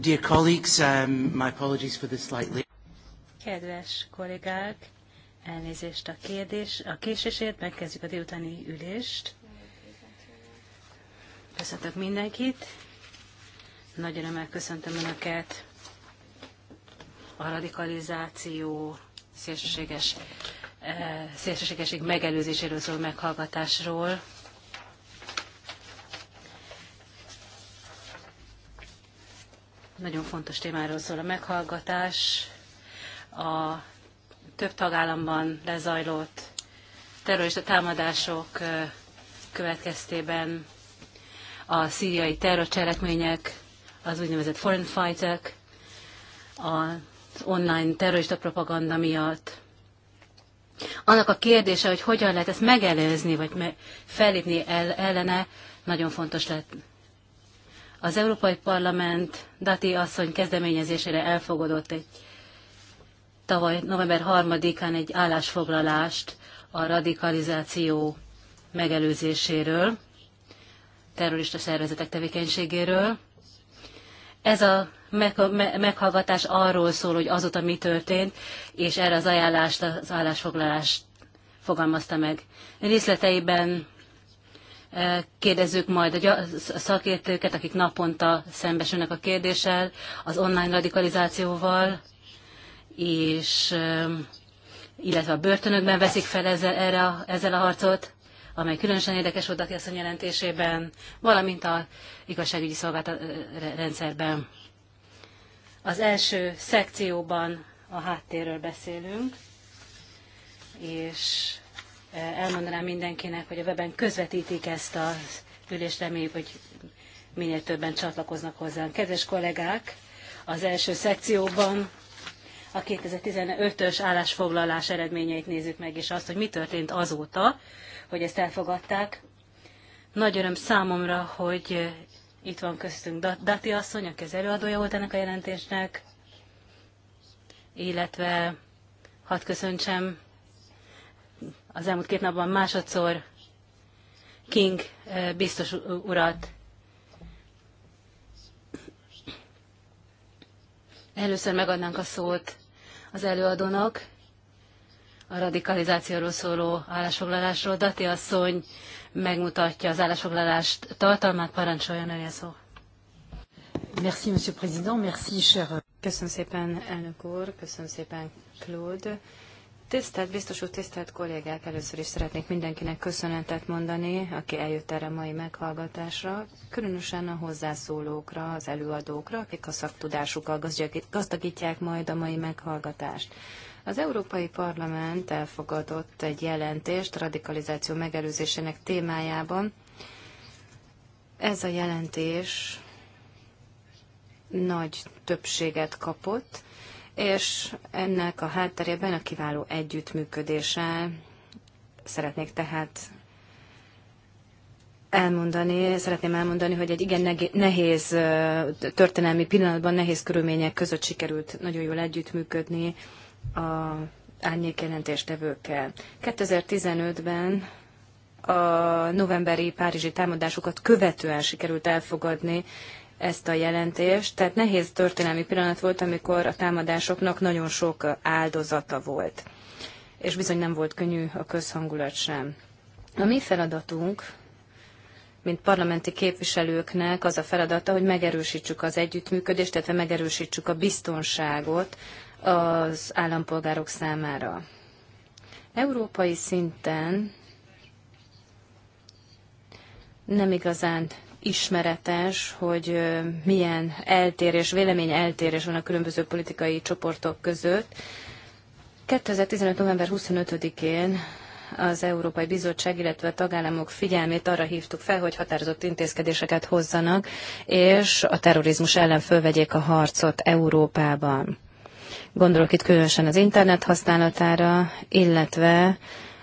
Dear colleagues, um, my apologies for the slightly... Kedves kollégák, elnézést a kérdés. A késésért megkezdjük a délutáni ülést. Köszöntök mindenkit. Nagy örömmel köszöntöm Önöket. A radikalizáció szélsőséges, eh, szélsőségeség megelőzéséről szóló meghallgatásról Nagyon fontos témáról szól a meghallgatás. A több tagállamban lezajlott terrorista támadások következtében a szíriai terrorcselekmények, az úgynevezett foreign fighters, az online terrorista propaganda miatt. Annak a kérdése, hogy hogyan lehet ezt megelőzni, vagy felépni ellene, nagyon fontos lett az Európai Parlament Dati asszony kezdeményezésére elfogadott egy tavaly november 3-án egy állásfoglalást a radikalizáció megelőzéséről, terrorista szervezetek tevékenységéről. Ez a meghallgatás arról szól, hogy azóta mi történt, és erre az ajánlást az állásfoglalást fogalmazta meg. Részleteiben Kérdezzük majd a szakértőket, akik naponta szembesülnek a kérdéssel, az online radikalizációval, és illetve a börtönökben veszik fel ezzel, erre, a, ezzel a harcot, amely különösen érdekes volt a Kiaszony jelentésében, valamint a igazságügyi szolgáltat rendszerben. Az első szekcióban a háttérről beszélünk, és elmondanám mindenkinek, hogy a weben közvetítik ezt a ülést, reméljük, hogy minél többen csatlakoznak hozzánk. Kedves kollégák, az első szekcióban a 2015-ös állásfoglalás eredményeit nézzük meg, és azt, hogy mi történt azóta, hogy ezt elfogadták. Nagy öröm számomra, hogy itt van köztünk Dati asszony, aki az előadója volt ennek a jelentésnek, illetve hadd köszöntsem az elmúlt két napban másodszor King biztos urat. Először megadnánk a szót az előadónak, a radikalizációról szóló állásfoglalásról. Dati asszony megmutatja az állásfoglalást tartalmát, parancsoljon el szó. Merci, Monsieur Président, merci, cher. Köszönöm szépen, elnök úr, köszönöm szépen, Claude. Tisztelt biztos úr, tisztelt kollégák, először is szeretnék mindenkinek köszönetet mondani, aki eljött erre mai meghallgatásra, különösen a hozzászólókra, az előadókra, akik a szaktudásukkal gazdagítják majd a mai meghallgatást. Az Európai Parlament elfogadott egy jelentést radikalizáció megelőzésének témájában. Ez a jelentés nagy többséget kapott, és ennek a hátterében a kiváló együttműködéssel szeretnék tehát elmondani, szeretném elmondani, hogy egy igen nehéz történelmi pillanatban, nehéz körülmények között sikerült nagyon jól együttműködni a árnyékjelentéstevőkkel. 2015-ben a novemberi párizsi támadásokat követően sikerült elfogadni ezt a jelentést. Tehát nehéz történelmi pillanat volt, amikor a támadásoknak nagyon sok áldozata volt. És bizony nem volt könnyű a közhangulat sem. A mi feladatunk, mint parlamenti képviselőknek az a feladata, hogy megerősítsük az együttműködést, tehát megerősítsük a biztonságot az állampolgárok számára. Európai szinten nem igazán ismeretes, hogy milyen eltérés, vélemény eltérés van a különböző politikai csoportok között. 2015. november 25-én az Európai Bizottság, illetve a tagállamok figyelmét arra hívtuk fel, hogy határozott intézkedéseket hozzanak, és a terrorizmus ellen fölvegyék a harcot Európában. Gondolok itt különösen az internet használatára, illetve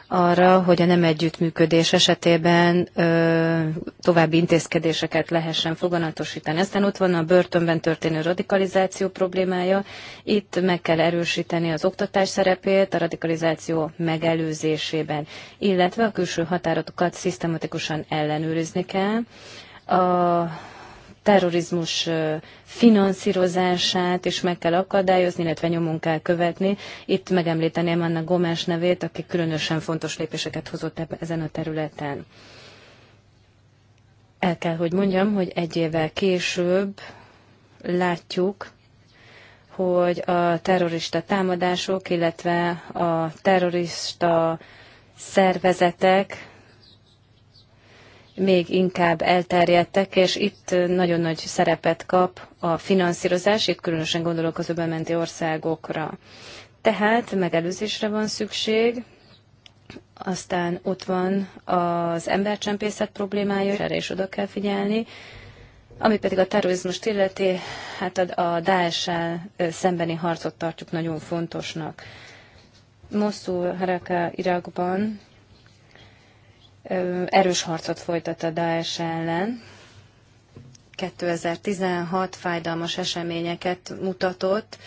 arra, hogy a nem együttműködés esetében ö, további intézkedéseket lehessen foganatosítani. Aztán ott van a börtönben történő radikalizáció problémája. Itt meg kell erősíteni az oktatás szerepét a radikalizáció megelőzésében, illetve a külső határokat szisztematikusan ellenőrizni kell. A terrorizmus finanszírozását is meg kell akadályozni, illetve nyomon kell követni. Itt megemlíteném Anna Gomes nevét, aki különösen fontos lépéseket hozott ezen a területen. El kell, hogy mondjam, hogy egy évvel később látjuk, hogy a terrorista támadások, illetve a terrorista szervezetek még inkább elterjedtek, és itt nagyon nagy szerepet kap a finanszírozás, itt különösen gondolok az öbölmenti országokra. Tehát megelőzésre van szükség, aztán ott van az embercsempészet problémája, és erre is oda kell figyelni. Ami pedig a terrorizmust illeti, hát a daesh szembeni harcot tartjuk nagyon fontosnak. Mosul Haraka Irakban erős harcot folytat a Daesh ellen. 2016 fájdalmas eseményeket mutatott.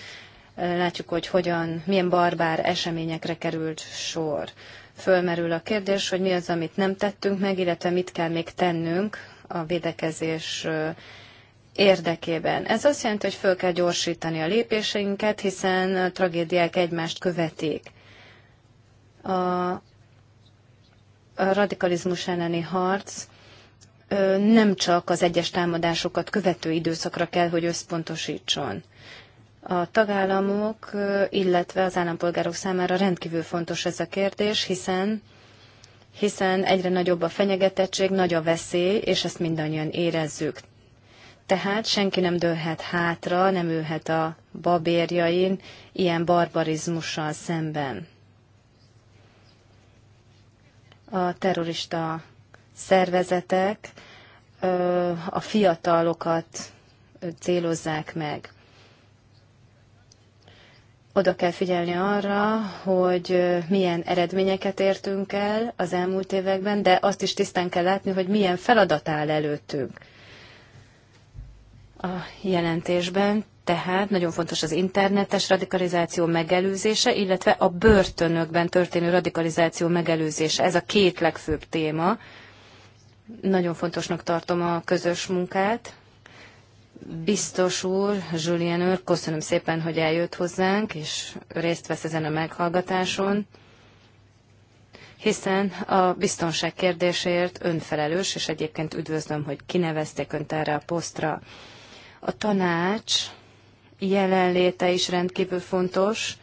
Látjuk, hogy hogyan, milyen barbár eseményekre került sor. Fölmerül a kérdés, hogy mi az, amit nem tettünk meg, illetve mit kell még tennünk a védekezés érdekében. Ez azt jelenti, hogy föl kell gyorsítani a lépéseinket, hiszen a tragédiák egymást követik. A a radikalizmus elleni harc nem csak az egyes támadásokat követő időszakra kell, hogy összpontosítson. A tagállamok, illetve az állampolgárok számára rendkívül fontos ez a kérdés, hiszen hiszen egyre nagyobb a fenyegetettség, nagy a veszély, és ezt mindannyian érezzük. Tehát senki nem dőlhet hátra, nem ülhet a babérjain ilyen barbarizmussal szemben a terrorista szervezetek a fiatalokat célozzák meg. Oda kell figyelni arra, hogy milyen eredményeket értünk el az elmúlt években, de azt is tisztán kell látni, hogy milyen feladat áll előttünk. A jelentésben tehát nagyon fontos az internetes radikalizáció megelőzése, illetve a börtönökben történő radikalizáció megelőzése. Ez a két legfőbb téma. Nagyon fontosnak tartom a közös munkát. Biztos úr, Julien úr, köszönöm szépen, hogy eljött hozzánk, és részt vesz ezen a meghallgatáson, hiszen a biztonság kérdéséért önfelelős, és egyébként üdvözlöm, hogy kinevezték önt erre a posztra. A tanács jelenléte is rendkívül fontos,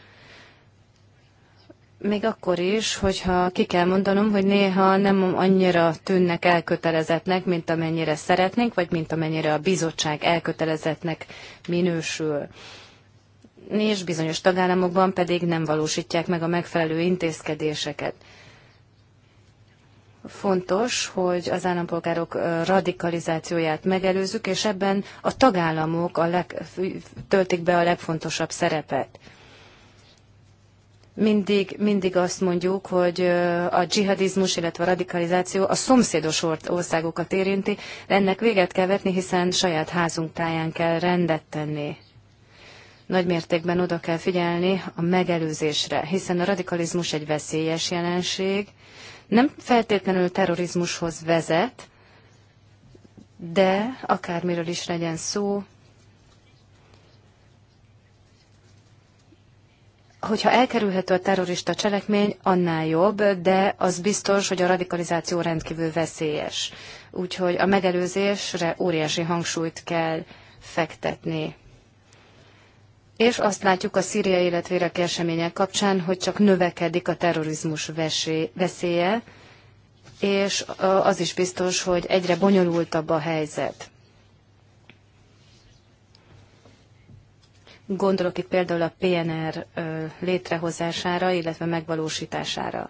még akkor is, hogyha ki kell mondanom, hogy néha nem annyira tűnnek elkötelezettnek, mint amennyire szeretnénk, vagy mint amennyire a bizottság elkötelezettnek minősül. És bizonyos tagállamokban pedig nem valósítják meg a megfelelő intézkedéseket. Fontos, hogy az állampolgárok radikalizációját megelőzzük, és ebben a tagállamok a leg, töltik be a legfontosabb szerepet mindig, mindig azt mondjuk, hogy a dzsihadizmus, illetve a radikalizáció a szomszédos országokat érinti, de ennek véget kell vetni, hiszen saját házunk táján kell rendet tenni. Nagy mértékben oda kell figyelni a megelőzésre, hiszen a radikalizmus egy veszélyes jelenség, nem feltétlenül terrorizmushoz vezet, de akármiről is legyen szó, hogyha elkerülhető a terrorista cselekmény, annál jobb, de az biztos, hogy a radikalizáció rendkívül veszélyes. Úgyhogy a megelőzésre óriási hangsúlyt kell fektetni és azt látjuk a szíriai, életvérek események kapcsán, hogy csak növekedik a terrorizmus veszélye, és az is biztos, hogy egyre bonyolultabb a helyzet. Gondolok itt például a PNR létrehozására, illetve megvalósítására.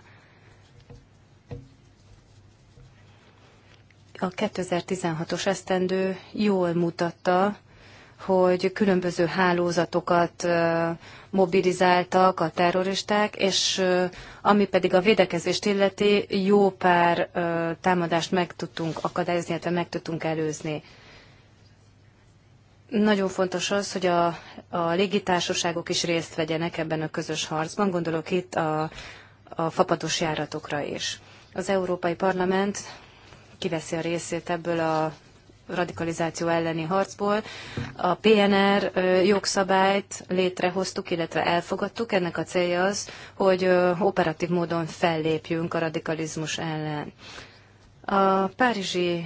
A 2016-os esztendő jól mutatta, hogy különböző hálózatokat mobilizáltak a terroristák, és ami pedig a védekezést illeti, jó pár támadást meg tudtunk akadályozni, illetve meg tudtunk előzni. Nagyon fontos az, hogy a, a légitársaságok is részt vegyenek ebben a közös harcban, gondolok itt a, a fapados járatokra is. Az Európai Parlament kiveszi a részét ebből a radikalizáció elleni harcból. A PNR jogszabályt létrehoztuk, illetve elfogadtuk. Ennek a célja az, hogy operatív módon fellépjünk a radikalizmus ellen. A Párizsi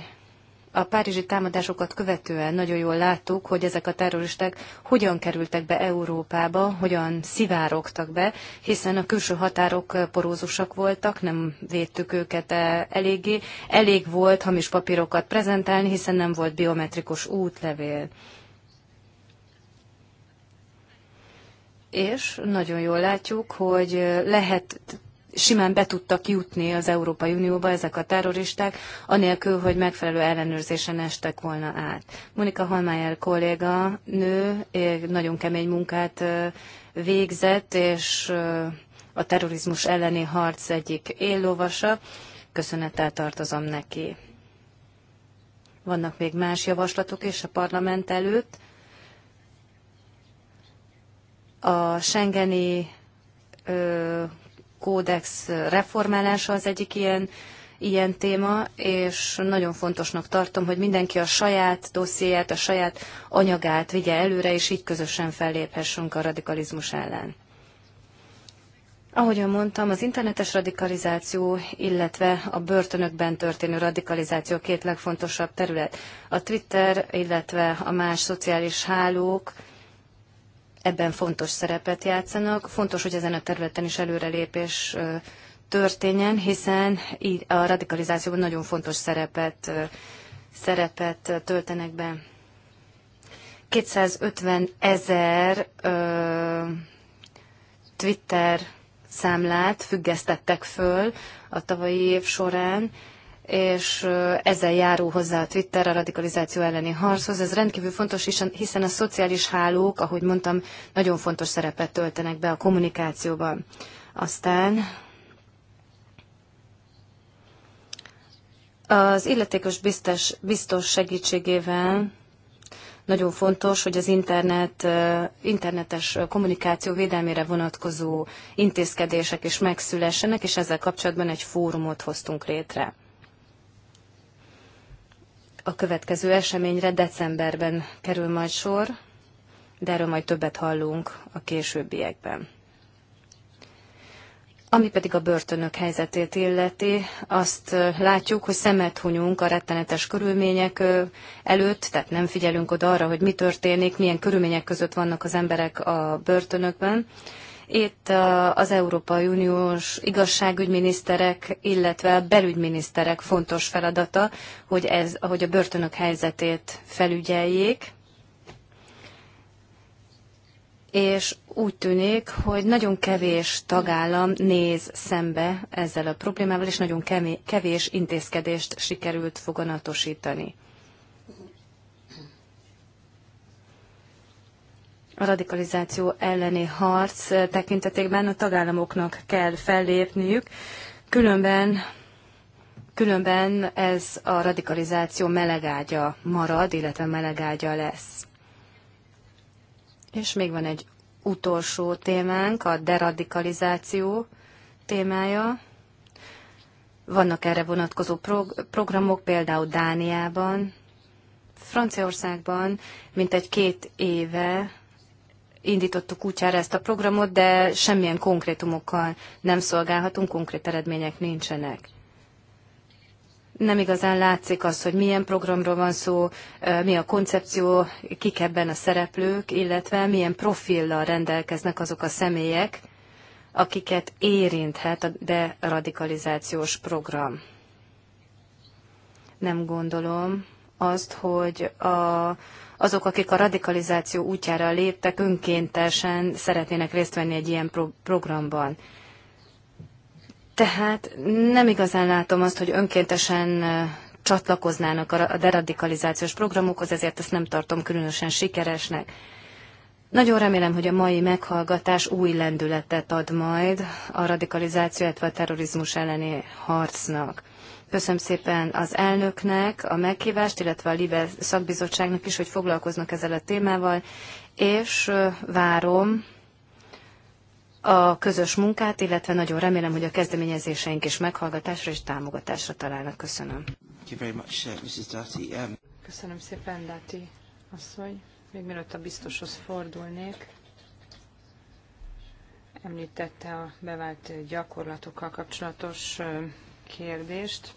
a párizsi támadásokat követően nagyon jól láttuk, hogy ezek a terroristák hogyan kerültek be Európába, hogyan szivárogtak be, hiszen a külső határok porózusak voltak, nem védtük őket e, eléggé. Elég volt hamis papírokat prezentálni, hiszen nem volt biometrikus útlevél. És nagyon jól látjuk, hogy lehet simán be tudtak jutni az Európai Unióba ezek a terroristák, anélkül, hogy megfelelő ellenőrzésen estek volna át. Monika Halmájer kolléga nő, eh, nagyon kemény munkát eh, végzett, és eh, a terrorizmus elleni harc egyik éllovasa. Köszönettel tartozom neki. Vannak még más javaslatok is a parlament előtt. A Schengeni kódex reformálása az egyik ilyen, ilyen téma, és nagyon fontosnak tartom, hogy mindenki a saját dossziéját, a saját anyagát vigye előre, és így közösen felléphessünk a radikalizmus ellen. Ahogyan mondtam, az internetes radikalizáció, illetve a börtönökben történő radikalizáció két legfontosabb terület. A Twitter, illetve a más szociális hálók ebben fontos szerepet játszanak. Fontos, hogy ezen a területen is előrelépés történjen, hiszen így a radikalizációban nagyon fontos szerepet, szerepet töltenek be. 250 ezer Twitter számlát függesztettek föl a tavalyi év során, és ezzel járó hozzá a Twitter a radikalizáció elleni harchoz. Ez rendkívül fontos, hiszen a szociális hálók, ahogy mondtam, nagyon fontos szerepet töltenek be a kommunikációban. Aztán az illetékos biztos, biztos segítségével nagyon fontos, hogy az internet, internetes kommunikáció védelmére vonatkozó intézkedések is megszülessenek, és ezzel kapcsolatban egy fórumot hoztunk létre a következő eseményre decemberben kerül majd sor, de erről majd többet hallunk a későbbiekben. Ami pedig a börtönök helyzetét illeti, azt látjuk, hogy szemet hunyunk a rettenetes körülmények előtt, tehát nem figyelünk oda arra, hogy mi történik, milyen körülmények között vannak az emberek a börtönökben. Itt az Európai Uniós igazságügyminiszterek, illetve a belügyminiszterek fontos feladata, hogy, ez, hogy a börtönök helyzetét felügyeljék, és úgy tűnik, hogy nagyon kevés tagállam néz szembe ezzel a problémával, és nagyon kevés intézkedést sikerült foganatosítani. a radikalizáció elleni harc eh, tekintetében a tagállamoknak kell fellépniük, különben különben ez a radikalizáció melegágya marad, illetve melegágya lesz. És még van egy utolsó témánk, a deradikalizáció témája. Vannak erre vonatkozó prog- programok, például Dániában, Franciaországban mint egy két éve indítottuk útjára ezt a programot, de semmilyen konkrétumokkal nem szolgálhatunk, konkrét eredmények nincsenek. Nem igazán látszik az, hogy milyen programról van szó, mi a koncepció, kik ebben a szereplők, illetve milyen profillal rendelkeznek azok a személyek, akiket érinthet a deradikalizációs program. Nem gondolom azt, hogy a, azok, akik a radikalizáció útjára léptek, önkéntesen szeretnének részt venni egy ilyen pro- programban. Tehát nem igazán látom azt, hogy önkéntesen csatlakoznának a deradikalizációs programokhoz, ezért ezt nem tartom különösen sikeresnek. Nagyon remélem, hogy a mai meghallgatás új lendületet ad majd a radikalizáció, illetve a terrorizmus elleni harcnak. Köszönöm szépen az elnöknek a meghívást, illetve a LIBE szakbizottságnak is, hogy foglalkoznak ezzel a témával, és várom a közös munkát, illetve nagyon remélem, hogy a kezdeményezéseink is meghallgatásra és támogatásra találnak. Köszönöm. Uh, um, Köszönöm szépen, Dati asszony. Még mielőtt a biztoshoz fordulnék, említette a bevált gyakorlatokkal kapcsolatos kérdést.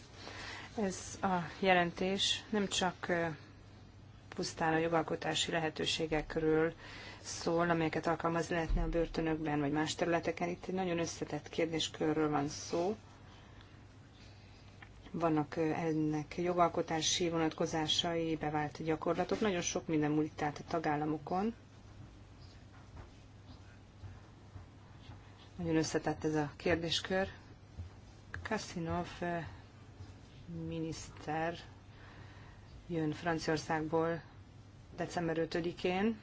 Ez a jelentés nem csak pusztán a jogalkotási lehetőségekről szól, amelyeket alkalmaz lehetne a börtönökben vagy más területeken. Itt egy nagyon összetett kérdéskörről van szó. Vannak ennek jogalkotási vonatkozásai, bevált gyakorlatok. Nagyon sok minden múlik tehát a tagállamokon. Nagyon összetett ez a kérdéskör. Kaszinov miniszter jön Franciaországból december 5-én.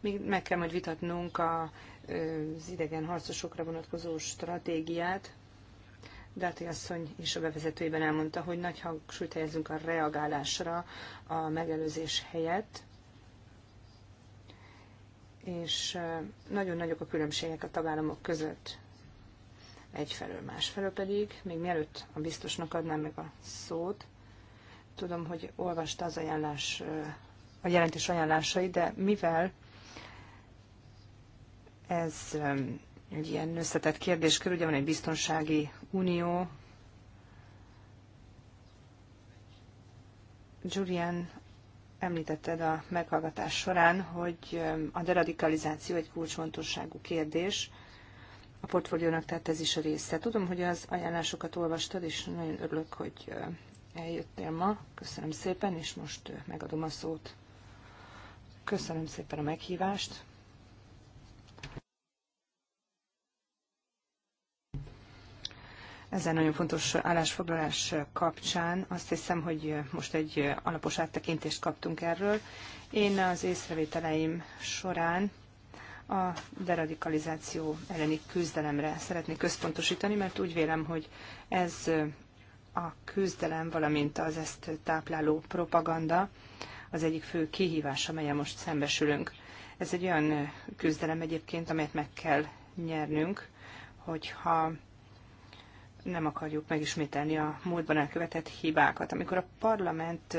Még meg kell majd vitatnunk a, az idegen harcosokra vonatkozó stratégiát. Dáti asszony is a bevezetőjében elmondta, hogy nagy hangsúlyt helyezünk a reagálásra a megelőzés helyett, és nagyon nagyok a különbségek a tagállamok között egyfelől, másfelől pedig, még mielőtt a biztosnak adnám meg a szót, tudom, hogy olvasta az ajánlás, a jelentés ajánlásai, de mivel ez egy ilyen összetett kérdéskör, ugye van egy biztonsági unió, Julian, említetted a meghallgatás során, hogy a deradikalizáció egy kulcsfontosságú kérdés, a portfóliónak, tehát ez is a része. Tudom, hogy az ajánlásokat olvastad, és nagyon örülök, hogy eljöttél ma. Köszönöm szépen, és most megadom a szót. Köszönöm szépen a meghívást. Ezen nagyon fontos állásfoglalás kapcsán azt hiszem, hogy most egy alapos áttekintést kaptunk erről. Én az észrevételeim során a deradikalizáció elleni küzdelemre szeretnék központosítani, mert úgy vélem, hogy ez a küzdelem, valamint az ezt tápláló propaganda az egyik fő kihívás, amelyen most szembesülünk. Ez egy olyan küzdelem egyébként, amelyet meg kell nyernünk, hogyha nem akarjuk megismételni a múltban elkövetett hibákat. Amikor a parlament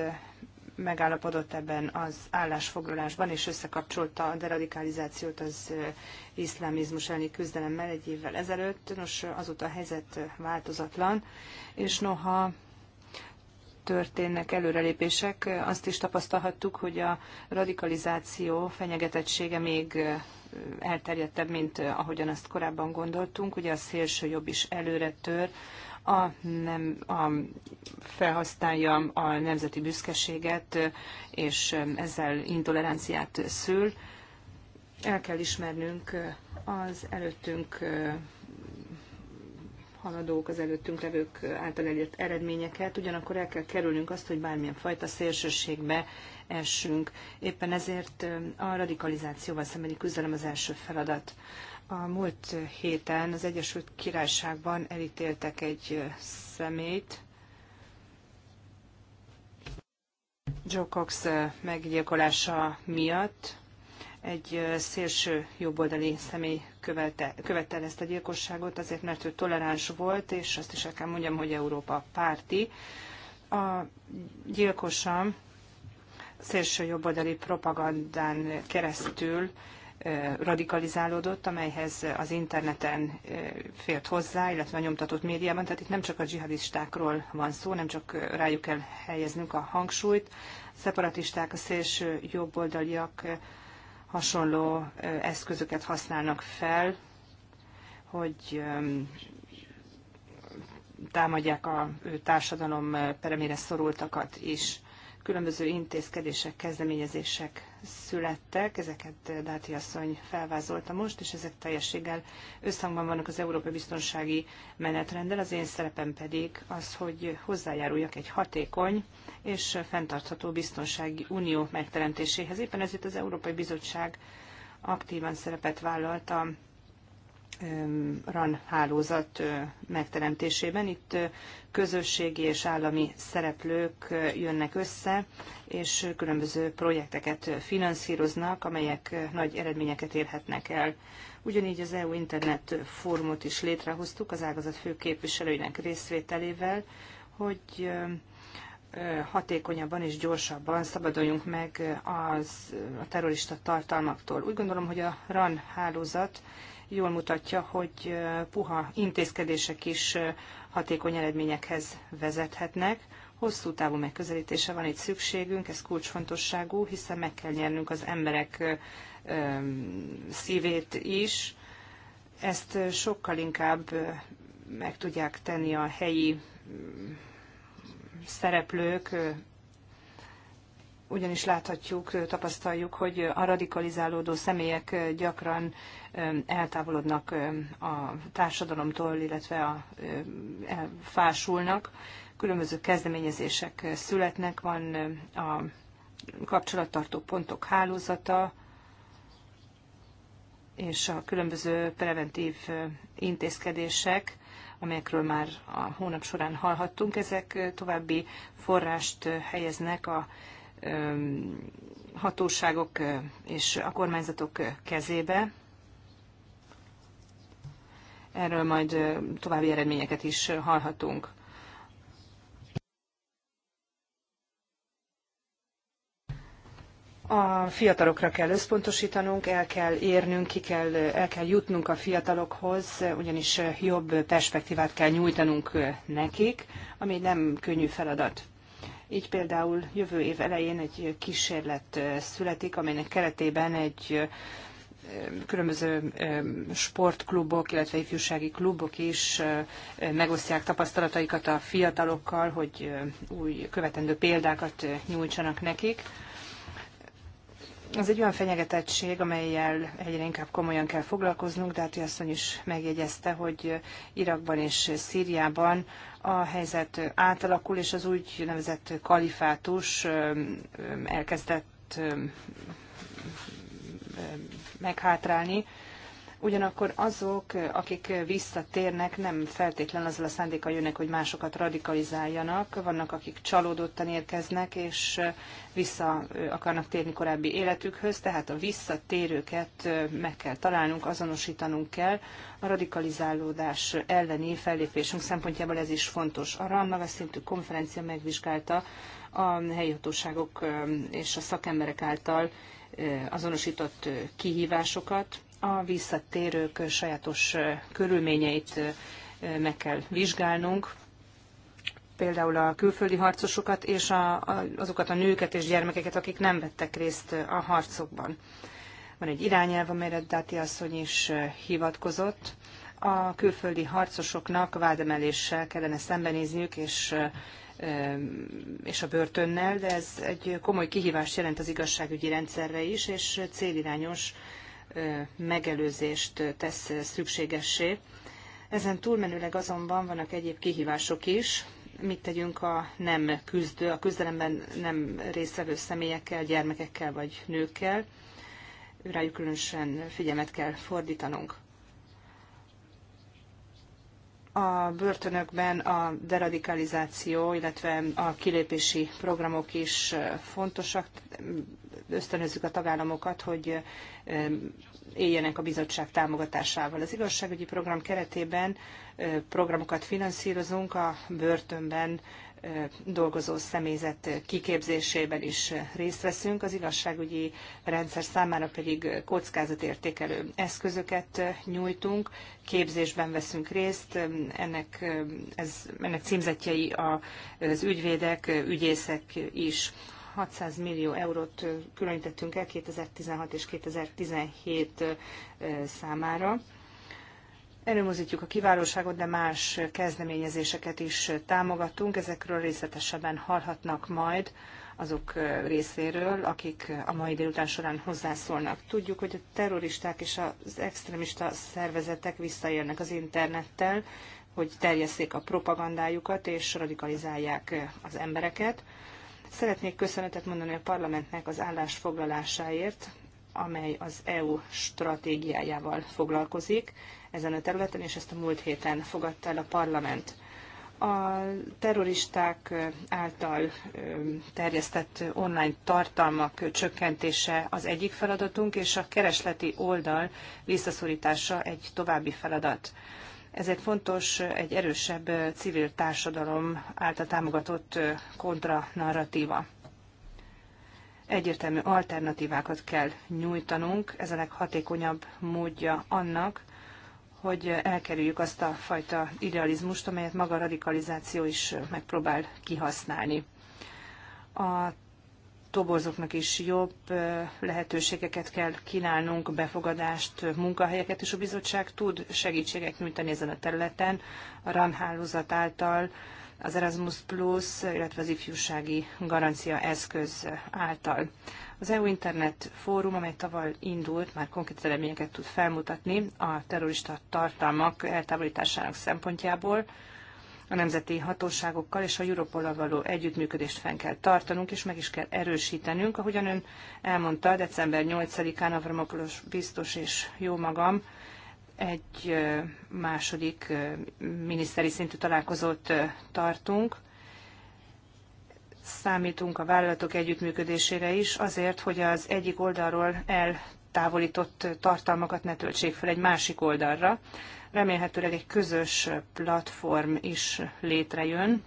megállapodott ebben az állásfoglalásban, és összekapcsolta a deradikalizációt az iszlámizmus elleni küzdelemmel egy évvel ezelőtt. Nos, azóta a helyzet változatlan, és noha történnek előrelépések, azt is tapasztalhattuk, hogy a radikalizáció fenyegetettsége még elterjedtebb, mint ahogyan azt korábban gondoltunk. Ugye a szélső jobb is előre tör, a, nem, a, felhasználja a nemzeti büszkeséget, és ezzel intoleranciát szül. El kell ismernünk az előttünk haladók, az előttünk levők által elért eredményeket, ugyanakkor el kell kerülnünk azt, hogy bármilyen fajta szélsőségbe essünk. Éppen ezért a radikalizációval szembeni küzdelem az első feladat. A múlt héten az Egyesült Királyságban elítéltek egy szemét, Joe Cox meggyilkolása miatt egy szélső jobboldali személy követte, követte el ezt a gyilkosságot, azért mert ő toleráns volt, és azt is el kell mondjam, hogy Európa párti. A gyilkosa szélső jobboldali propagandán keresztül radikalizálódott, amelyhez az interneten fért hozzá, illetve a nyomtatott médiában. Tehát itt nem csak a dzsihadistákról van szó, nem csak rájuk kell helyeznünk a hangsúlyt. A szeparatisták, a szélső jobboldaliak hasonló eszközöket használnak fel, hogy támadják a társadalom peremére szorultakat is különböző intézkedések, kezdeményezések születtek, ezeket eh, Dáti asszony felvázolta most, és ezek teljességgel összhangban vannak az Európai Biztonsági Menetrenddel. Az én szerepem pedig az, hogy hozzájáruljak egy hatékony és fenntartható biztonsági unió megteremtéséhez. Éppen ezért az Európai Bizottság aktívan szerepet vállalt a RAN hálózat megteremtésében. Itt közösségi és állami szereplők jönnek össze, és különböző projekteket finanszíroznak, amelyek nagy eredményeket érhetnek el. Ugyanígy az EU Internet Fórumot is létrehoztuk az ágazat fő képviselőinek részvételével, hogy hatékonyabban és gyorsabban szabaduljunk meg az, a terrorista tartalmaktól. Úgy gondolom, hogy a RAN hálózat jól mutatja, hogy puha intézkedések is hatékony eredményekhez vezethetnek. Hosszú távú megközelítése van itt szükségünk, ez kulcsfontosságú, hiszen meg kell nyernünk az emberek szívét is. Ezt sokkal inkább meg tudják tenni a helyi mm, szereplők, ugyanis láthatjuk, tapasztaljuk, hogy a radikalizálódó személyek gyakran eltávolodnak a társadalomtól, illetve a, fásulnak. Különböző kezdeményezések születnek, van a kapcsolattartó pontok hálózata, és a különböző preventív intézkedések, amelyekről már a hónap során hallhattunk, ezek további forrást helyeznek a hatóságok és a kormányzatok kezébe. Erről majd további eredményeket is hallhatunk. A fiatalokra kell összpontosítanunk, el kell érnünk, ki kell, el kell jutnunk a fiatalokhoz, ugyanis jobb perspektívát kell nyújtanunk nekik, ami nem könnyű feladat. Így például jövő év elején egy kísérlet születik, amelynek keretében egy különböző sportklubok, illetve ifjúsági klubok is megosztják tapasztalataikat a fiatalokkal, hogy új követendő példákat nyújtsanak nekik. Ez egy olyan fenyegetettség, amelyel egyre inkább komolyan kell foglalkoznunk, de Áti asszony is megjegyezte, hogy Irakban és Szíriában a helyzet átalakul, és az úgynevezett kalifátus elkezdett meghátrálni. Ugyanakkor azok, akik visszatérnek, nem feltétlen azzal a szándékkal jönnek, hogy másokat radikalizáljanak. Vannak, akik csalódottan érkeznek, és vissza akarnak térni korábbi életükhöz, tehát a visszatérőket meg kell találnunk, azonosítanunk kell. A radikalizálódás elleni fellépésünk szempontjából ez is fontos. A RAN szintű konferencia megvizsgálta a helyi hatóságok és a szakemberek által azonosított kihívásokat, a visszatérők sajátos körülményeit meg kell vizsgálnunk, például a külföldi harcosokat és a, azokat a nőket és gyermekeket, akik nem vettek részt a harcokban. Van egy irányelv, amelyre Dáti asszony is hivatkozott. A külföldi harcosoknak vádemeléssel kellene szembenézniük, és és a börtönnel, de ez egy komoly kihívást jelent az igazságügyi rendszerre is, és célirányos megelőzést tesz szükségessé. Ezen túlmenőleg azonban vannak egyéb kihívások is, mit tegyünk a nem küzdő, a küzdelemben nem résztvevő személyekkel, gyermekekkel vagy nőkkel. Rájuk különösen figyelmet kell fordítanunk. A börtönökben a deradikalizáció, illetve a kilépési programok is fontosak. Ösztönözzük a tagállamokat, hogy éljenek a bizottság támogatásával. Az igazságügyi program keretében programokat finanszírozunk a börtönben dolgozó személyzet kiképzésében is részt veszünk, az igazságügyi rendszer számára pedig kockázatértékelő eszközöket nyújtunk, képzésben veszünk részt, ennek, ez, ennek címzetjei az ügyvédek, ügyészek is. 600 millió eurót különítettünk el 2016 és 2017 számára. Előmozítjuk a kiválóságot, de más kezdeményezéseket is támogatunk. Ezekről részletesebben hallhatnak majd azok részéről, akik a mai délután során hozzászólnak. Tudjuk, hogy a terroristák és az extremista szervezetek visszaélnek az internettel, hogy terjesszék a propagandájukat és radikalizálják az embereket. Szeretnék köszönetet mondani a parlamentnek az állásfoglalásáért, amely az EU stratégiájával foglalkozik ezen a területen, és ezt a múlt héten fogadta el a parlament. A terroristák által terjesztett online tartalmak csökkentése az egyik feladatunk, és a keresleti oldal visszaszorítása egy további feladat. Ezért fontos egy erősebb civil társadalom által támogatott kontranarratíva. Egyértelmű alternatívákat kell nyújtanunk, ez a leghatékonyabb módja annak, hogy elkerüljük azt a fajta idealizmust, amelyet maga a radikalizáció is megpróbál kihasználni. A toborzóknak is jobb lehetőségeket kell kínálnunk, befogadást, munkahelyeket, és a bizottság tud segítséget nyújtani ezen a területen, a RAN hálózat által, az Erasmus Plus, illetve az ifjúsági garancia eszköz által. Az EU Internet Fórum, amely tavaly indult, már konkrét eredményeket tud felmutatni a terrorista tartalmak eltávolításának szempontjából, a nemzeti hatóságokkal és a Europollal való együttműködést fenn kell tartanunk, és meg is kell erősítenünk. Ahogyan ön elmondta, december 8-án Avramopoulos biztos és jó magam egy második miniszteri szintű találkozót tartunk. Számítunk a vállalatok együttműködésére is, azért, hogy az egyik oldalról eltávolított tartalmakat ne töltsék fel egy másik oldalra Remélhetőleg egy közös platform is létrejön,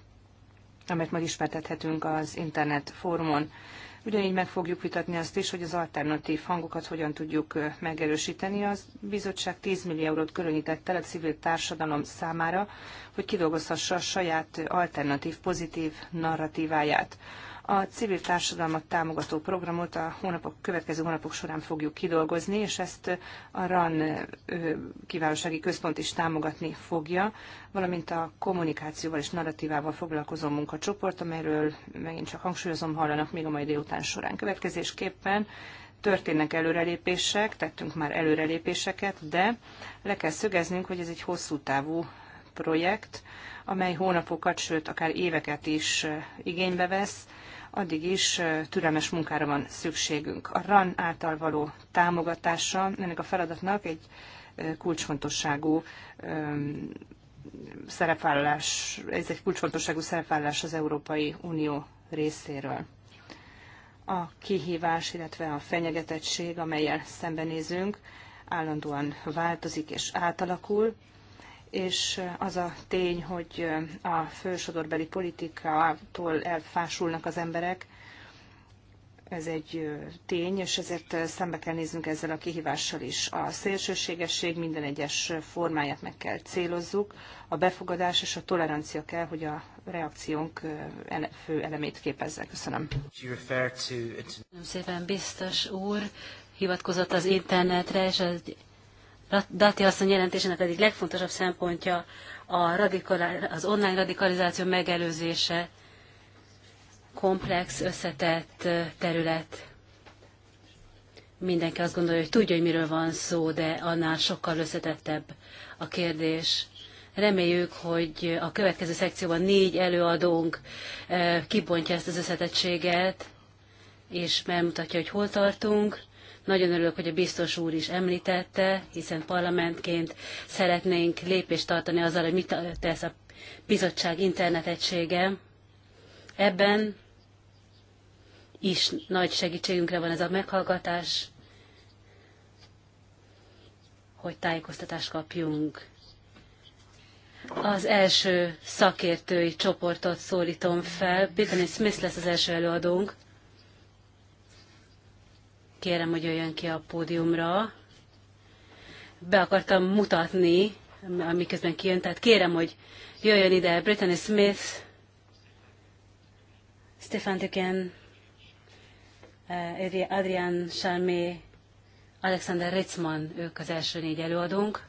amit majd ismertethetünk az internet fórumon. Ugyanígy meg fogjuk vitatni azt is, hogy az alternatív hangokat hogyan tudjuk megerősíteni. Az bizottság 10 millió eurót különített el a civil társadalom számára, hogy kidolgozhassa a saját alternatív, pozitív narratíváját. A civil társadalmat támogató programot a hónapok, következő hónapok során fogjuk kidolgozni, és ezt a RAN kiválósági központ is támogatni fogja, valamint a kommunikációval és narratívával foglalkozó munkacsoport, amelyről megint csak hangsúlyozom, hallanak még a mai délután során. Következésképpen történnek előrelépések, tettünk már előrelépéseket, de le kell szögeznünk, hogy ez egy hosszú távú projekt, amely hónapokat, sőt akár éveket is igénybe vesz, addig is türelmes munkára van szükségünk. A RAN által való támogatása ennek a feladatnak egy kulcsfontosságú szerepvállalás, ez egy kulcsfontosságú szerepvállalás az Európai Unió részéről. A kihívás, illetve a fenyegetettség, amelyel szembenézünk, állandóan változik és átalakul, és az a tény, hogy a fősodorbeli politikától elfásulnak az emberek, ez egy tény, és ezért szembe kell néznünk ezzel a kihívással is. A szélsőségesség minden egyes formáját meg kell célozzuk, a befogadás és a tolerancia kell, hogy a reakciónk fő elemét képezze. Köszönöm. Köszönöm szépen, biztos úr. Hivatkozott az internetre és az Dati asszony jelentésének egyik legfontosabb szempontja a az online radikalizáció megelőzése komplex, összetett terület. Mindenki azt gondolja, hogy tudja, hogy miről van szó, de annál sokkal összetettebb a kérdés. Reméljük, hogy a következő szekcióban négy előadónk kibontja ezt az összetettséget, és megmutatja, hogy hol tartunk nagyon örülök, hogy a biztos úr is említette, hiszen parlamentként szeretnénk lépést tartani azzal, hogy mit tesz a bizottság internetegysége. Ebben is nagy segítségünkre van ez a meghallgatás, hogy tájékoztatást kapjunk. Az első szakértői csoportot szólítom fel. Brittany Smith lesz az első előadónk. Kérem, hogy jöjjön ki a pódiumra. Be akartam mutatni, amiközben kijön, tehát kérem, hogy jöjjön ide Brittany Smith, Stefan Tüken, eh, Adrian Salmé, Alexander Ritzman, ők az első négy előadónk.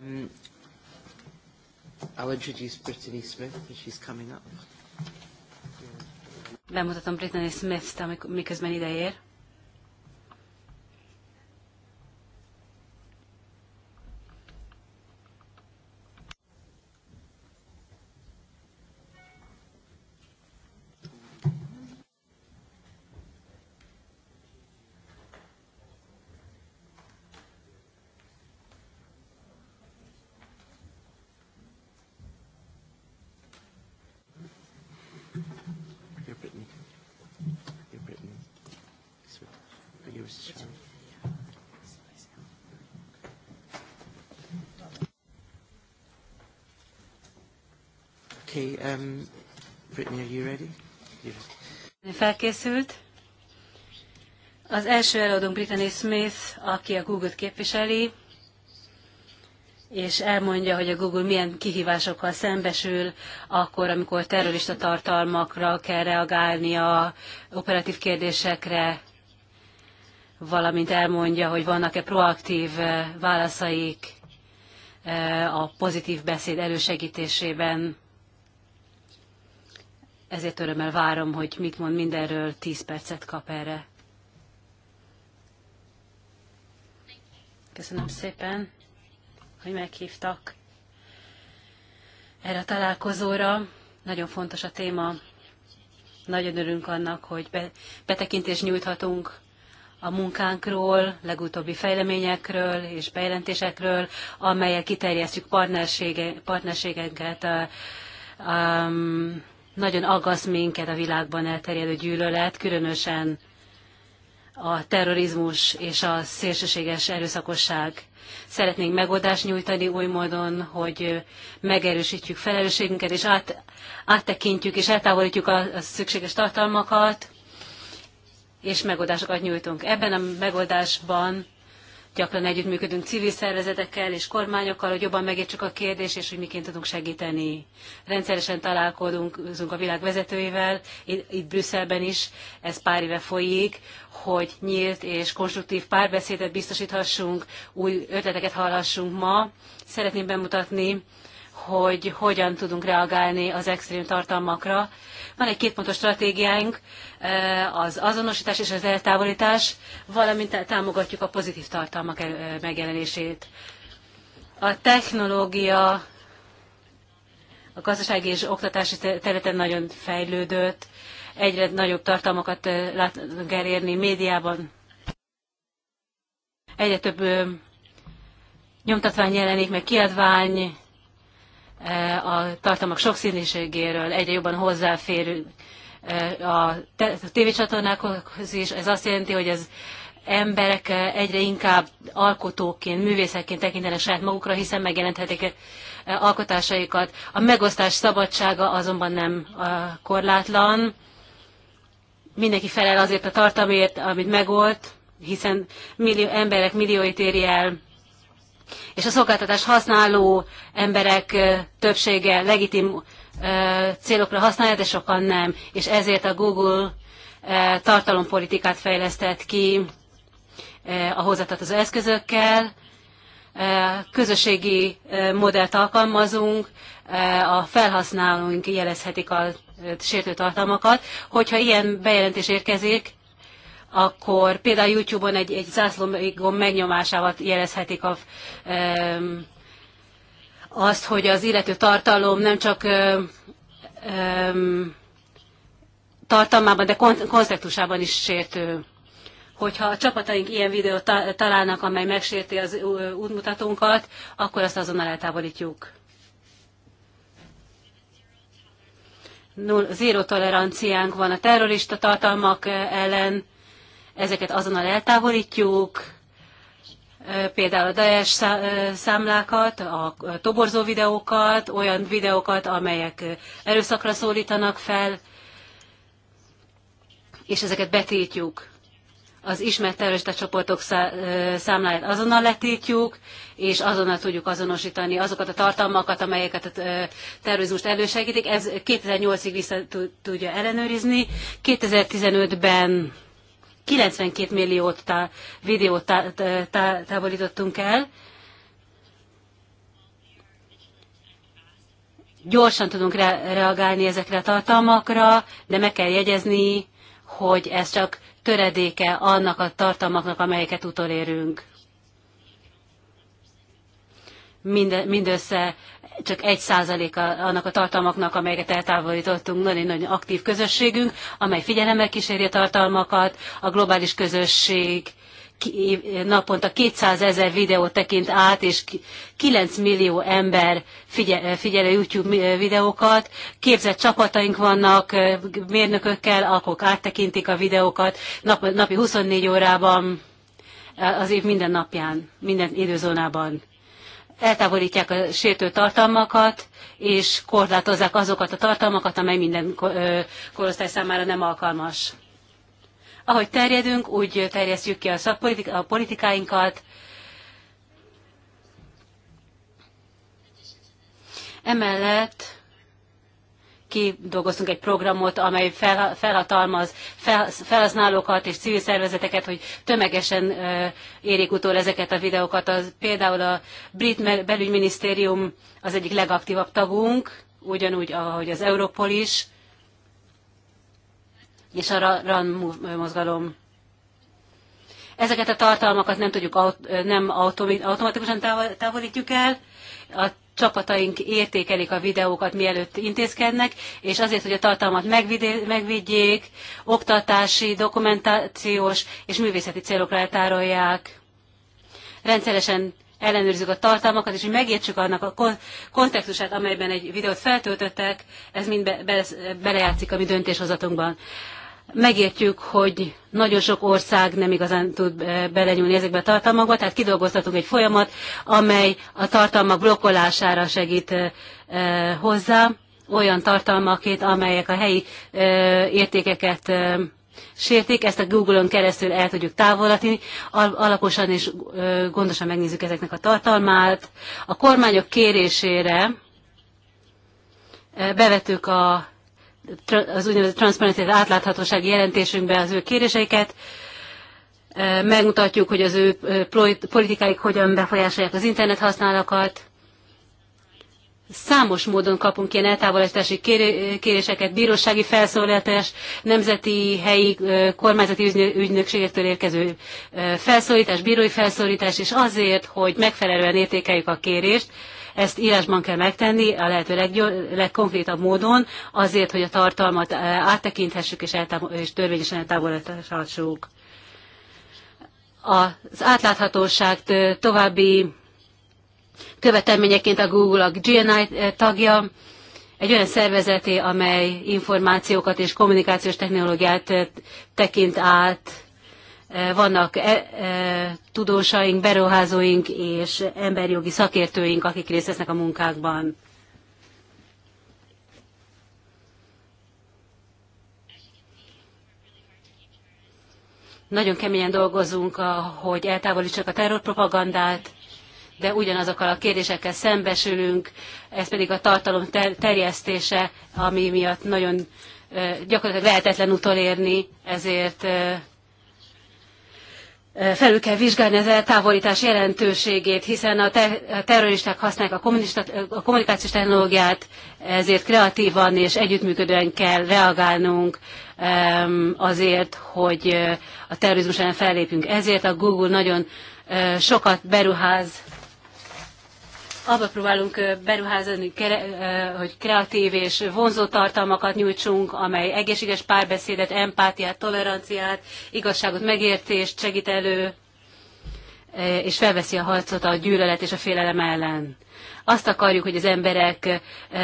Um, I'll introduce Brittany Smith, and she's coming up. Bemutatom Brittany Smith-t, miközben ér. Um, Brittany, are you ready? Yeah. Felkészült. Az első előadónk Brittany Smith, aki a Google-t képviseli, és elmondja, hogy a Google milyen kihívásokkal szembesül, akkor, amikor terrorista tartalmakra kell reagálnia, operatív kérdésekre, valamint elmondja, hogy vannak-e proaktív eh, válaszaik eh, a pozitív beszéd elősegítésében ezért örömmel várom, hogy mit mond mindenről, 10 percet kap erre. Köszönöm szépen, hogy meghívtak erre a találkozóra. Nagyon fontos a téma. Nagyon örülünk annak, hogy betekintést nyújthatunk a munkánkról, legutóbbi fejleményekről és bejelentésekről, amelyek kiterjesztjük partnersége, partnerségeket um, nagyon aggaszt minket a világban elterjedő gyűlölet, különösen a terrorizmus és a szélsőséges erőszakosság. Szeretnénk megoldást nyújtani új módon, hogy megerősítjük felelősségünket, és át, áttekintjük és eltávolítjuk a, a szükséges tartalmakat, és megoldásokat nyújtunk. Ebben a megoldásban gyakran együttműködünk civil szervezetekkel és kormányokkal, hogy jobban megértsük a kérdést, és hogy miként tudunk segíteni. Rendszeresen találkozunk a világ vezetőivel, itt Brüsszelben is, ez pár éve folyik, hogy nyílt és konstruktív párbeszédet biztosíthassunk, új ötleteket hallhassunk ma. Szeretném bemutatni hogy hogyan tudunk reagálni az extrém tartalmakra. Van egy kétpontos stratégiánk, eh, az azonosítás és az eltávolítás, valamint támogatjuk a pozitív tartalmak eh, megjelenését. A technológia a gazdasági és oktatási területen nagyon fejlődött, egyre nagyobb tartalmakat eh, látunk elérni médiában, egyre több nyomtatvány jelenik, meg kiadvány, a tartalmak sokszínűségéről, egyre jobban hozzáfér e, a tévécsatornákhoz is. Ez azt jelenti, hogy az emberek e, egyre inkább alkotóként, művészekként tekintenek saját magukra, hiszen megjelenthetik e, alkotásaikat. A megosztás szabadsága azonban nem korlátlan. Mindenki felel azért a tartalmért, amit megolt, hiszen millió, emberek millióit éri el és a szolgáltatás használó emberek többsége legitim célokra használja, de sokan nem. És ezért a Google tartalompolitikát fejlesztett ki a hozzátartozó eszközökkel, közösségi modellt alkalmazunk, a felhasználóink jelezhetik a sértő tartalmakat. Hogyha ilyen bejelentés érkezik, akkor például YouTube-on egy, egy zászlógon megnyomásával jelezhetik a, e, azt, hogy az illető tartalom nem csak e, tartalmában, de konceptusában is sértő. Hogyha a csapataink ilyen videót találnak, amely megsérti az útmutatónkat, akkor azt azonnal eltávolítjuk. Null, zéró toleranciánk van a terrorista tartalmak eh, ellen, ezeket azonnal eltávolítjuk, például a Daesh számlákat, a toborzó videókat, olyan videókat, amelyek erőszakra szólítanak fel, és ezeket betiltjuk. Az ismert terrorista csoportok számláját azonnal letiltjuk, és azonnal tudjuk azonosítani azokat a tartalmakat, amelyeket a terrorizmust elősegítik. Ez 2008-ig vissza tudja ellenőrizni. 2015-ben 92 milliót tá, videót tá, tá, távolítottunk el. Gyorsan tudunk re- reagálni ezekre a tartalmakra, de meg kell jegyezni, hogy ez csak töredéke annak a tartalmaknak, amelyeket utolérünk. Mind, mindössze csak egy százaléka annak a tartalmaknak, amelyeket eltávolítottunk, nagyon-nagyon aktív közösségünk, amely figyelemmel kíséri a tartalmakat, a globális közösség naponta 200 ezer videót tekint át, és 9 millió ember figyel, figyel a YouTube videókat. Képzett csapataink vannak, mérnökökkel, akkor áttekintik a videókat nap, napi 24 órában, az év minden napján, minden időzónában eltávolítják a sértő tartalmakat, és korlátozzák azokat a tartalmakat, amely minden korosztály számára nem alkalmas. Ahogy terjedünk, úgy terjesztjük ki a, a politikáinkat. Emellett kidolgoztunk egy programot, amely fel, felhatalmaz fel, felhasználókat és civil szervezeteket, hogy tömegesen érik utól ezeket a videókat. Az, például a brit belügyminisztérium az egyik legaktívabb tagunk, ugyanúgy, ahogy az Europol is, és a RAN mozgalom. Ezeket a tartalmakat nem tudjuk, nem automatikusan távolítjuk el, a csapataink értékelik a videókat, mielőtt intézkednek, és azért, hogy a tartalmat megvédjék, oktatási, dokumentációs és művészeti célokra eltárolják. Rendszeresen ellenőrizzük a tartalmakat, és hogy megértsük annak a kontextusát, amelyben egy videót feltöltöttek, ez mind be, be, belejátszik a mi döntéshozatunkban megértjük, hogy nagyon sok ország nem igazán tud eh, belenyúlni ezekbe a tartalmakba, tehát kidolgoztatunk egy folyamat, amely a tartalmak blokkolására segít eh, eh, hozzá, olyan tartalmakét, amelyek a helyi értékeket sértik, ezt a Google-on keresztül el tudjuk távolítani, alaposan és gondosan megnézzük ezeknek a tartalmát. A kormányok kérésére bevetük a az úgynevezett transzparency átláthatósági jelentésünkbe az ő kéréseiket. Megmutatjuk, hogy az ő politikáik hogyan befolyásolják az internet használatokat. Számos módon kapunk ilyen eltávolítási kéréseket, bírósági felszólítás, nemzeti, helyi, kormányzati ügynökségektől érkező felszólítás, bírói felszólítás, és azért, hogy megfelelően értékeljük a kérést, ezt írásban kell megtenni a lehető legkonkrétabb módon, azért, hogy a tartalmat eh, áttekinthessük és, és törvényesen eltávolíthassuk. Az átláthatóság eh, további követelményeként a Google a GNI eh, tagja, egy olyan szervezeté, amely információkat és kommunikációs technológiát tekint át vannak e, e, tudósaink, beruházóink és emberjogi szakértőink, akik részt vesznek a munkákban. Nagyon keményen dolgozunk, hogy eltávolítsak a terrorpropagandát, de ugyanazokkal a kérdésekkel szembesülünk, ez pedig a tartalom terjesztése, ami miatt nagyon gyakorlatilag lehetetlen utolérni, ezért felül kell vizsgálni az eltávolítás jelentőségét, hiszen a, ter- a terroristák használják a, a kommunikációs technológiát, ezért kreatívan és együttműködően kell reagálnunk azért, hogy a terrorizmus ellen fellépjünk. Ezért a Google nagyon sokat beruház abba próbálunk beruházni, hogy kreatív és vonzó tartalmakat nyújtsunk, amely egészséges párbeszédet, empátiát, toleranciát, igazságot, megértést segít elő, és felveszi a harcot a gyűlölet és a félelem ellen. Azt akarjuk, hogy az emberek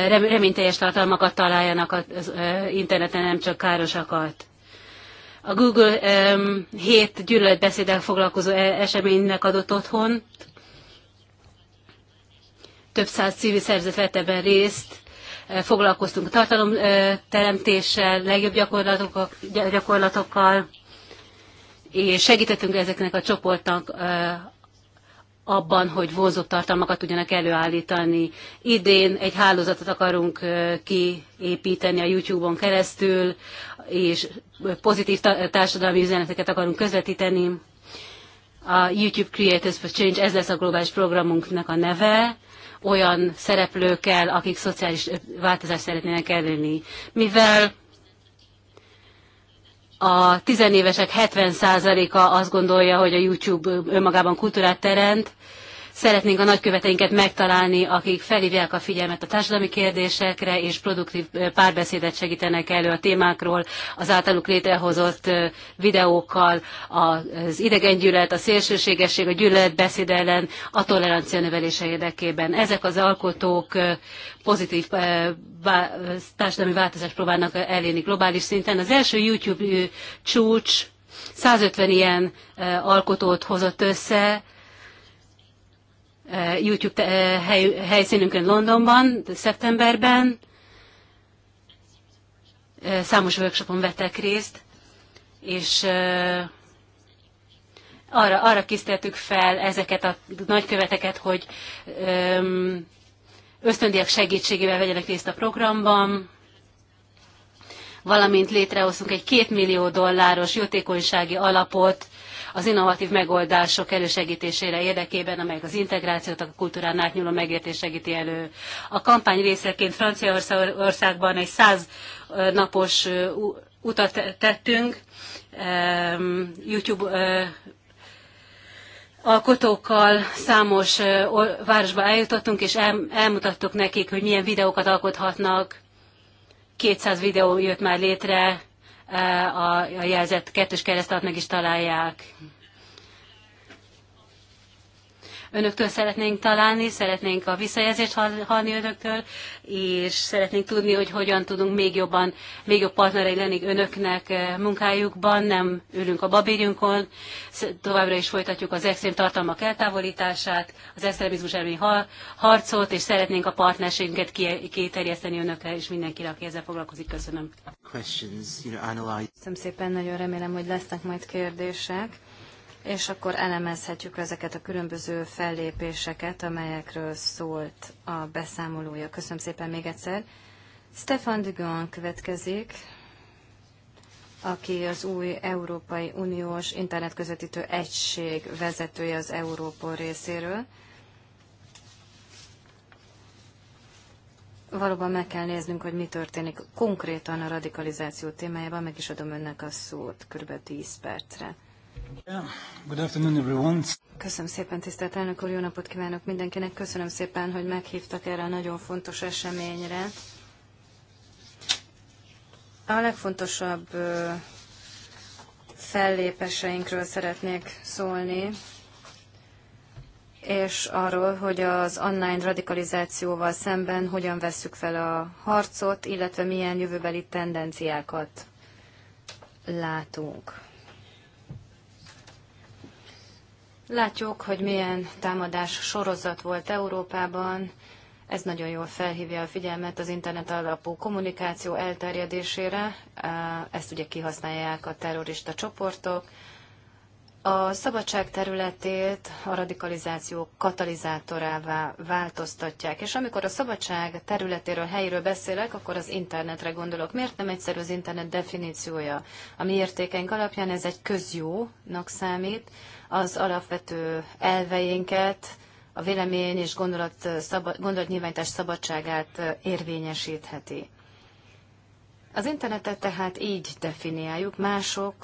reményteljes tartalmakat találjanak az interneten, nem csak károsakat. A Google um, hét gyűlöletbeszéddel foglalkozó e-, eseménynek adott otthont, több száz civil szervezet vett ebben részt, eh, foglalkoztunk tartalomteremtéssel, eh, legjobb gyakorlatokkal, gyakorlatokkal, és segítettünk ezeknek a csoportnak eh, abban, hogy vonzott tartalmakat tudjanak előállítani. Idén egy hálózatot akarunk kiépíteni a YouTube-on keresztül, és pozitív társadalmi üzeneteket akarunk közvetíteni. A YouTube Creators for Change, ez lesz a globális programunknak a neve, olyan szereplőkkel, akik szociális változást szeretnének elérni. Mivel a tizenévesek 70%-a azt gondolja, hogy a YouTube önmagában kultúrát teremt, Szeretnénk a nagyköveteinket megtalálni, akik felhívják a figyelmet a társadalmi kérdésekre, és produktív párbeszédet segítenek elő a témákról, az általuk létrehozott videókkal, az idegengyűlölet, a szélsőségesség, a gyűlöletbeszéd ellen, a tolerancia növelése érdekében. Ezek az alkotók pozitív társadalmi változást próbálnak elérni globális szinten. Az első YouTube csúcs 150 ilyen alkotót hozott össze, Eh, YouTube eh, hely, helyszínünkön Londonban, szeptemberben. Eh, számos workshopon vettek részt, és arra, arra készítettük fel ezeket a nagyköveteket, hogy ösztöndiek segítségével vegyenek részt a programban, valamint létrehoztunk egy kétmillió millió dolláros jótékonysági alapot az innovatív megoldások elősegítésére érdekében, amelyek az integrációt, a kultúrán átnyúló megértést segíti elő. A kampány részeként Franciaországban egy száz napos utat tettünk, YouTube alkotókkal számos városba eljutottunk, és elmutattuk nekik, hogy milyen videókat alkothatnak. 200 videó jött már létre, a, a jelzett kettős kereszt meg is találják önöktől szeretnénk találni, szeretnénk a visszajelzést hallni önöktől, és szeretnénk tudni, hogy hogyan tudunk még jobban, még jobb partnerei lenni önöknek eh, munkájukban, nem ülünk a babérjunkon, továbbra is folytatjuk az extrém tartalmak eltávolítását, az extremizmus elleni harcot, és szeretnénk a partnerségünket kiterjeszteni önökre és mindenkire, aki ezzel foglalkozik. Köszönöm. Köszönöm szépen, nagyon remélem, hogy lesznek majd kérdések és akkor elemezhetjük ezeket a különböző fellépéseket, amelyekről szólt a beszámolója. Köszönöm szépen még egyszer. Stefan Dugan következik, aki az új Európai Uniós internetközvetítő egység vezetője az Európol részéről. Valóban meg kell néznünk, hogy mi történik konkrétan a radikalizáció témájában, meg is adom önnek a szót kb. 10 percre. Köszönöm szépen, tisztelt elnök úr, jó napot kívánok mindenkinek. Köszönöm szépen, hogy meghívtak erre a nagyon fontos eseményre. A legfontosabb fellépeseinkről szeretnék szólni, és arról, hogy az online radikalizációval szemben hogyan vesszük fel a harcot, illetve milyen jövőbeli tendenciákat látunk. Látjuk, hogy milyen támadás sorozat volt Európában. Ez nagyon jól felhívja a figyelmet az internet alapú kommunikáció elterjedésére. Ezt ugye kihasználják a terrorista csoportok. A szabadság területét a radikalizáció katalizátorává változtatják. És amikor a szabadság területéről, helyről beszélek, akkor az internetre gondolok. Miért nem egyszerű az internet definíciója? A mi értékeink alapján ez egy közjónak számít, az alapvető elveinket, a vélemény és gondolat, szabad, gondolatnyilvánítás szabadságát érvényesítheti. Az internetet tehát így definiáljuk, mások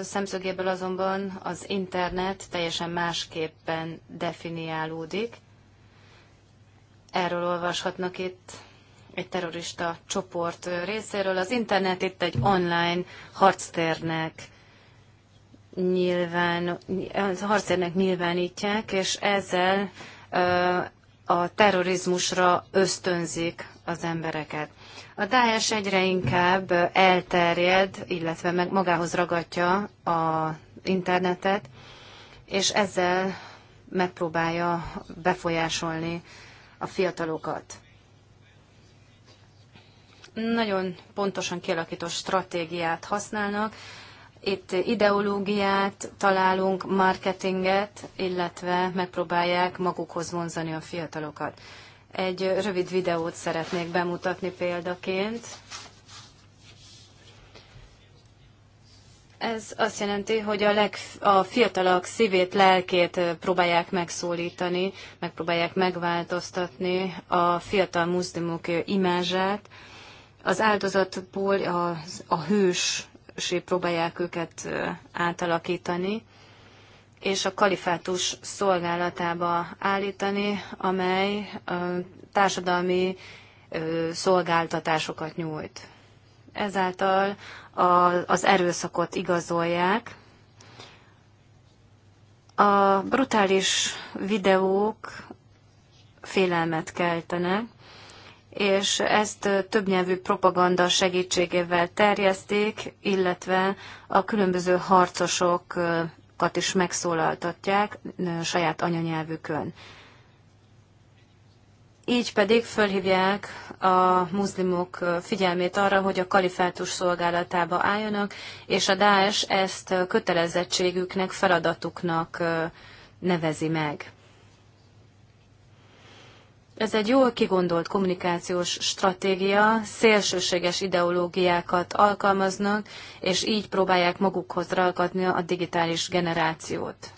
szemszögéből azonban az internet teljesen másképpen definiálódik. Erről olvashatnak itt egy terrorista csoport részéről. Az internet itt egy online harctérnek nyilván, az harcérnek nyilvánítják, és ezzel a terrorizmusra ösztönzik az embereket. A Daesh egyre inkább elterjed, illetve meg magához ragadja a internetet, és ezzel megpróbálja befolyásolni a fiatalokat. Nagyon pontosan kialakított stratégiát használnak, itt ideológiát találunk, marketinget, illetve megpróbálják magukhoz vonzani a fiatalokat. Egy rövid videót szeretnék bemutatni példaként. Ez azt jelenti, hogy a, leg, a fiatalok szívét, lelkét próbálják megszólítani, megpróbálják megváltoztatni a fiatal muszlimok imázsát. Az áldozatból a, a hős és próbálják őket átalakítani, és a kalifátus szolgálatába állítani, amely társadalmi szolgáltatásokat nyújt. Ezáltal az erőszakot igazolják. A brutális videók félelmet keltenek, és ezt többnyelvű propaganda segítségével terjeszték, illetve a különböző harcosokat is megszólaltatják saját anyanyelvükön. Így pedig fölhívják a muszlimok figyelmét arra, hogy a kalifátus szolgálatába álljanak, és a Daesh ezt kötelezettségüknek, feladatuknak nevezi meg. Ez egy jól kigondolt kommunikációs stratégia, szélsőséges ideológiákat alkalmaznak, és így próbálják magukhoz ragadni a digitális generációt.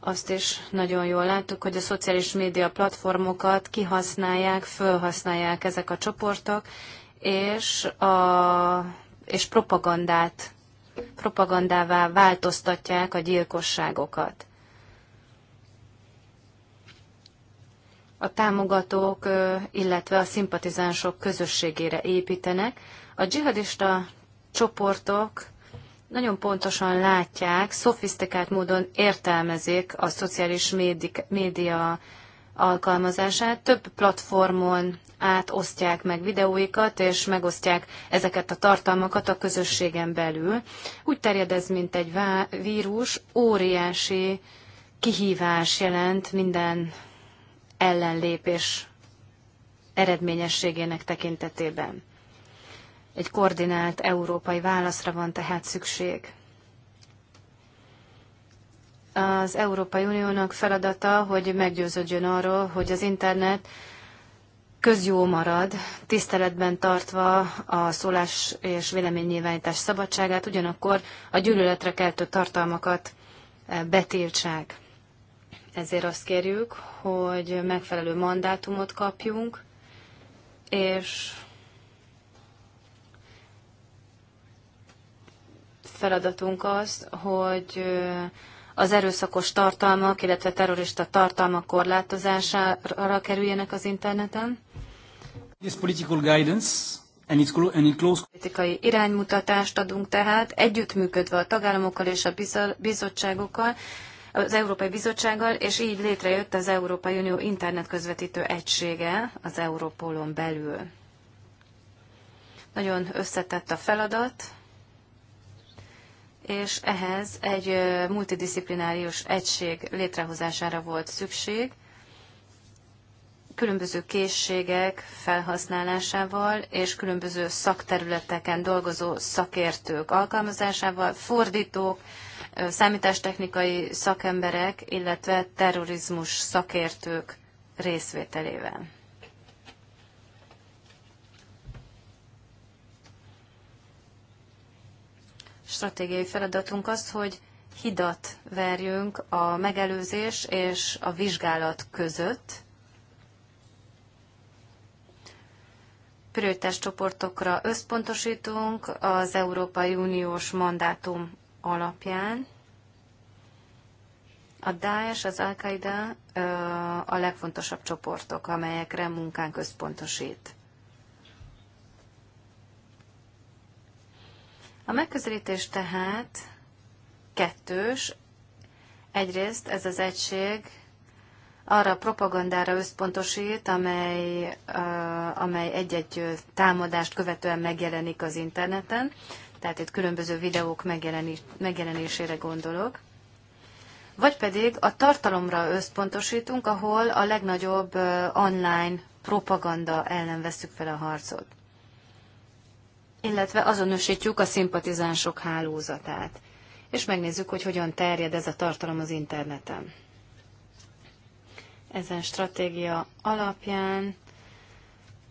Azt is nagyon jól láttuk, hogy a szociális média platformokat kihasználják, felhasználják ezek a csoportok, és, a, és propagandát, propagandává változtatják a gyilkosságokat. a támogatók, illetve a szimpatizánsok közösségére építenek. A dzsihadista csoportok nagyon pontosan látják, szofisztikált módon értelmezik a szociális média alkalmazását. Több platformon átosztják meg videóikat, és megosztják ezeket a tartalmakat a közösségen belül. Úgy terjed ez, mint egy vírus, óriási kihívás jelent minden ellenlépés eredményességének tekintetében. Egy koordinált európai válaszra van tehát szükség. Az Európai Uniónak feladata, hogy meggyőződjön arról, hogy az internet közjó marad, tiszteletben tartva a szólás és véleménynyilvánítás szabadságát, ugyanakkor a gyűlöletre keltő tartalmakat betiltsák ezért azt kérjük, hogy megfelelő mandátumot kapjunk, és feladatunk az, hogy az erőszakos tartalmak, illetve terrorista tartalmak korlátozására kerüljenek az interneten. This political guidance and it's and close. Politikai iránymutatást adunk tehát, együttműködve a tagállamokkal és a bizottságokkal, az Európai Bizottsággal, és így létrejött az Európai Unió internetközvetítő egysége az Európolon belül. Nagyon összetett a feladat, és ehhez egy multidisziplinárius egység létrehozására volt szükség, különböző készségek felhasználásával és különböző szakterületeken dolgozó szakértők alkalmazásával, fordítók, számítástechnikai szakemberek, illetve terrorizmus szakértők részvételével. Stratégiai feladatunk az, hogy hidat verjünk a megelőzés és a vizsgálat között. Prioritás csoportokra összpontosítunk az Európai Uniós mandátum alapján a Daesh, az Al-Qaeda a legfontosabb csoportok, amelyekre munkánk összpontosít. A megközelítés tehát kettős. Egyrészt ez az egység arra a propagandára összpontosít, amely, amely egy-egy támadást követően megjelenik az interneten tehát itt különböző videók megjelenésére gondolok, vagy pedig a tartalomra összpontosítunk, ahol a legnagyobb online propaganda ellen veszük fel a harcot. Illetve azonosítjuk a szimpatizánsok hálózatát, és megnézzük, hogy hogyan terjed ez a tartalom az interneten. Ezen stratégia alapján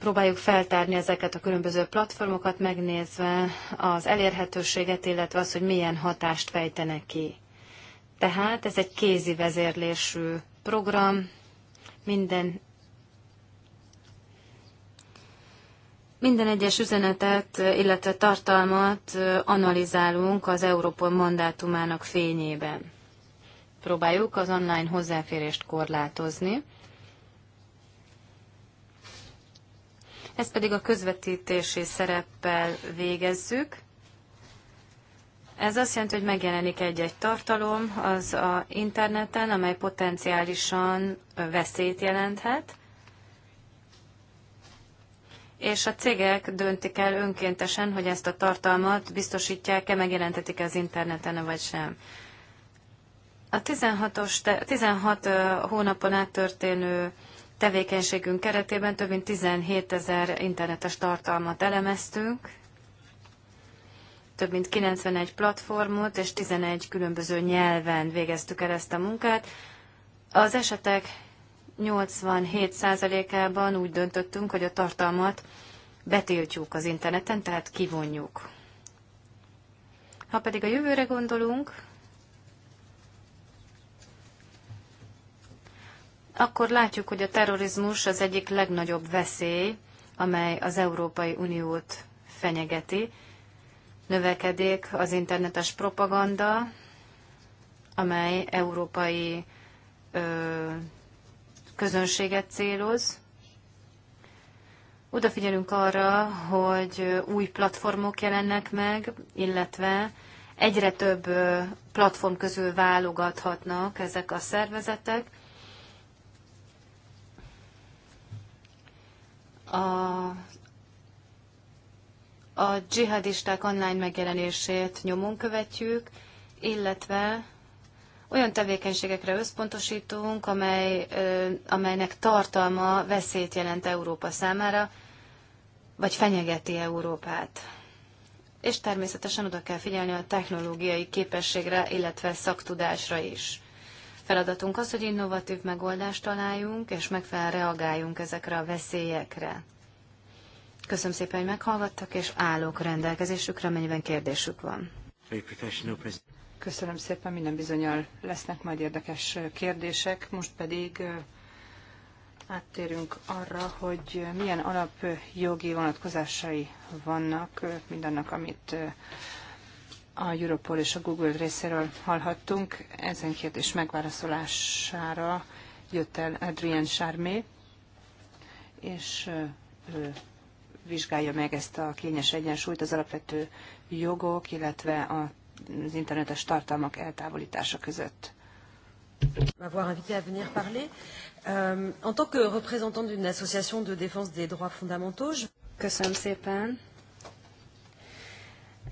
próbáljuk feltárni ezeket a különböző platformokat, megnézve az elérhetőséget, illetve az, hogy milyen hatást fejtenek ki. Tehát ez egy kézi vezérlésű program, minden Minden egyes üzenetet, illetve tartalmat analizálunk az Európol mandátumának fényében. Próbáljuk az online hozzáférést korlátozni ezt pedig a közvetítési szereppel végezzük. Ez azt jelenti, hogy megjelenik egy-egy tartalom az a interneten, amely potenciálisan veszélyt jelenthet, és a cégek döntik el önkéntesen, hogy ezt a tartalmat biztosítják-e, megjelentetik -e az interneten, vagy sem. A 16, 16 hónapon át történő tevékenységünk keretében több mint 17 ezer internetes tartalmat elemeztünk, több mint 91 platformot és 11 különböző nyelven végeztük el ezt a munkát. Az esetek 87%-ában úgy döntöttünk, hogy a tartalmat betiltjuk az interneten, tehát kivonjuk. Ha pedig a jövőre gondolunk, akkor látjuk, hogy a terrorizmus az egyik legnagyobb veszély, amely az Európai Uniót fenyegeti. Növekedik az internetes propaganda, amely európai ö, közönséget céloz. Odafigyelünk arra, hogy új platformok jelennek meg, illetve egyre több platform közül válogathatnak ezek a szervezetek, a, a dzsihadisták online megjelenését nyomon követjük, illetve olyan tevékenységekre összpontosítunk, amely, amelynek tartalma veszélyt jelent Európa számára, vagy fenyegeti Európát. És természetesen oda kell figyelni a technológiai képességre, illetve szaktudásra is. Feladatunk az, hogy innovatív megoldást találjunk, és megfelelően reagáljunk ezekre a veszélyekre. Köszönöm szépen, hogy meghallgattak, és állok rendelkezésükre, amennyiben kérdésük van. Köszönöm szépen, minden bizonyal lesznek majd érdekes kérdések. Most pedig áttérünk arra, hogy milyen alapjogi vonatkozásai vannak mindannak, amit a Europol és a Google részéről hallhattunk. Ezen kérdés megválaszolására jött el Adrien Charmé, és ő vizsgálja meg ezt a kényes egyensúlyt az alapvető jogok, illetve az internetes tartalmak eltávolítása között. M'avoir invité à venir parler. Euh, en tant que représentant d'une association de défense des droits fondamentaux, je... Köszönöm szépen.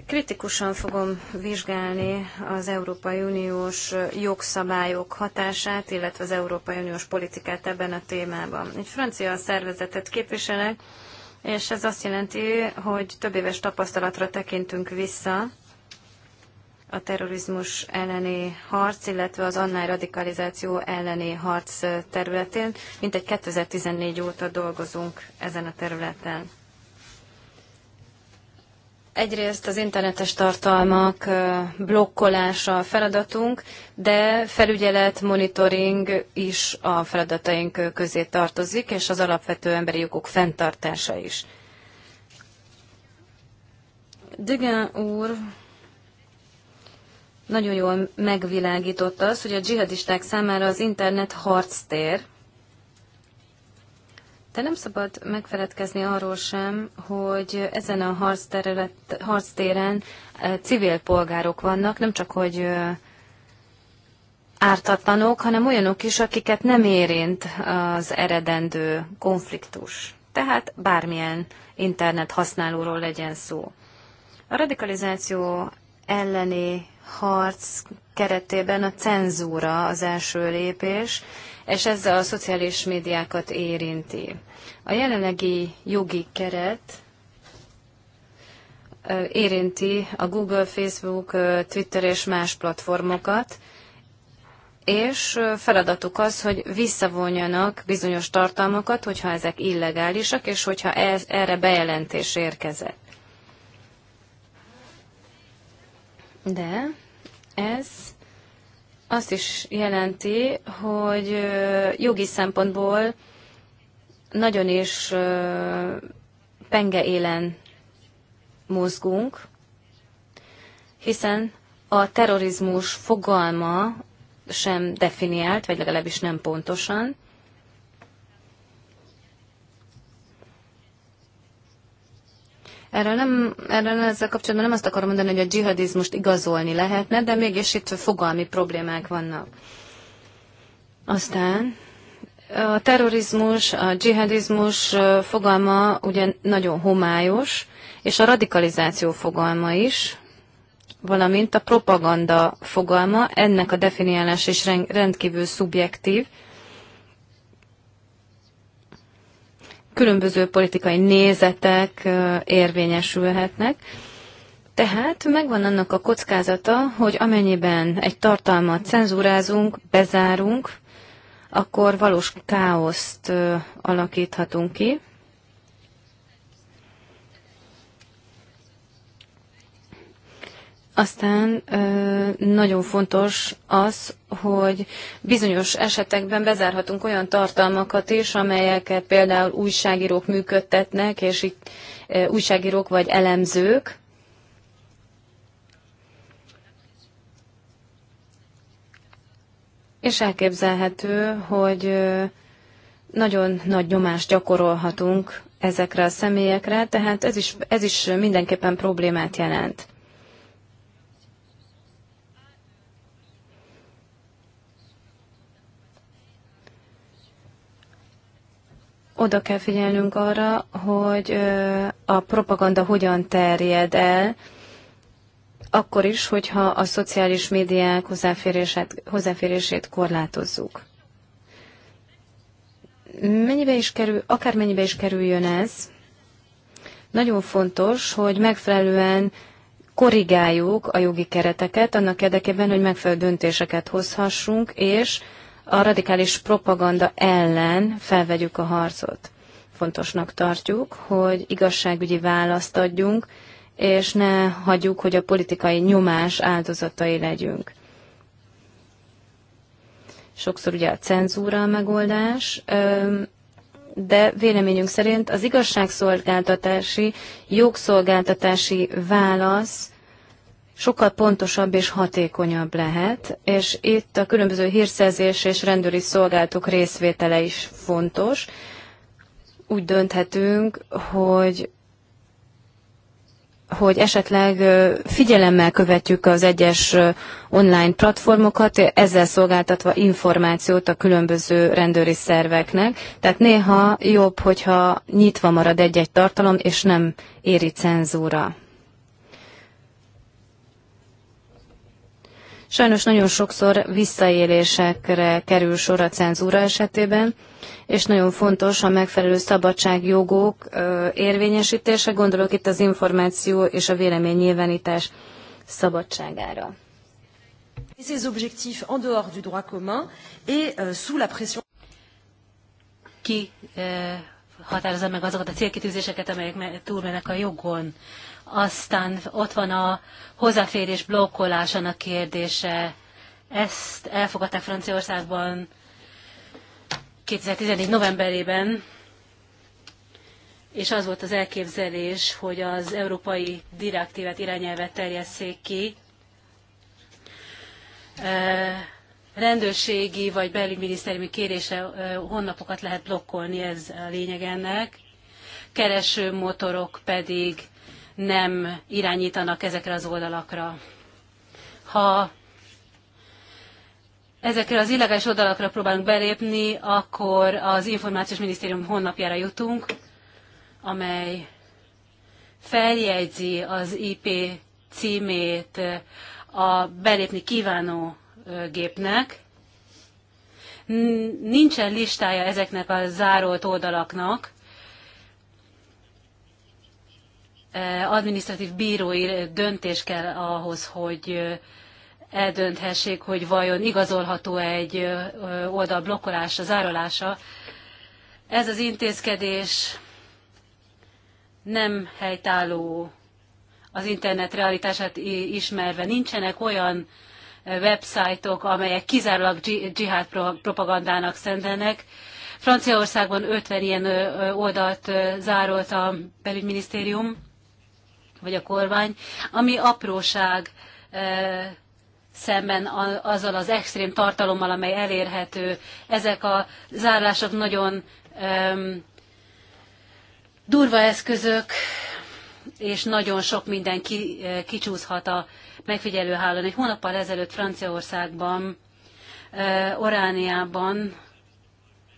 Kritikusan fogom vizsgálni az Európai Uniós jogszabályok hatását, illetve az Európai Uniós politikát ebben a témában. Egy francia szervezetet képviselek, és ez azt jelenti, hogy több éves tapasztalatra tekintünk vissza a terrorizmus elleni harc, illetve az annál radikalizáció elleni harc területén. Mintegy 2014 óta dolgozunk ezen a területen. Egyrészt az internetes tartalmak blokkolása a feladatunk, de felügyelet, monitoring is a feladataink közé tartozik, és az alapvető emberi jogok fenntartása is. Digen úr nagyon jól megvilágította az, hogy a dzsihadisták számára az internet harctér, de nem szabad megfeledkezni arról sem, hogy ezen a harctéren civil polgárok vannak, nem csak hogy ártatlanok, hanem olyanok is, akiket nem érint az eredendő konfliktus. Tehát bármilyen internet használóról legyen szó. A radikalizáció elleni harc keretében a cenzúra az első lépés, és ez a szociális médiákat érinti. A jelenlegi jogi keret érinti a Google, Facebook, Twitter és más platformokat, és feladatuk az, hogy visszavonjanak bizonyos tartalmakat, hogyha ezek illegálisak, és hogyha ez, erre bejelentés érkezett. De ez azt is jelenti, hogy jogi szempontból nagyon is penge élen mozgunk, hiszen a terrorizmus fogalma sem definiált, vagy legalábbis nem pontosan. Erről nem, erről ezzel kapcsolatban nem azt akarom mondani, hogy a dzsihadizmust igazolni lehetne, de mégis itt fogalmi problémák vannak. Aztán a terrorizmus, a dzsihadizmus fogalma ugye nagyon homályos, és a radikalizáció fogalma is, valamint a propaganda fogalma, ennek a definiálás is rendkívül szubjektív, különböző politikai nézetek érvényesülhetnek. Tehát megvan annak a kockázata, hogy amennyiben egy tartalmat cenzúrázunk, bezárunk, akkor valós káoszt alakíthatunk ki, Aztán nagyon fontos az, hogy bizonyos esetekben bezárhatunk olyan tartalmakat is, amelyeket például újságírók működtetnek, és itt újságírók vagy elemzők. És elképzelhető, hogy nagyon nagy nyomást gyakorolhatunk ezekre a személyekre, tehát ez is, ez is mindenképpen problémát jelent. oda kell figyelnünk arra, hogy a propaganda hogyan terjed el, akkor is, hogyha a szociális médiák hozzáférését, hozzáférését korlátozzuk. Mennyibe is kerül, akármennyibe is kerüljön ez, nagyon fontos, hogy megfelelően korrigáljuk a jogi kereteket annak érdekében, hogy megfelelő döntéseket hozhassunk, és a radikális propaganda ellen felvegyük a harcot. Fontosnak tartjuk, hogy igazságügyi választ adjunk, és ne hagyjuk, hogy a politikai nyomás áldozatai legyünk. Sokszor ugye a cenzúra a megoldás, de véleményünk szerint az igazságszolgáltatási, jogszolgáltatási válasz sokkal pontosabb és hatékonyabb lehet, és itt a különböző hírszerzés és rendőri szolgálatok részvétele is fontos. Úgy dönthetünk, hogy hogy esetleg figyelemmel követjük az egyes online platformokat, ezzel szolgáltatva információt a különböző rendőri szerveknek. Tehát néha jobb, hogyha nyitva marad egy-egy tartalom, és nem éri cenzúra. Sajnos nagyon sokszor visszaélésekre kerül sor a cenzúra esetében, és nagyon fontos a megfelelő szabadságjogok érvényesítése, gondolok itt az információ és a vélemény nyilvánítás szabadságára. en euh, Ki euh, határozza meg azokat a célkitűzéseket, amelyek túlmenek a jogon aztán ott van a hozzáférés blokkolásának kérdése. Ezt elfogadták Franciaországban 2014. novemberében, és az volt az elképzelés, hogy az európai direktívet, irányelvet terjesszék ki, rendőrségi vagy belügyminisztériumi kérésre honnapokat lehet blokkolni, ez a lényeg ennek. Keresőmotorok pedig nem irányítanak ezekre az oldalakra. Ha ezekre az illegális oldalakra próbálunk belépni, akkor az Információs Minisztérium honlapjára jutunk, amely feljegyzi az IP címét a belépni kívánó gépnek. Nincsen listája ezeknek a zárolt oldalaknak, Eh, administratív bírói döntés kell ahhoz, hogy eh, eldönthessék, hogy vajon igazolható e egy eh, oldal blokkolása, zárolása. Ez az intézkedés nem helytálló az internet realitását ismerve. Nincsenek olyan websájtok, amelyek kizárólag dzsihád propagandának szentelnek. Franciaországban 50 ilyen oldalt zárolt a belügyminisztérium vagy a kormány, ami apróság szemben azzal az extrém tartalommal, amely elérhető. Ezek a zárlások nagyon durva eszközök, és nagyon sok minden ki, kicsúszhat a megfigyelőhálón. Egy hónappal ezelőtt Franciaországban, Orániában,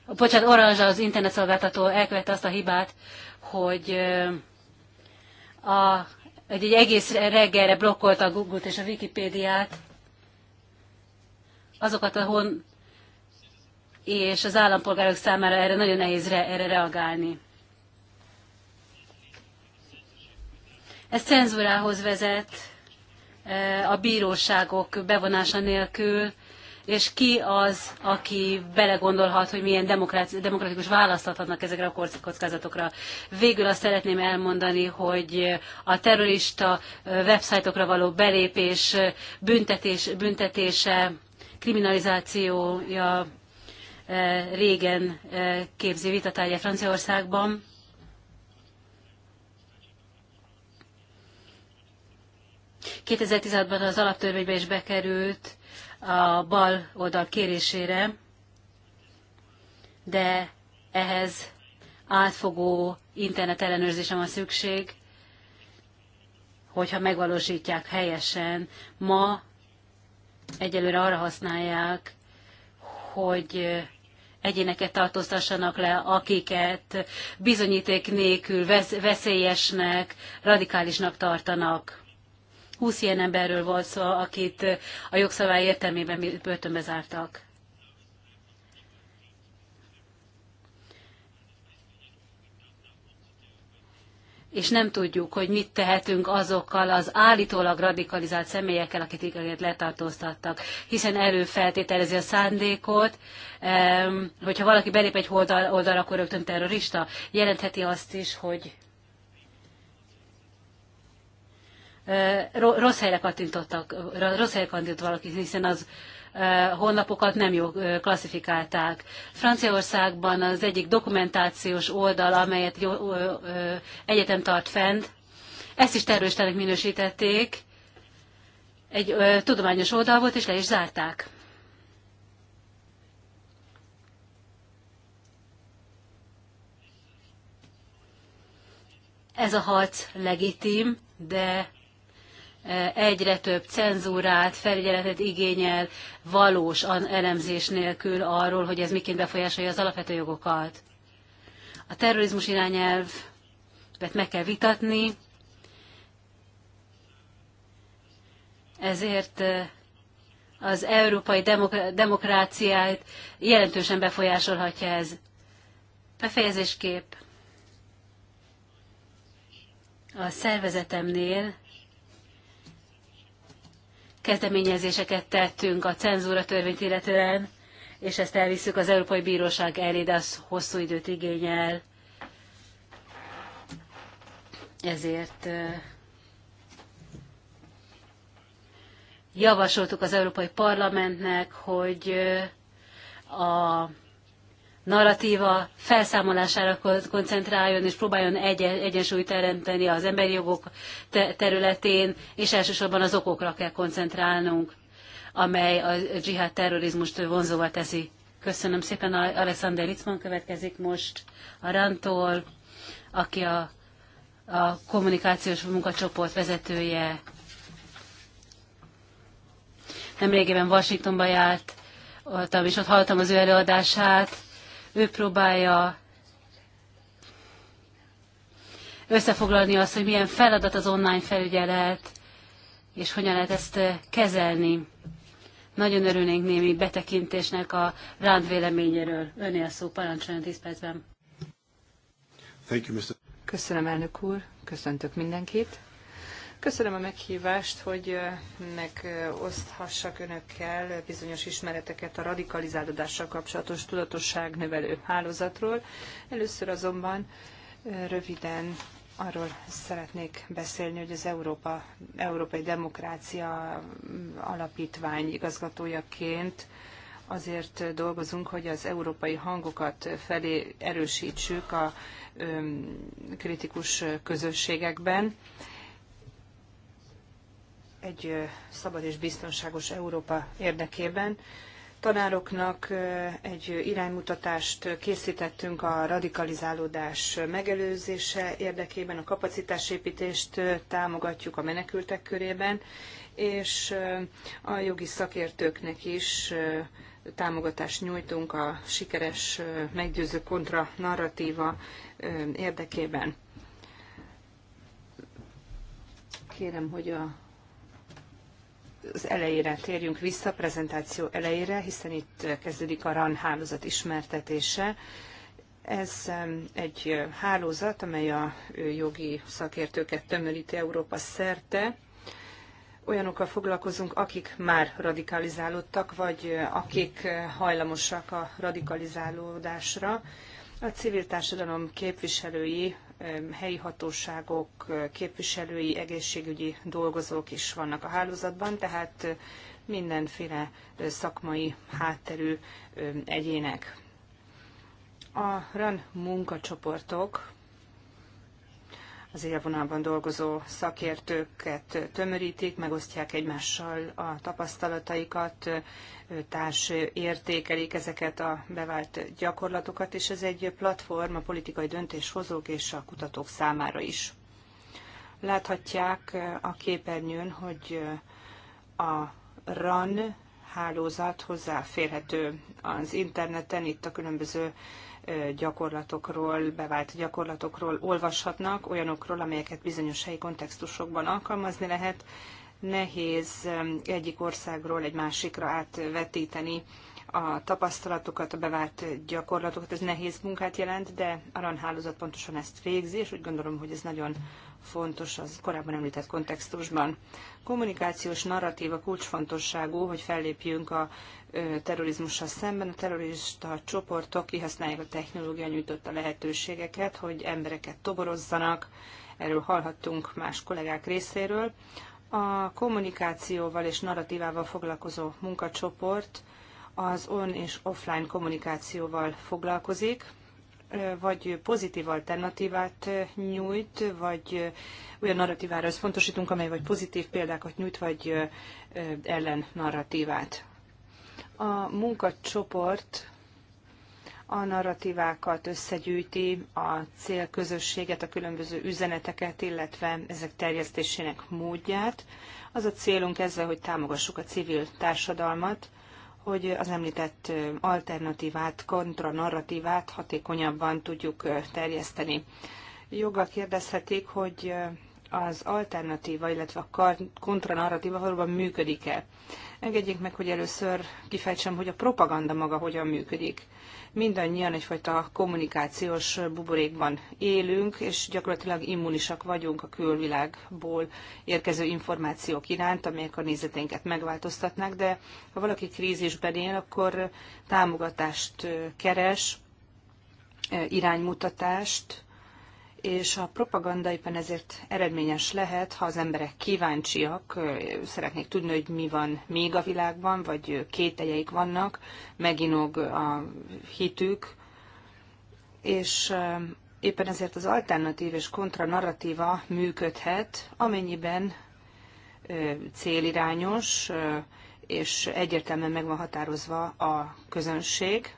bocsánat, Orange az internetszolgáltató elkövette azt a hibát, hogy a, egy, egy egész reggelre blokkolta a Google-t és a Wikipédiát, azokat a hon és az állampolgárok számára erre nagyon nehéz re, erre reagálni. Ez cenzúrához vezet eh, a bíróságok bevonása nélkül, és ki az, aki belegondolhat, hogy milyen demokratikus választ adhatnak ezekre a kockázatokra. Végül azt szeretném elmondani, hogy a terrorista websájtokra való belépés, büntetés, büntetése, kriminalizációja régen képző vitatárgya Franciaországban. ban az alaptörvénybe is bekerült, a bal oldal kérésére, de ehhez átfogó internet ellenőrzésem van szükség, hogyha megvalósítják helyesen. Ma egyelőre arra használják, hogy egyéneket tartóztassanak le, akiket bizonyíték nélkül veszélyesnek, radikálisnak tartanak. 20 ilyen emberről volt szó, akit a jogszabály értelmében börtönbe zártak. és nem tudjuk, hogy mit tehetünk azokkal az állítólag radikalizált személyekkel, akiket letartóztattak, hiszen előfeltételezi a szándékot, hogyha valaki belép egy oldal, oldal, akkor rögtön terrorista, jelentheti azt is, hogy rossz helyre kattintottak, rossz helyre kattintott valaki, hiszen az honlapokat nem jó klasszifikálták. Franciaországban az egyik dokumentációs oldal, amelyet jó, ö, ö, egyetem tart fent, ezt is terroristának minősítették, egy ö, tudományos oldal volt, és le is zárták. Ez a harc legitim, de egyre több cenzúrát, felügyeletet igényel valós elemzés nélkül arról, hogy ez miként befolyásolja az alapvető jogokat. A terrorizmus irányelvet meg kell vitatni, ezért eh, az európai demokráciát jelentősen befolyásolhatja ez. Befejezésképp a szervezetemnél kezdeményezéseket tettünk a cenzúra törvényt illetően, és ezt elviszük az Európai Bíróság elé, de az hosszú időt igényel. Ezért javasoltuk az Európai Parlamentnek, hogy a narratíva felszámolására koncentráljon és próbáljon egy egyensúlyt teremteni az emberi jogok te területén, és elsősorban az okokra kell koncentrálnunk, amely a dzsihád terrorizmust vonzóval teszi. Köszönöm szépen, Alexander Litzman következik most a Rantól, aki a, a kommunikációs munkacsoport vezetője. Nemrégében Washingtonba járt, és ott hallottam az ő előadását ő próbálja összefoglalni azt, hogy milyen feladat az online felügyelet, és hogyan lehet ezt eh, kezelni. Nagyon örülnénk némi betekintésnek a rád véleményéről. Önél szó, parancsoljon 10 percben. Thank you, Mr. Köszönöm, elnök úr. Köszöntök mindenkit. Köszönöm a meghívást, hogy megoszthassak önökkel bizonyos ismereteket a radikalizálódással kapcsolatos tudatosság növelő hálózatról. Először azonban röviden arról szeretnék beszélni, hogy az Európa, Európai Demokrácia Alapítvány igazgatójaként azért dolgozunk, hogy az európai hangokat felé erősítsük a kritikus közösségekben egy szabad és biztonságos Európa érdekében. Tanároknak egy iránymutatást készítettünk a radikalizálódás megelőzése érdekében, a kapacitásépítést támogatjuk a menekültek körében, és a jogi szakértőknek is támogatást nyújtunk a sikeres meggyőző kontra narratíva érdekében. Kérem, hogy a az elejére térjünk vissza, a prezentáció elejére, hiszen itt kezdődik a RAN hálózat ismertetése. Ez egy hálózat, amely a jogi szakértőket tömöríti Európa szerte. Olyanokkal foglalkozunk, akik már radikalizálódtak, vagy akik hajlamosak a radikalizálódásra. A civil társadalom képviselői helyi hatóságok, képviselői, egészségügyi dolgozók is vannak a hálózatban, tehát mindenféle szakmai hátterű egyének. A RAN munkacsoportok az élvonalban dolgozó szakértőket tömörítik, megosztják egymással a tapasztalataikat, társ értékelik ezeket a bevált gyakorlatokat, és ez egy platform a politikai döntéshozók és a kutatók számára is. Láthatják a képernyőn, hogy a RAN hálózat hozzáférhető az interneten, itt a különböző gyakorlatokról, bevált gyakorlatokról olvashatnak, olyanokról, amelyeket bizonyos helyi kontextusokban alkalmazni lehet. Nehéz egyik országról egy másikra átvetíteni a tapasztalatokat, a bevált gyakorlatokat. Ez nehéz munkát jelent, de a RAN hálózat pontosan ezt végzi, és úgy gondolom, hogy ez nagyon fontos az korábban említett kontextusban. Kommunikációs narratíva kulcsfontosságú, hogy fellépjünk a terrorizmussal szemben. A terrorista csoportok kihasználják a technológia nyújtotta lehetőségeket, hogy embereket toborozzanak. Erről hallhattunk más kollégák részéről. A kommunikációval és narratívával foglalkozó munkacsoport az on és offline kommunikációval foglalkozik vagy pozitív alternatívát nyújt, vagy olyan narratívára összpontosítunk, amely vagy pozitív példákat nyújt, vagy ellen narratívát. A munkacsoport a narratívákat összegyűjti, a célközösséget, a különböző üzeneteket, illetve ezek terjesztésének módját. Az a célunk ezzel, hogy támogassuk a civil társadalmat, hogy az említett alternatívát, kontranarratívát hatékonyabban tudjuk terjeszteni. Joggal kérdezhetik, hogy az alternatíva, illetve a kontranarratíva valóban működik-e. Engedjék meg, hogy először kifejtsem, hogy a propaganda maga hogyan működik. Mindannyian egyfajta kommunikációs buborékban élünk, és gyakorlatilag immunisak vagyunk a külvilágból érkező információk iránt, amelyek a nézeténket megváltoztatnak, de ha valaki krízisben él, akkor támogatást keres, iránymutatást, és a propaganda éppen ezért eredményes lehet, ha az emberek kíváncsiak, szeretnék tudni, hogy mi van még a világban, vagy kételjeik vannak, meginog a hitük, és éppen ezért az alternatív és kontra-narratíva működhet, amennyiben célirányos, és egyértelműen meg van határozva a közönség,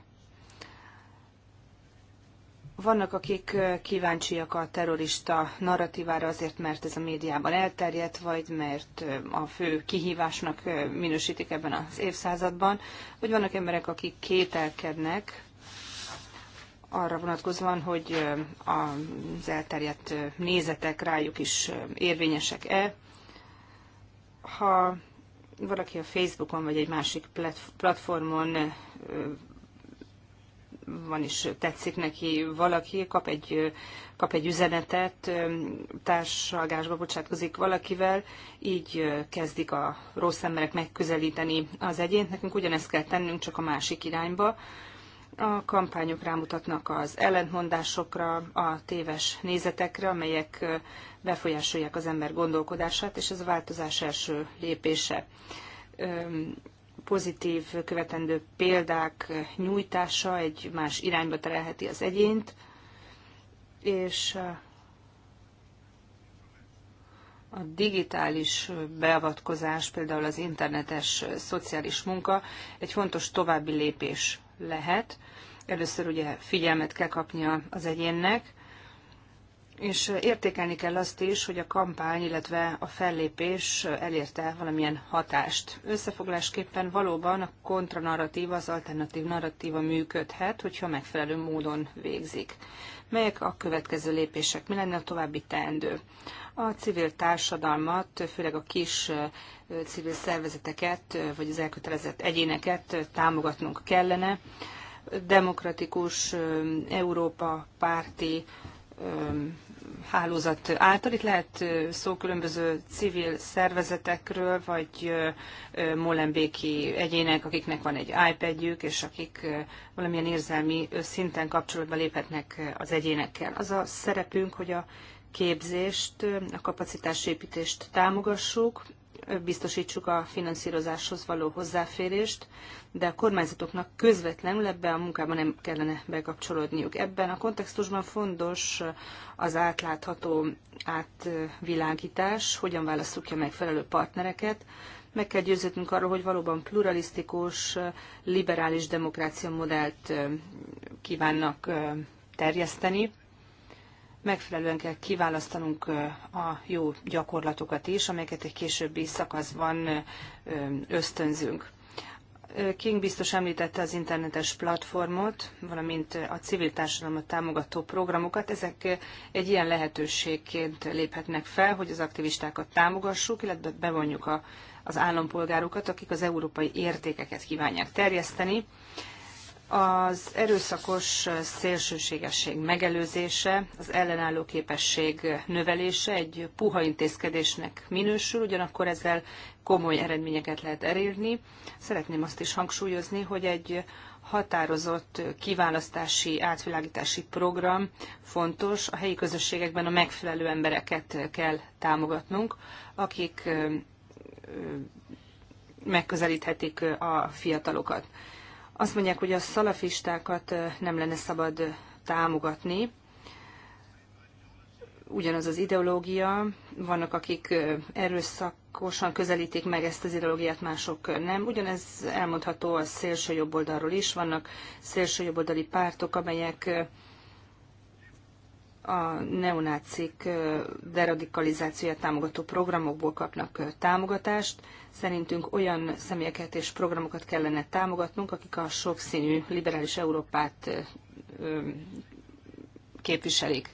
vannak, akik kíváncsiak a terrorista narratívára azért, mert ez a médiában elterjedt, vagy mert a fő kihívásnak minősítik ebben az évszázadban, vagy vannak emberek, akik kételkednek arra vonatkozóan, hogy az elterjedt nézetek rájuk is érvényesek-e. Ha valaki a Facebookon vagy egy másik platformon van is tetszik neki valaki, kap egy, kap egy üzenetet, társalgásba bocsátkozik valakivel, így kezdik a rossz emberek megközelíteni az egyént. Nekünk ugyanezt kell tennünk, csak a másik irányba. A kampányok rámutatnak az ellentmondásokra, a téves nézetekre, amelyek befolyásolják az ember gondolkodását, és ez a változás első lépése pozitív követendő példák nyújtása egy más irányba terelheti az egyént, és a digitális beavatkozás, például az internetes szociális munka egy fontos további lépés lehet. Először ugye figyelmet kell kapnia az egyénnek, és értékelni kell azt is, hogy a kampány, illetve a fellépés elérte valamilyen hatást. Összefoglásképpen valóban a kontranarratíva, az alternatív narratíva működhet, hogyha megfelelő módon végzik. Melyek a következő lépések? Mi lenne a további teendő? A civil társadalmat, főleg a kis civil szervezeteket, vagy az elkötelezett egyéneket támogatnunk kellene. Demokratikus, Európa párti, hálózat által. Itt lehet szó különböző civil szervezetekről, vagy molenbéki egyének, akiknek van egy iPadjük, és akik valamilyen érzelmi szinten kapcsolatba léphetnek az egyénekkel. Az a szerepünk, hogy a képzést, a kapacitásépítést támogassuk, biztosítsuk a finanszírozáshoz való hozzáférést, de a kormányzatoknak közvetlenül ebbe a munkába nem kellene bekapcsolódniuk. Ebben a kontextusban fontos az átlátható átvilágítás, hogyan választjuk ki a megfelelő partnereket, meg kell győződnünk arról, hogy valóban pluralisztikus, liberális demokrácia modellt kívánnak terjeszteni, megfelelően kell kiválasztanunk a jó gyakorlatokat is, amelyeket egy későbbi szakaszban ösztönzünk. King biztos említette az internetes platformot, valamint a civil társadalmat támogató programokat. Ezek egy ilyen lehetőségként léphetnek fel, hogy az aktivistákat támogassuk, illetve bevonjuk a, az állampolgárokat, akik az európai értékeket kívánják terjeszteni. Az erőszakos szélsőségesség megelőzése, az ellenálló képesség növelése egy puha intézkedésnek minősül, ugyanakkor ezzel komoly eredményeket lehet elérni. Szeretném azt is hangsúlyozni, hogy egy határozott kiválasztási, átvilágítási program fontos. A helyi közösségekben a megfelelő embereket kell támogatnunk, akik megközelíthetik a fiatalokat. Azt mondják, hogy a szalafistákat nem lenne szabad támogatni. Ugyanaz az ideológia, vannak akik erőszakosan közelítik meg ezt az ideológiát, mások nem. Ugyanez elmondható a szélső jobboldalról is, vannak szélső jobboldali pártok, amelyek a neonácik deradikalizációja támogató programokból kapnak támogatást. Szerintünk olyan személyeket és programokat kellene támogatnunk, akik a sokszínű liberális Európát képviselik.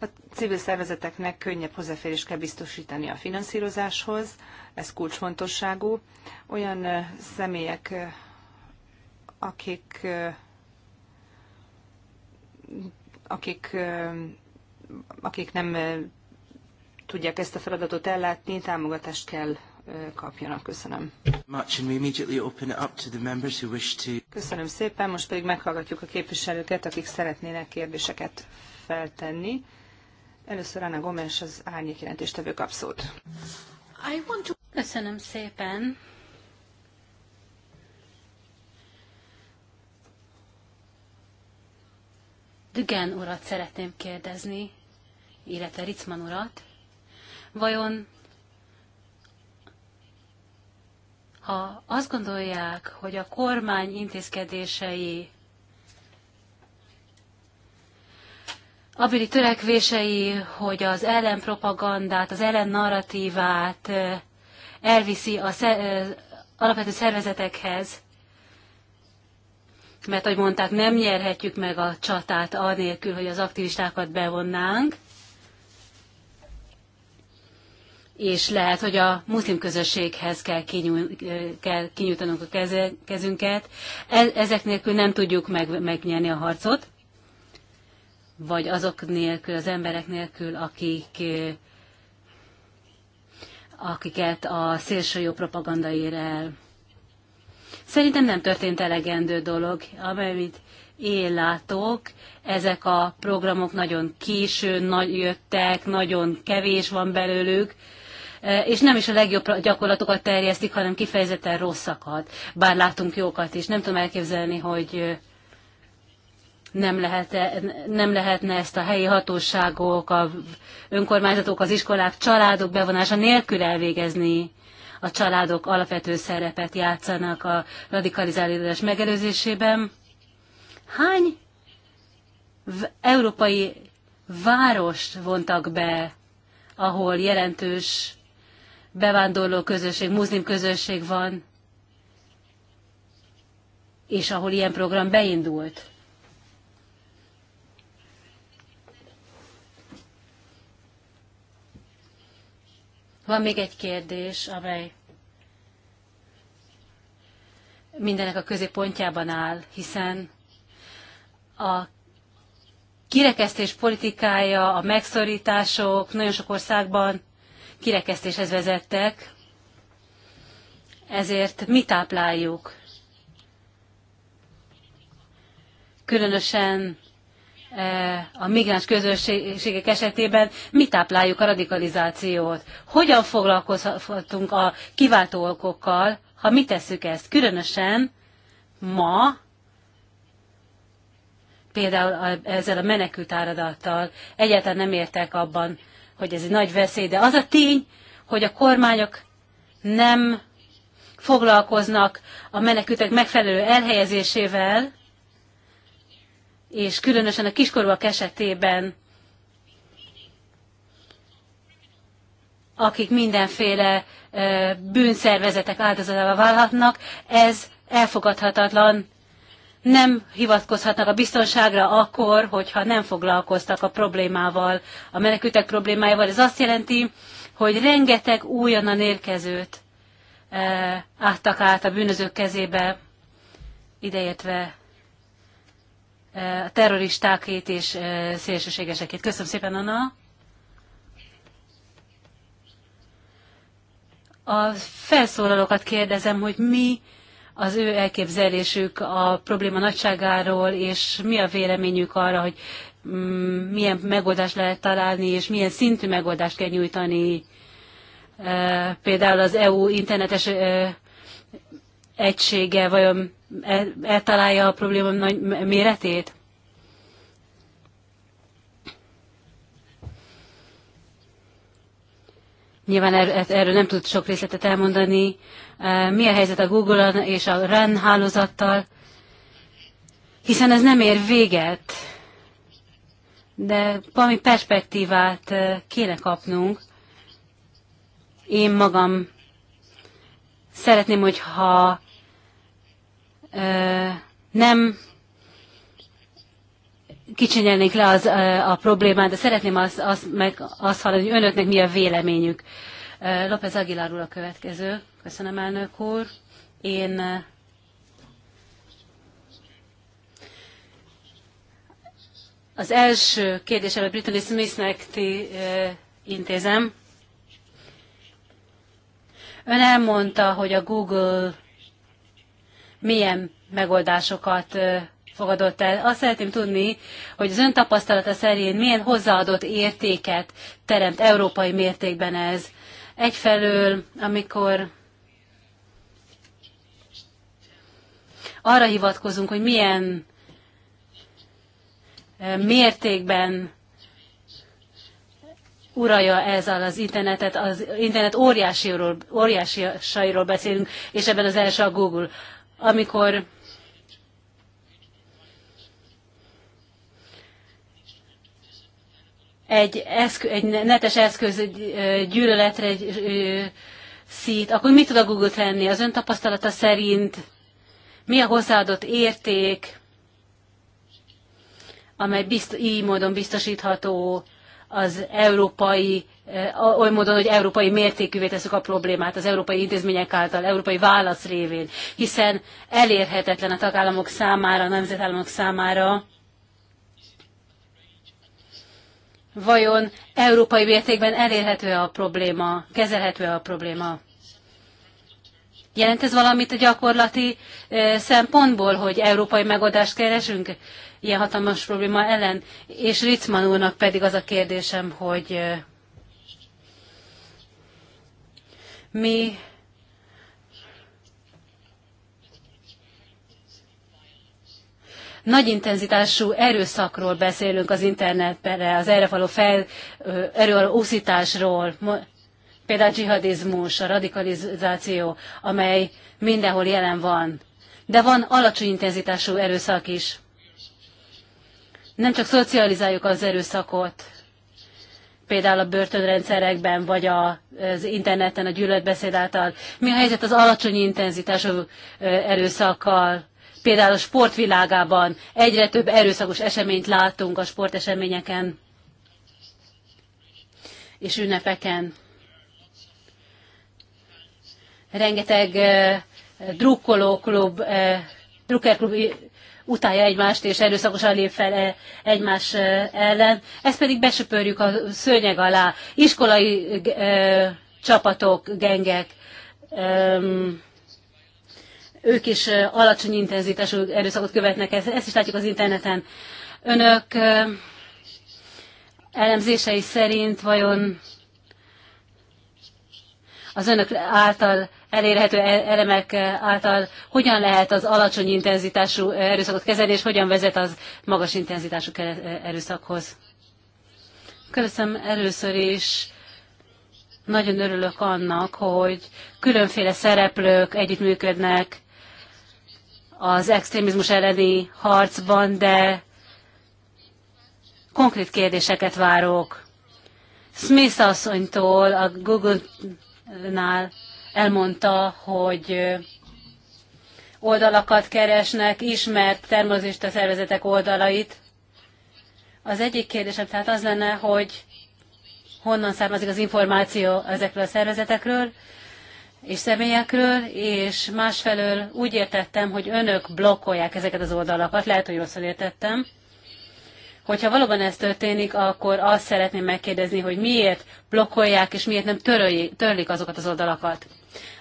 A civil szervezeteknek könnyebb hozzáférés kell biztosítani a finanszírozáshoz, ez kulcsfontosságú. Olyan személyek, akik akik, akik nem tudják ezt a feladatot ellátni, támogatást kell kapjanak. Köszönöm. Köszönöm szépen, most pedig meghallgatjuk a képviselőket, akik szeretnének kérdéseket feltenni. Először Anna Gomes, az árnyék jelentéstevő kap szót. Köszönöm szépen. Dügen urat szeretném kérdezni, illetve Ritzman urat, vajon ha azt gondolják, hogy a kormány intézkedései, abili törekvései, hogy az ellenpropagandát, az ellennarratívát eh, elviszi a eh, alapvető szervezetekhez, mert ahogy mondták, nem nyerhetjük meg a csatát anélkül, hogy az aktivistákat bevonnánk. És lehet, hogy a muszlim közösséghez kell, kinyúj, kell kinyújtanunk a kezünket. E-, ezek nélkül nem tudjuk meg, megnyerni a harcot, vagy azok nélkül, az emberek nélkül, akik eh, akiket a szélsőjobb propaganda ér el. Szerintem nem történt elegendő dolog, amit én látok. Ezek a programok nagyon későn nagy jöttek, nagyon kevés van belőlük, e, és nem is a legjobb gyakorlatokat terjesztik, hanem kifejezetten rosszakat. Bár látunk jókat is. Nem tudom elképzelni, hogy e, nem, lehet -e, nem lehetne ezt a helyi hatóságok, a önkormányzatok, az iskolák, családok bevonása nélkül elvégezni a családok alapvető szerepet játszanak a radikalizálódás megelőzésében. Hány európai várost vontak be, ahol jelentős bevándorló közösség, muzlim közösség van, és ahol ilyen program beindult. Van még egy kérdés, amely mindenek a középpontjában áll, hiszen a kirekesztés politikája, a megszorítások nagyon sok országban kirekesztéshez vezettek, ezért mi tápláljuk? Különösen Eh, a migráns közösségek esetében mi tápláljuk a radikalizációt. Hogyan foglalkozhatunk a kiváltó okokkal, ha mi tesszük ezt? Különösen ma, például ezzel a menekült áradattal egyáltalán nem értek abban, hogy ez egy nagy veszély, de az a tény, hogy a kormányok nem foglalkoznak a menekültek megfelelő elhelyezésével, és különösen a kiskorúak esetében, akik mindenféle bűnszervezetek áldozatával válhatnak, ez elfogadhatatlan. Nem hivatkozhatnak a biztonságra akkor, hogyha nem foglalkoztak a problémával, a menekültek problémájával. Ez azt jelenti, hogy rengeteg újonnan érkezőt áttak át a bűnözők kezébe, ideértve a terroristákét és szélsőségesekét. Köszönöm szépen, Anna! A felszólalókat kérdezem, hogy mi az ő elképzelésük a probléma nagyságáról, és mi a véleményük arra, hogy mm, milyen megoldást lehet találni, és milyen szintű megoldást kell nyújtani. Például az EU internetes egysége vajon e, eltalálja a probléma nagy méretét? Nyilván er, er, erről nem tud sok részletet elmondani. E, mi a helyzet a google és a RAN hálózattal? Hiszen ez nem ér véget, de valami perspektívát e, kéne kapnunk. Én magam szeretném, hogyha nem kicsinyelnék le az, a problémát, de szeretném azt, azt, meg azt hallani, hogy önöknek mi a véleményük. López Aguilar úr a következő. Köszönöm, elnök úr. Én az első kérdés előtt Brittany Smithnek ti, intézem. Ön elmondta, hogy a Google milyen megoldásokat fogadott el. Azt szeretném tudni, hogy az ön tapasztalata szerint milyen hozzáadott értéket teremt európai mértékben ez. Egyfelől, amikor arra hivatkozunk, hogy milyen mértékben uralja ez az internetet, az internet óriásiról, óriásiairól beszélünk, és ebben az első a Google amikor egy, eszkö, egy netes eszköz gyűlöletre szít, akkor mit tud a Google tenni? Az ön tapasztalata szerint mi a hozzáadott érték, amely bizt, így módon biztosítható az európai oly módon, hogy európai mértékűvé teszük a problémát az európai intézmények által, európai válasz révén, hiszen elérhetetlen a tagállamok számára, a nemzetállamok számára, vajon európai mértékben elérhető-e a probléma, kezelhető-e a probléma? Jelent ez valamit a gyakorlati szempontból, hogy európai megoldást keresünk ilyen hatalmas probléma ellen? És Ritzman úrnak pedig az a kérdésem, hogy Mi nagy intenzitású erőszakról beszélünk az internetre, az erre való fel, erőúszításról, például a dzsihadizmus, a radikalizáció, amely mindenhol jelen van. De van alacsony intenzitású erőszak is. Nem csak szocializáljuk az erőszakot, például a börtönrendszerekben, vagy az interneten a gyűlöletbeszéd által? Mi a helyzet az alacsony intenzitású erőszakkal? Például a sportvilágában egyre több erőszakos eseményt látunk a sporteseményeken és ünnepeken. Rengeteg drukkolóklub, drukkerklub utálja egymást, és erőszakosan lép fel e, egymás e, ellen. Ezt pedig besöpörjük a szőnyeg alá. Iskolai ö, e, csapatok, gengek, ö, ők is alacsony intenzitású erőszakot követnek, ezt, ezt is látjuk az interneten. Önök ö, elemzései szerint vajon az önök által elérhető elemek által hogyan lehet az alacsony intenzitású erőszakot kezelni, és hogyan vezet az magas intenzitású erőszakhoz. Köszönöm először is. Nagyon örülök annak, hogy különféle szereplők együttműködnek az extrémizmus elleni harcban, de konkrét kérdéseket várok. Smith asszonytól, a Google-nál elmondta, hogy oldalakat keresnek, ismert termozista szervezetek oldalait. Az egyik kérdésem tehát az lenne, hogy honnan származik az információ ezekről a szervezetekről és személyekről, és másfelől úgy értettem, hogy önök blokkolják ezeket az oldalakat, lehet, hogy rosszul értettem. Hogyha valóban ez történik, akkor azt szeretném megkérdezni, hogy miért blokkolják, és miért nem törölik törlik azokat az oldalakat.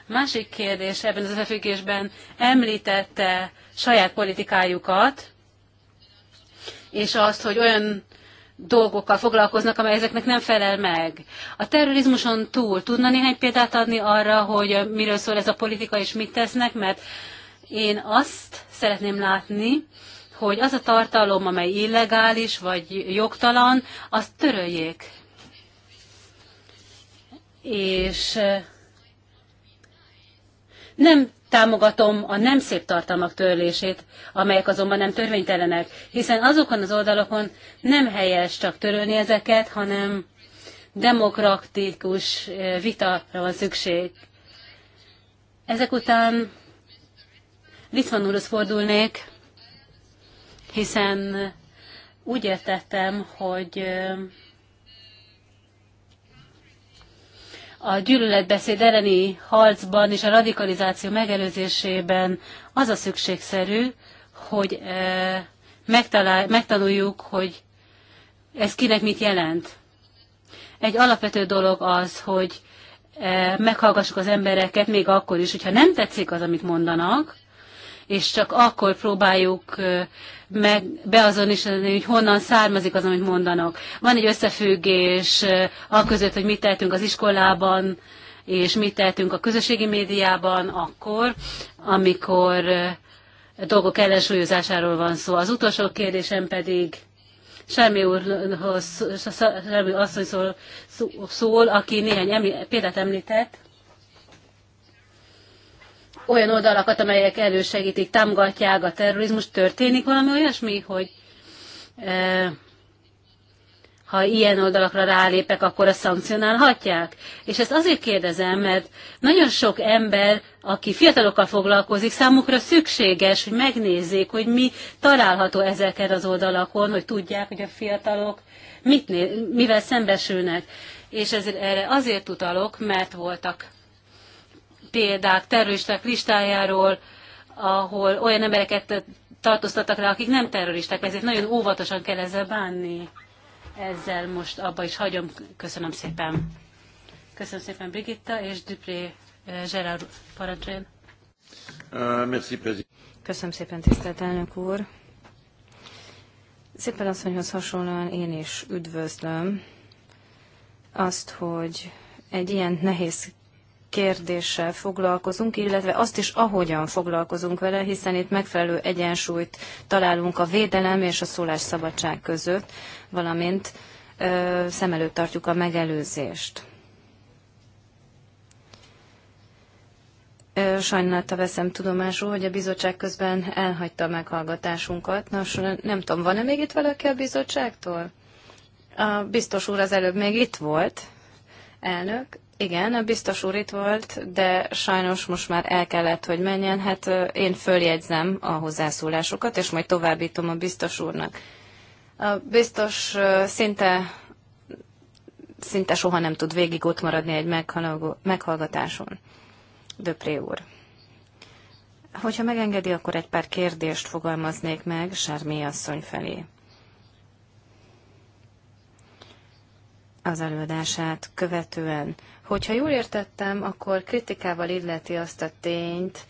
Másik kérdés ebben az összefüggésben említette saját politikájukat, és azt, hogy olyan dolgokkal foglalkoznak, amely ezeknek nem felel meg. A terrorizmuson túl tudna néhány példát adni arra, hogy miről szól ez a politika és mit tesznek, mert én azt szeretném látni, hogy az a tartalom, amely illegális vagy jogtalan, azt töröljék. És nem támogatom a nem szép tartalmak törlését, amelyek azonban nem törvénytelenek, hiszen azokon az oldalokon nem helyes csak törölni ezeket, hanem demokratikus eh, vitára van szükség. Ezek után Litvan úrhoz fordulnék, hiszen úgy értettem, hogy eh, a gyűlöletbeszéd elleni harcban és a radikalizáció megelőzésében az a szükségszerű, hogy e, megtalál, megtanuljuk, hogy ez kinek mit jelent. Egy alapvető dolog az, hogy e, meghallgassuk az embereket még akkor is, hogyha nem tetszik az, amit mondanak, és csak akkor próbáljuk meg beazonosítani, hogy honnan származik az, amit mondanak. Van egy összefüggés a között, hogy mit tehetünk az iskolában, és mit tehetünk a közösségi médiában akkor, amikor dolgok ellensúlyozásáról van szó. Az utolsó kérdésem pedig Semmi úrhoz, Semmi asszony szól, szól, aki néhány eml- példát említett, olyan oldalakat, amelyek elősegítik, támogatják a terrorizmus. Történik valami olyasmi, hogy e, ha ilyen oldalakra rálépek, akkor a szankcionálhatják? És ezt azért kérdezem, mert nagyon sok ember, aki fiatalokkal foglalkozik, számukra szükséges, hogy megnézzék, hogy mi található ezeken az oldalakon, hogy tudják, hogy a fiatalok mit, mivel szembesülnek. És ezért erre azért utalok, mert voltak példák terroristák listájáról, ahol olyan embereket tartóztattak rá, akik nem terroristák, ezért nagyon óvatosan kell ezzel bánni. Ezzel most abba is hagyom. Köszönöm szépen. Köszönöm szépen Brigitta és Dupré eh, Gerard parancsoljon. Uh, Köszönöm szépen, tisztelt elnök úr. Szépen asszonyhoz hasonlóan én is üdvözlöm azt, hogy egy ilyen nehéz kérdéssel foglalkozunk, illetve azt is, ahogyan foglalkozunk vele, hiszen itt megfelelő egyensúlyt találunk a védelem és a szólásszabadság között, valamint ö, szem előtt tartjuk a megelőzést. Sajnálta veszem tudomásul, hogy a bizottság közben elhagyta a meghallgatásunkat. Nos, nem tudom, van-e még itt valaki a bizottságtól? A biztos úr az előbb még itt volt, elnök. Igen, a biztos úr itt volt, de sajnos most már el kellett, hogy menjen. Hát én följegyzem a hozzászólásokat, és majd továbbítom a biztos úrnak. A biztos szinte, szinte soha nem tud végig ott maradni egy meghallgatáson. Döpré úr. Hogyha megengedi, akkor egy pár kérdést fogalmaznék meg Sármi asszony felé. Az előadását követően Hogyha jól értettem, akkor kritikával illeti azt a tényt,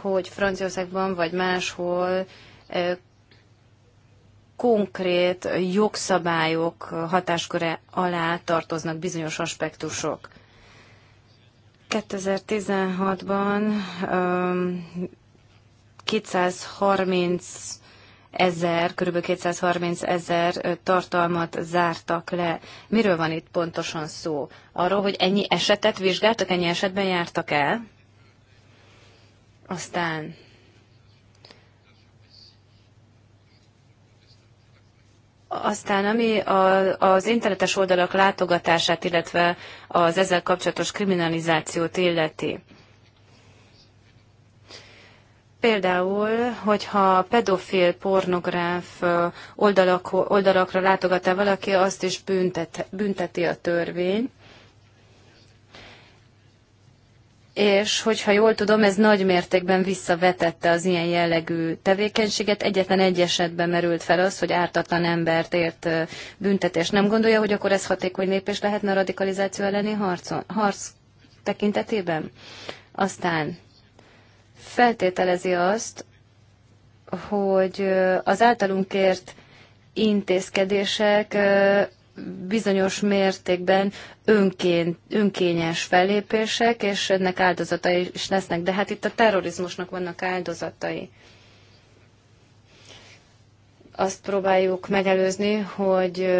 hogy Franciaországban vagy máshol konkrét jogszabályok hatásköre alá tartoznak bizonyos aspektusok. 2016-ban 230 ezer, kb. 230 ezer tartalmat zártak le. Miről van itt pontosan szó? Arról, hogy ennyi esetet vizsgáltak, ennyi esetben jártak el? Aztán Aztán, ami a, az internetes oldalak látogatását, illetve az ezzel kapcsolatos kriminalizációt illeti. Például, hogyha pedofil pornográf oldalak, oldalakra látogat el valaki, azt is büntet, bünteti a törvény. És hogyha jól tudom, ez nagy mértékben visszavetette az ilyen jellegű tevékenységet. Egyetlen egy esetben merült fel az, hogy ártatlan embert ért büntetés. Nem gondolja, hogy akkor ez hatékony lépés lehetne a radikalizáció elleni harcon, harc tekintetében? Aztán feltételezi azt, hogy az általunk kért intézkedések bizonyos mértékben önként, önkényes fellépések, és ennek áldozatai is lesznek. De hát itt a terrorizmusnak vannak áldozatai. Azt próbáljuk megelőzni, hogy,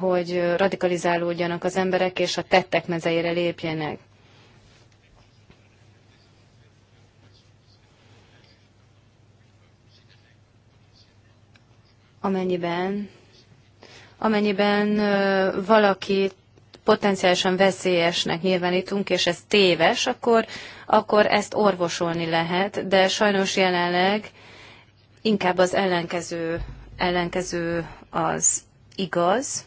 hogy radikalizálódjanak az emberek, és a tettek mezeire lépjenek. amennyiben, amennyiben valakit potenciálisan veszélyesnek nyilvánítunk, és ez téves, akkor, akkor ezt orvosolni lehet, de sajnos jelenleg inkább az ellenkező, ellenkező az igaz.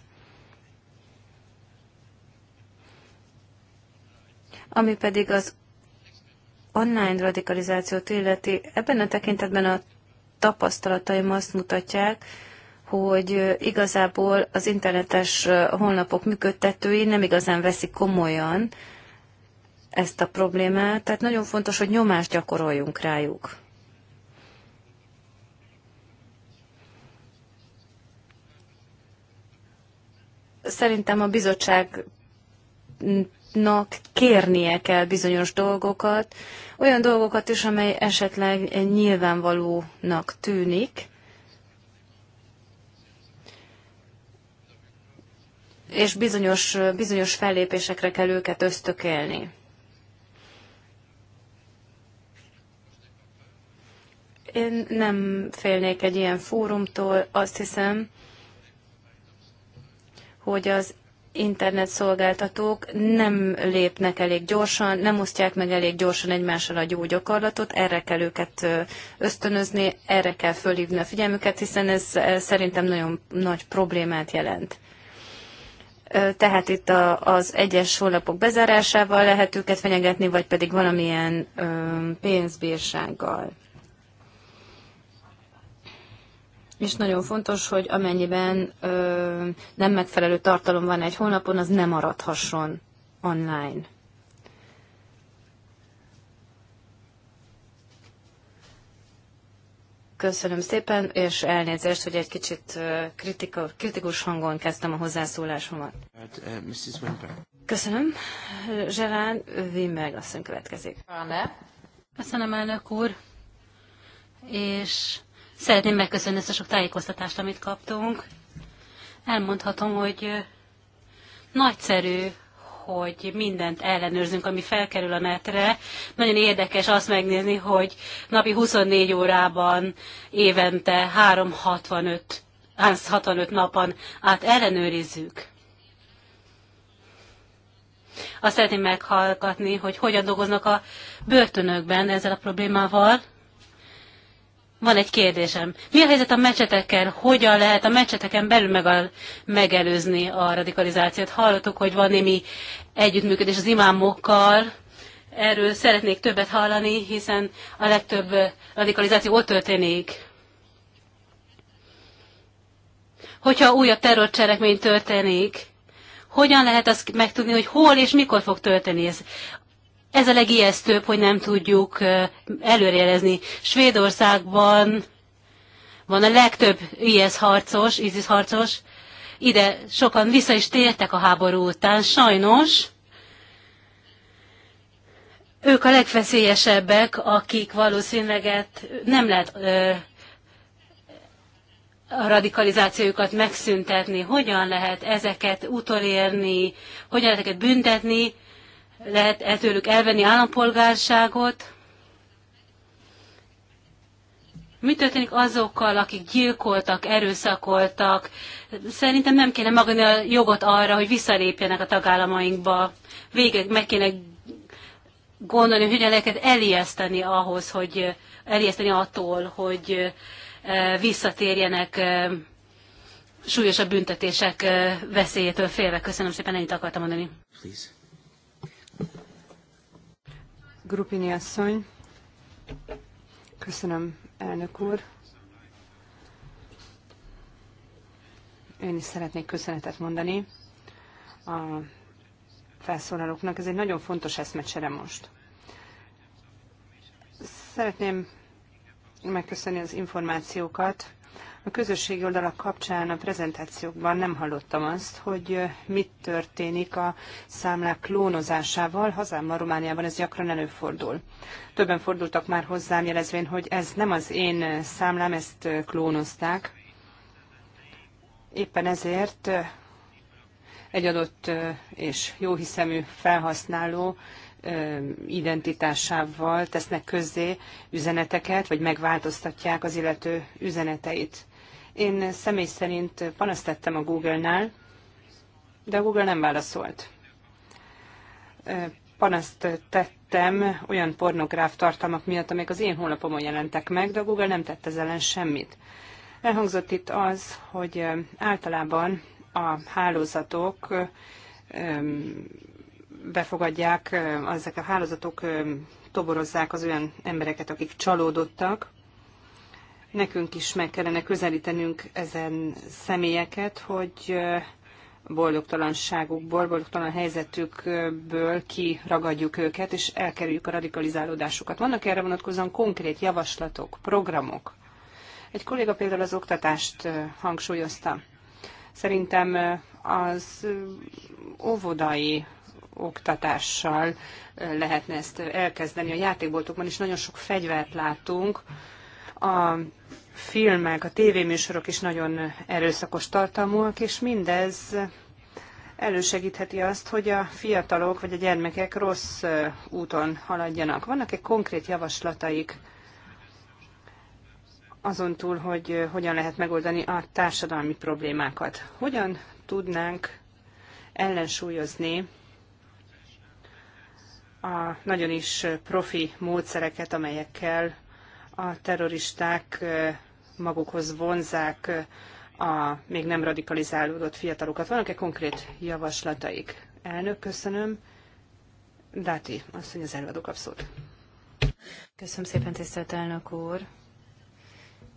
Ami pedig az online radikalizációt illeti, ebben a tekintetben a tapasztalataim azt mutatják, hogy igazából az internetes honlapok működtetői nem igazán veszik komolyan ezt a problémát, tehát nagyon fontos, hogy nyomást gyakoroljunk rájuk. Szerintem a bizottság nak kérnie kell bizonyos dolgokat, olyan dolgokat is, amely esetleg nyilvánvalónak tűnik, és bizonyos, bizonyos fellépésekre kell őket ösztökélni. Én nem félnék egy ilyen fórumtól, azt hiszem, hogy az internet szolgáltatók nem lépnek elég gyorsan, nem osztják meg elég gyorsan egymással a gyógyakorlatot, erre kell őket ösztönözni, erre kell fölhívni a figyelmüket, hiszen ez szerintem nagyon nagy problémát jelent. Tehát itt a, az egyes honlapok bezárásával lehet őket fenyegetni, vagy pedig valamilyen ö, pénzbírsággal. és nagyon fontos, hogy amennyiben ö, nem megfelelő tartalom van egy honlapon, az nem maradhasson online. Köszönöm szépen, és elnézést, hogy egy kicsit kritika, kritikus hangon kezdtem a hozzászólásomat. Köszönöm. Gerard Wimberg asszony következik. Köszönöm, elnök úr. És Szeretném megköszönni ezt a sok tájékoztatást, amit kaptunk. Elmondhatom, hogy nagyszerű, hogy mindent ellenőrzünk, ami felkerül a netre. Nagyon érdekes azt megnézni, hogy napi 24 órában évente 365 365 napon át ellenőrizzük. Azt szeretném meghallgatni, hogy hogyan dolgoznak a börtönökben ezzel a problémával. Van egy kérdésem. Mi a helyzet a mecsetekkel? Hogyan lehet a mecseteken belül meg a, megelőzni a radikalizációt? Hallottuk, hogy van némi együttműködés az imámokkal. Erről szeretnék többet hallani, hiszen a legtöbb radikalizáció ott történik. Hogyha újabb terrorcselekmény történik, hogyan lehet azt megtudni, hogy hol és mikor fog történni ez? Ez a legijesztőbb, hogy nem tudjuk előrejelezni. Svédországban van a legtöbb IS harcos, ISIS harcos. Ide sokan vissza is tértek a háború után. Sajnos ők a legfeszélyesebbek, akik valószínűleg nem lehet ö, a radikalizációjukat megszüntetni. Hogyan lehet ezeket utolérni, hogyan lehet ezeket büntetni, lehet -e tőlük elvenni állampolgárságot? Mi történik azokkal, akik gyilkoltak, erőszakoltak? Szerintem nem kéne magadni a jogot arra, hogy visszalépjenek a tagállamainkba. Végig meg kéne gondolni, hogy lehet elijeszteni ahhoz, hogy elijeszteni attól, hogy visszatérjenek súlyosabb büntetések veszélyétől félve. Köszönöm szépen, ennyit akartam mondani. Please. Grupini asszony. Köszönöm, elnök úr. Én is szeretnék köszönetet mondani a felszólalóknak. Ez egy nagyon fontos eszmecsere most. Szeretném megköszönni az információkat, a közösségi oldalak kapcsán a prezentációkban nem hallottam azt, hogy mit történik a számlák klónozásával. Hazámban, Romániában ez gyakran előfordul. Többen fordultak már hozzám jelezvén, hogy ez nem az én számlám, ezt klónozták. Éppen ezért egy adott és jóhiszemű felhasználó identitásával tesznek közzé üzeneteket, vagy megváltoztatják az illető üzeneteit. Én személy szerint panaszt tettem a Google-nál, de a Google nem válaszolt. Panaszt tettem olyan pornográf tartalmak miatt, amelyek az én honlapomon jelentek meg, de a Google nem tett ez ellen semmit. Elhangzott itt az, hogy általában a hálózatok befogadják, ezek a hálózatok toborozzák az olyan embereket, akik csalódottak, nekünk is meg kellene közelítenünk ezen személyeket, hogy boldogtalanságukból, boldogtalan helyzetükből kiragadjuk őket, és elkerüljük a radikalizálódásukat. Vannak erre vonatkozóan konkrét javaslatok, programok? Egy kolléga például az oktatást hangsúlyozta. Szerintem az óvodai oktatással lehetne ezt elkezdeni. A játékboltokban is nagyon sok fegyvert látunk, a filmek, a tévéműsorok is nagyon erőszakos tartalmúak, és mindez elősegítheti azt, hogy a fiatalok vagy a gyermekek rossz úton haladjanak. Vannak-e konkrét javaslataik azon túl, hogy hogyan lehet megoldani a társadalmi problémákat? Hogyan tudnánk ellensúlyozni a nagyon is profi módszereket, amelyekkel a terroristák magukhoz vonzák a még nem radikalizálódott fiatalokat. Vannak-e konkrét javaslataik? Elnök, köszönöm. Dáti, azt mondja az előadó kap szót. Köszönöm szépen, tisztelt elnök úr.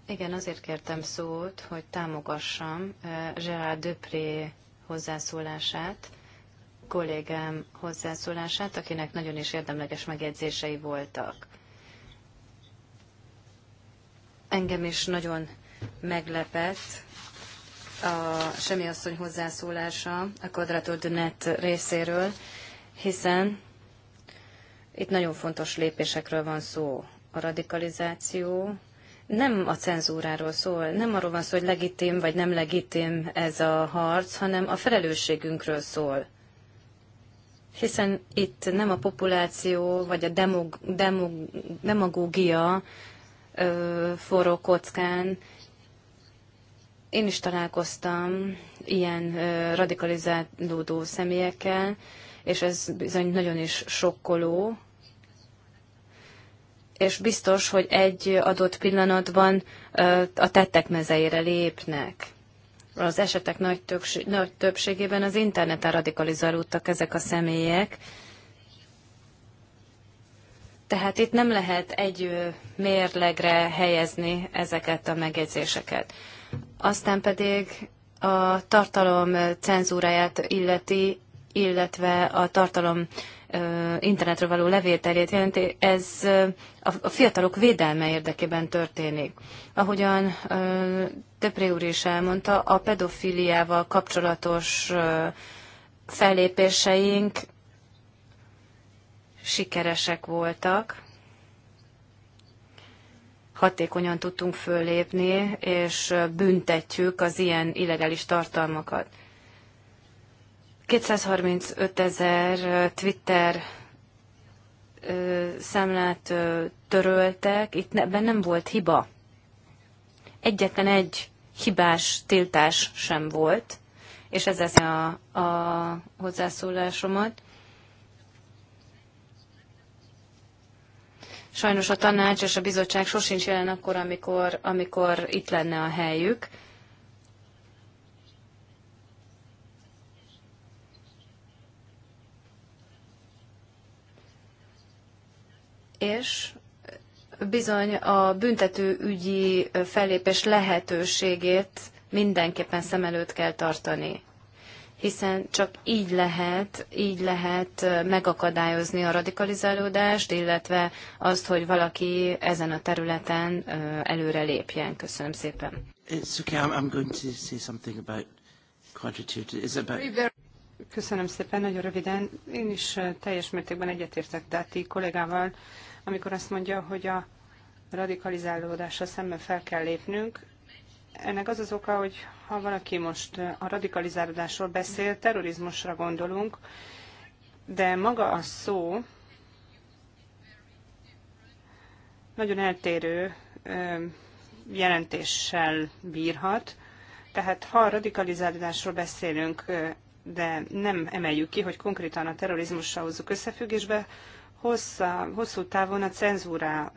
Igen, azért kértem szót, hogy támogassam Gerard Döpré hozzászólását, kollégám hozzászólását, akinek nagyon is érdemleges megjegyzései voltak. Engem is nagyon meglepett a Semmi asszony hozzászólása a Quadratur de Net részéről, hiszen itt nagyon fontos lépésekről van szó. A radikalizáció nem a cenzúráról szól, nem arról van szó, hogy legitim vagy nem legitim ez a harc, hanem a felelősségünkről szól. Hiszen itt nem a populáció vagy a demog, demog, demagógia ö, forró kockán. Én is találkoztam ilyen ö, radikalizálódó személyekkel, és ez bizony nagyon is sokkoló, és biztos, hogy egy adott pillanatban a tettek mezeire lépnek. Az esetek nagy, többség, nagy többségében az interneten radikalizálódtak ezek a személyek, tehát itt nem lehet egy mérlegre helyezni ezeket a megjegyzéseket. Aztán pedig a tartalom cenzúráját illeti, illetve a tartalom internetről való levételét jelenti, ez a fiatalok védelme érdekében történik. Ahogyan Depré úr is elmondta, a pedofiliával kapcsolatos fellépéseink sikeresek voltak, hatékonyan tudtunk föllépni, és büntetjük az ilyen illegális tartalmakat. 235 ezer Twitter számlát töröltek, itt ebben nem volt hiba. Egyetlen egy hibás tiltás sem volt, és ez az a, a hozzászólásomat. Sajnos a tanács és a bizottság sosincs jelen akkor, amikor, amikor itt lenne a helyük. És bizony a ügyi fellépés lehetőségét mindenképpen szem előtt kell tartani hiszen csak így lehet, így lehet megakadályozni a radikalizálódást, illetve azt, hogy valaki ezen a területen előre lépjen. Köszönöm szépen. Eh, I'm going to say something about about... Köszönöm szépen, nagyon röviden. Én is teljes mértékben egyetértek Dáti kollégával, amikor azt mondja, hogy a radikalizálódással szemben fel kell lépnünk, ennek az az oka, hogy ha valaki most a radikalizálódásról beszél, terrorizmusra gondolunk, de maga a szó nagyon eltérő jelentéssel bírhat. Tehát ha a radikalizálódásról beszélünk, de nem emeljük ki, hogy konkrétan a terrorizmussal hozzuk összefüggésbe, hossza, hosszú távon a cenzúra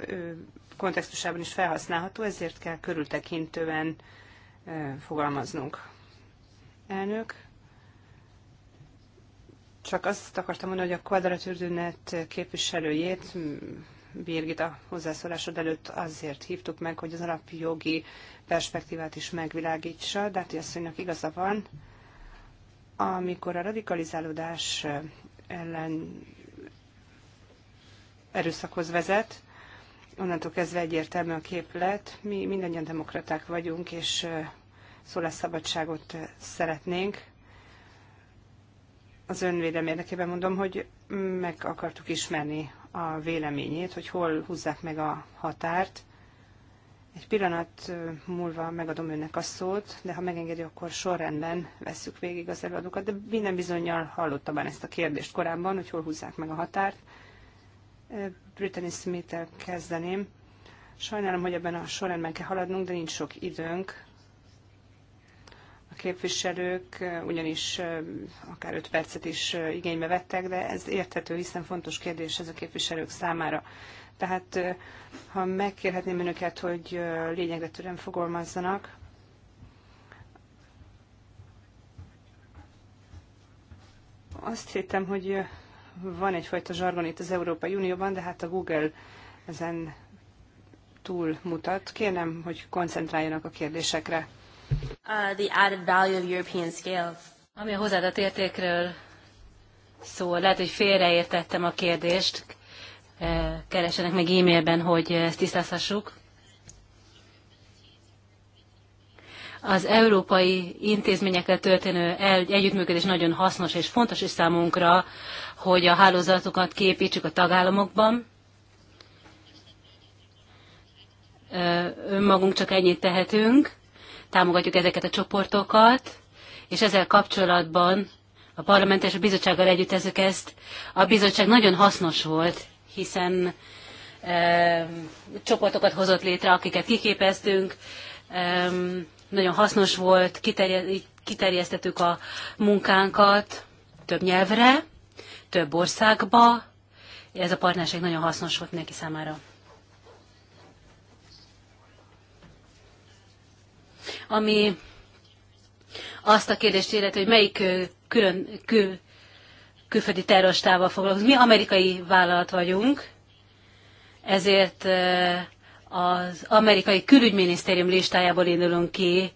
kontextusában is felhasználható, ezért kell körültekintően fogalmaznunk. Elnök, csak azt akartam mondani, hogy a kvadratűrdőnet képviselőjét, Birgit a hozzászólásod előtt azért hívtuk meg, hogy az alapjogi perspektívát is megvilágítsa, de hát asszonynak igaza van, amikor a radikalizálódás ellen erőszakhoz vezet, onnantól kezdve egyértelmű a képlet. Mi mindannyian demokraták vagyunk, és szólásszabadságot szeretnénk. Az önvédelem érdekében mondom, hogy meg akartuk ismerni a véleményét, hogy hol húzzák meg a határt. Egy pillanat múlva megadom önnek a szót, de ha megengedi, akkor sorrendben vesszük végig az előadókat, de minden bizonyal hallottam már ezt a kérdést korábban, hogy hol húzzák meg a határt. Brittany smith kezdeném. Sajnálom, hogy ebben a sorrendben kell haladnunk, de nincs sok időnk. A képviselők ugyanis akár 5 percet is igénybe vettek, de ez érthető, hiszen fontos kérdés ez a képviselők számára. Tehát ha megkérhetném önöket, hogy lényegre tören fogalmazzanak, azt hittem, hogy van egyfajta zsargon itt az Európai Unióban, de hát a Google ezen túl mutat. Kérem, hogy koncentráljanak a kérdésekre. Uh, the added value of European scale. Ami a hozzáadott értékről szól, lehet, hogy félreértettem a kérdést. Eh, keresenek meg e-mailben, hogy ezt tisztázhassuk. Az európai intézményekkel történő együttműködés nagyon hasznos és fontos is számunkra, hogy a hálózatokat képítsük a tagállamokban. Önmagunk csak ennyit tehetünk, támogatjuk ezeket a csoportokat, és ezzel kapcsolatban a parlament és a bizottsággal együtt ezek ezt. A bizottság nagyon hasznos volt, hiszen e, csoportokat hozott létre, akiket kiképeztünk, e, nagyon hasznos volt, kiterjesztettük a munkánkat több nyelvre, több országba. Ez a partnerség nagyon hasznos volt neki számára. Ami azt a kérdést illeti, hogy melyik külön, kül, külföldi terrorstával foglalkozunk. Mi amerikai vállalat vagyunk, ezért az amerikai külügyminisztérium listájából indulunk ki,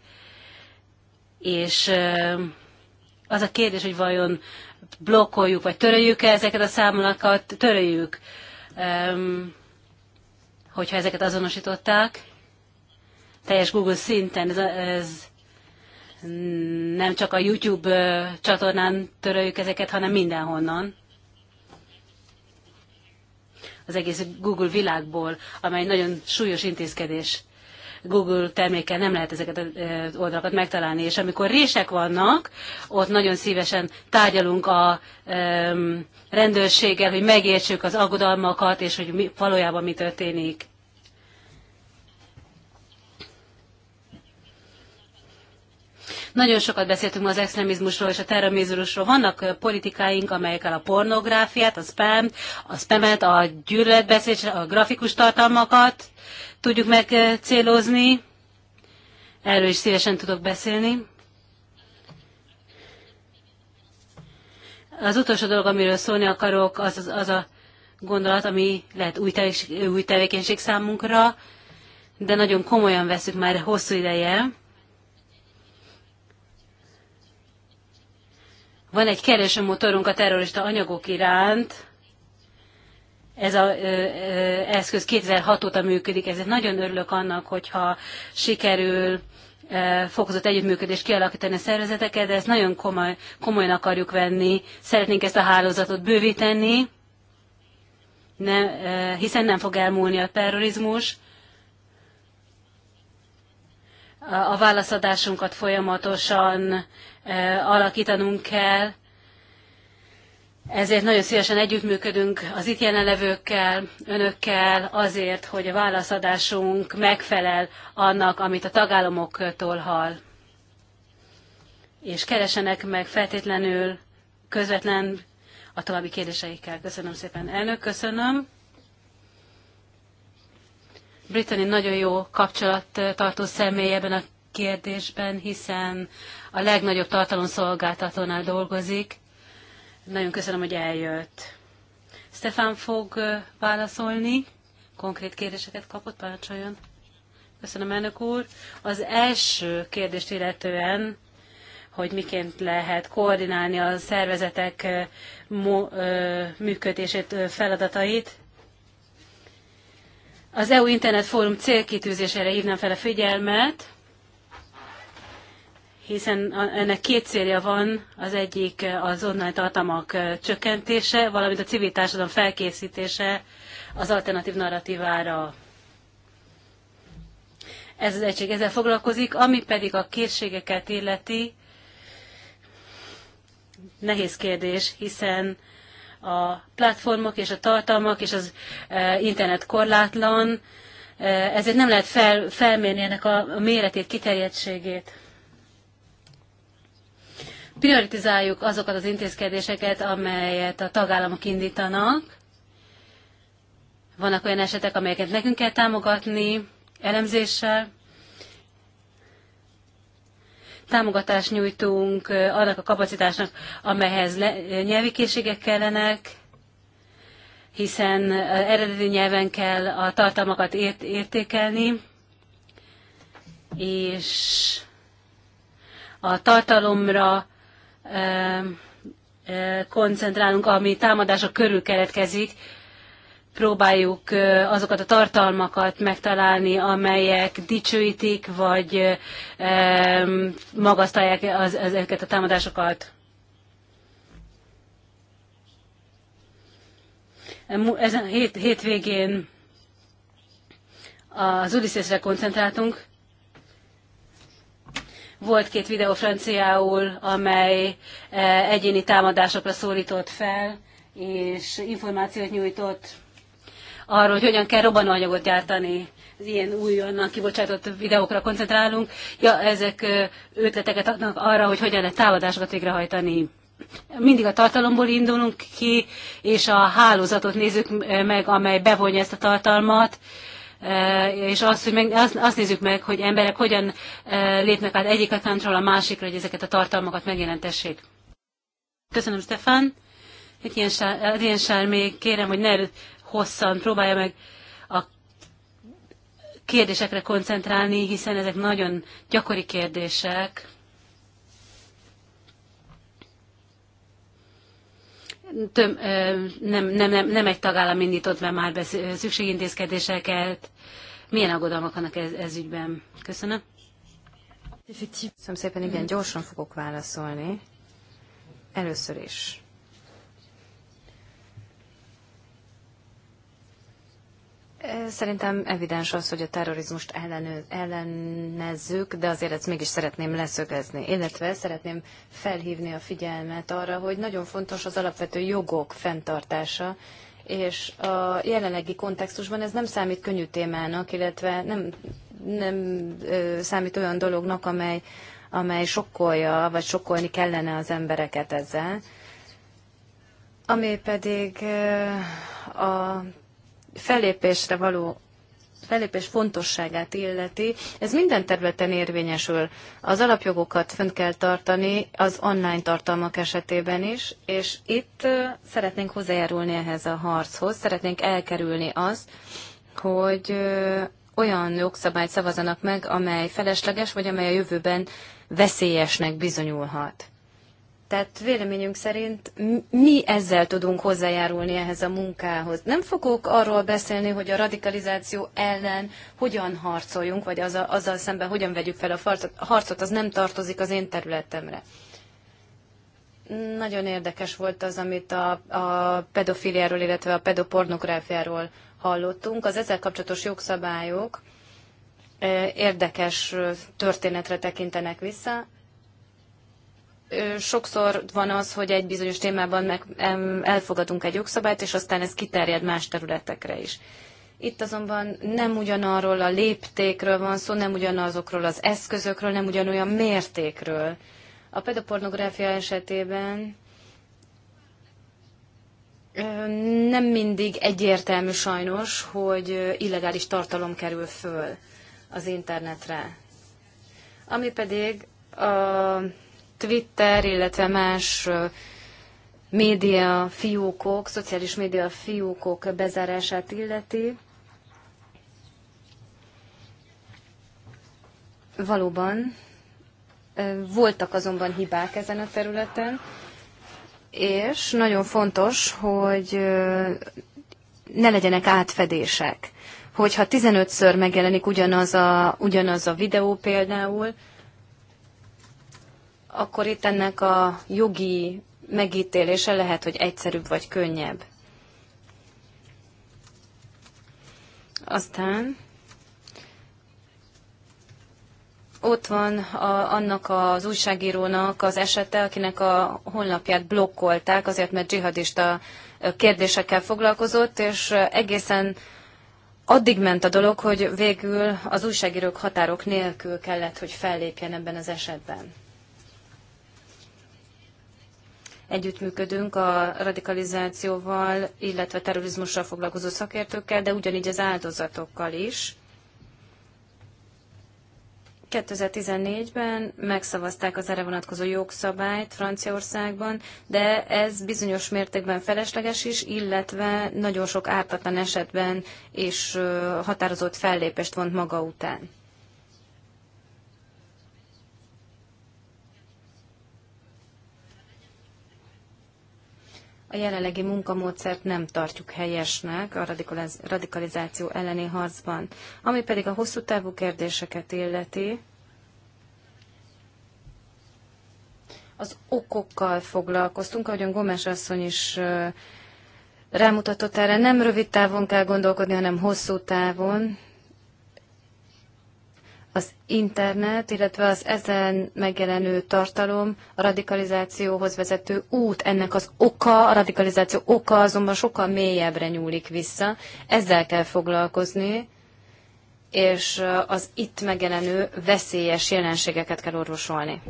és az a kérdés, hogy vajon blokkoljuk, vagy töröljük-e ezeket a számlákat, töröljük, hogyha ezeket azonosították. Teljes Google szinten ez, ez nem csak a YouTube csatornán töröljük ezeket, hanem mindenhonnan az egész Google világból, amely nagyon súlyos intézkedés. Google termékkel nem lehet ezeket az oldalakat megtalálni, és amikor rések vannak, ott nagyon szívesen tárgyalunk a rendőrséggel, hogy megértsük az aggodalmakat, és hogy mi, valójában mi történik. Nagyon sokat beszéltünk az extremizmusról és a terrorizmusról. Vannak politikáink, amelyekkel a pornográfiát, a spam, a spamet, a gyűlöletbeszéd, a grafikus tartalmakat tudjuk megcélozni. Erről is szívesen tudok beszélni. Az utolsó dolog, amiről szólni akarok, az, az, az a gondolat, ami lehet új, tevékenység, új tevékenység számunkra, de nagyon komolyan veszük már hosszú ideje. Van egy keresőmotorunk a terrorista anyagok iránt, ez az eszköz 2006 óta működik, ezért nagyon örülök annak, hogyha sikerül fokozott együttműködést kialakítani a szervezeteket, de ezt nagyon komoly, komolyan akarjuk venni. Szeretnénk ezt a hálózatot bővíteni, ö, hiszen nem fog elmúlni a terrorizmus. A válaszadásunkat folyamatosan alakítanunk kell, ezért nagyon szívesen együttműködünk az itt jelenlevőkkel, önökkel, azért, hogy a válaszadásunk megfelel annak, amit a tagállamoktól hall. És keresenek meg feltétlenül közvetlen a további kérdéseikkel. Köszönöm szépen, elnök, köszönöm. Brittany nagyon jó kapcsolattartó személy ebben a kérdésben, hiszen a legnagyobb tartalomszolgáltatónál dolgozik. Nagyon köszönöm, hogy eljött. Stefan fog válaszolni, konkrét kérdéseket kapott, parancsoljon. Köszönöm, elnök úr. Az első kérdést illetően, hogy miként lehet koordinálni a szervezetek működését, feladatait. Az EU Internet Fórum célkitűzésére hívnám fel a figyelmet, hiszen ennek két célja van, az egyik eh, az online tartalmak eh, csökkentése, valamint a civil társadalom felkészítése az alternatív narratívára. Ez az egység ezzel foglalkozik, ami pedig a készségeket illeti, nehéz kérdés, hiszen a platformok és a tartalmak és az eh, internet korlátlan, ezért nem lehet fel, felmérni ennek a méretét, kiterjedtségét prioritizáljuk azokat az intézkedéseket, amelyet a tagállamok indítanak. Vannak olyan esetek, amelyeket nekünk kell támogatni elemzéssel. Támogatást nyújtunk eh, annak a kapacitásnak, amelyhez le, eh, nyelvi készségek kellenek, hiszen eh, eredeti nyelven kell a tartalmakat ért, értékelni, és a tartalomra E, koncentrálunk, ami támadása körül keletkezik, próbáljuk e, azokat a tartalmakat megtalálni, amelyek dicsőítik, vagy e, magasztalják az, ezeket a támadásokat. Ezen hét, hétvégén az Ulisszesre koncentráltunk, volt két videó franciául, amely e, egyéni támadásokra szólított fel, és információt nyújtott arról, hogy hogyan kell robbanóanyagot gyártani. Az ilyen újonnan kibocsátott videókra koncentrálunk. Ja, ezek ötleteket adnak arra, hogy hogyan lehet támadásokat végrehajtani mindig a tartalomból indulunk ki, és a hálózatot nézzük meg, amely bevonja ezt a tartalmat, Eh, és azt, hogy meg, azt, azt nézzük meg, hogy emberek hogyan eh, lépnek át egyik accountról a másikra, hogy ezeket a tartalmakat megjelentessék. Köszönöm, Stefan. Ilyen sár még kérem, hogy ne hosszan próbálja meg a kérdésekre koncentrálni, hiszen ezek nagyon gyakori kérdések. töm, nem, nem, nem, nem egy tagállam indított be már be szükségintézkedéseket. Milyen aggodalmak vannak ez, ez ügyben? Köszönöm. Köszönöm szépen, igen, gyorsan fogok válaszolni. Először is Szerintem evidens az, hogy a terrorizmust ellenezzük, de azért ezt mégis szeretném leszögezni, illetve szeretném felhívni a figyelmet arra, hogy nagyon fontos az alapvető jogok fenntartása, és a jelenlegi kontextusban ez nem számít könnyű témának, illetve nem, nem számít olyan dolognak, amely, amely sokkolja, vagy sokkolni kellene az embereket ezzel. Ami pedig a fellépésre való fellépés fontosságát illeti, ez minden területen érvényesül. Az alapjogokat fönt kell tartani az online tartalmak esetében is, és itt szeretnénk hozzájárulni ehhez a harchoz, szeretnénk elkerülni azt, hogy olyan jogszabályt szavazanak meg, amely felesleges, vagy amely a jövőben veszélyesnek bizonyulhat. Tehát véleményünk szerint mi ezzel tudunk hozzájárulni ehhez a munkához. Nem fogok arról beszélni, hogy a radikalizáció ellen hogyan harcoljunk, vagy azzal, azzal szemben hogyan vegyük fel a harcot, az nem tartozik az én területemre. Nagyon érdekes volt az, amit a, a pedofiliáról, illetve a pedopornográfiáról hallottunk. Az ezzel kapcsolatos jogszabályok eh, érdekes történetre tekintenek vissza sokszor van az, hogy egy bizonyos témában meg elfogadunk egy jogszabályt, és aztán ez kiterjed más területekre is. Itt azonban nem ugyanarról a léptékről van szó, nem ugyanazokról az eszközökről, nem ugyanolyan mértékről. A pedopornográfia esetében nem mindig egyértelmű sajnos, hogy illegális tartalom kerül föl az internetre. Ami pedig a Twitter, illetve más média fiókok, szociális média fiókok bezárását illeti. Valóban voltak azonban hibák ezen a területen, és nagyon fontos, hogy ne legyenek átfedések. Hogyha 15-ször megjelenik ugyanaz a, ugyanaz a videó például, akkor itt ennek a jogi megítélése lehet, hogy egyszerűbb vagy könnyebb. Aztán ott van a, annak az újságírónak az esete, akinek a honlapját blokkolták, azért mert dzsihadista kérdésekkel foglalkozott, és egészen addig ment a dolog, hogy végül az újságírók határok nélkül kellett, hogy fellépjen ebben az esetben. együttműködünk a radikalizációval, illetve terrorizmussal foglalkozó szakértőkkel, de ugyanígy az áldozatokkal is. 2014-ben megszavazták az erre vonatkozó jogszabályt Franciaországban, de ez bizonyos mértékben felesleges is, illetve nagyon sok ártatlan esetben és határozott fellépést vont maga után. a jelenlegi munkamódszert nem tartjuk helyesnek a radikalizáció elleni harcban. Ami pedig a hosszú távú kérdéseket illeti, az okokkal foglalkoztunk, ahogyan Gomes asszony is rámutatott erre, nem rövid távon kell gondolkodni, hanem hosszú távon, az internet, illetve az ezen megjelenő tartalom a radikalizációhoz vezető út, ennek az oka, a radikalizáció oka azonban sokkal mélyebbre nyúlik vissza. Ezzel kell foglalkozni, és uh, az itt megjelenő veszélyes jelenségeket kell orvosolni.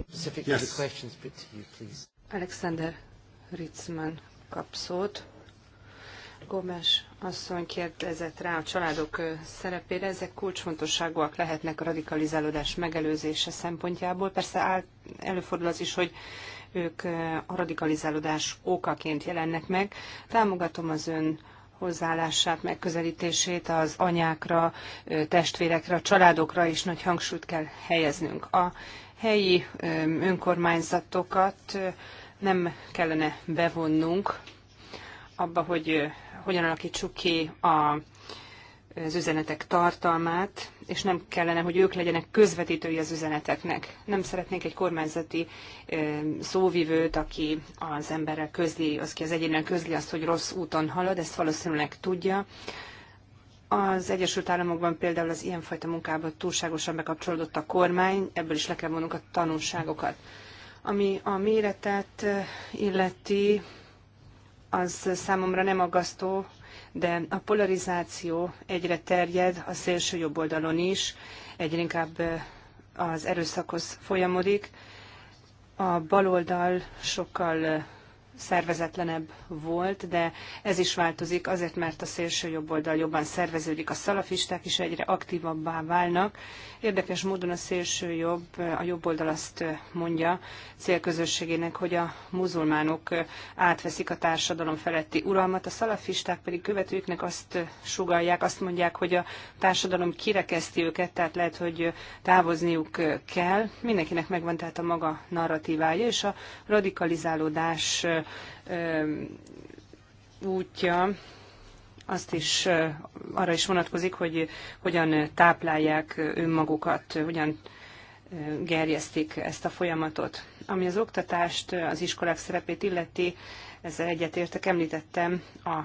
Yes. Alexander Ritzman kap szót. Gomes asszony kérdezett rá a családok szerepére. Ezek kulcsfontosságúak lehetnek a radikalizálódás megelőzése szempontjából. Persze áll, előfordul az is, hogy ők a radikalizálódás ókaként jelennek meg. Támogatom az ön hozzáállását, megközelítését az anyákra, testvérekre, a családokra is nagy hangsúlyt kell helyeznünk. A helyi önkormányzatokat nem kellene bevonnunk abba, hogy hogyan alakítsuk ki a az üzenetek tartalmát, és nem kellene, hogy ők legyenek közvetítői az üzeneteknek. Nem szeretnénk egy kormányzati szóvivőt, aki az emberrel közli, az ki az egyénnel közli azt, hogy rossz úton halad, ezt valószínűleg tudja. Az Egyesült Államokban például az ilyenfajta munkába túlságosan bekapcsolódott a kormány, ebből is le kell vonnunk a tanulságokat. Ami a méretet illeti, az számomra nem aggasztó, de a polarizáció egyre terjed a szélső jobb oldalon is, egyre inkább az erőszakhoz folyamodik. A baloldal sokkal szervezetlenebb volt, de ez is változik azért, mert a szélső jobb oldal jobban szerveződik, a szalafisták is egyre aktívabbá válnak. Érdekes módon a szélső jobb, a jobb oldal azt mondja célközösségének, hogy a muzulmánok átveszik a társadalom feletti uralmat, a szalafisták pedig követőiknek azt sugalják, azt mondják, hogy a társadalom kirekeszti őket, tehát lehet, hogy távozniuk kell. Mindenkinek megvan tehát a maga narratívája, és a radikalizálódás útja azt is arra is vonatkozik, hogy hogyan táplálják önmagukat, hogyan gerjesztik ezt a folyamatot. Ami az oktatást, az iskolák szerepét illeti, ezzel egyetértek, említettem a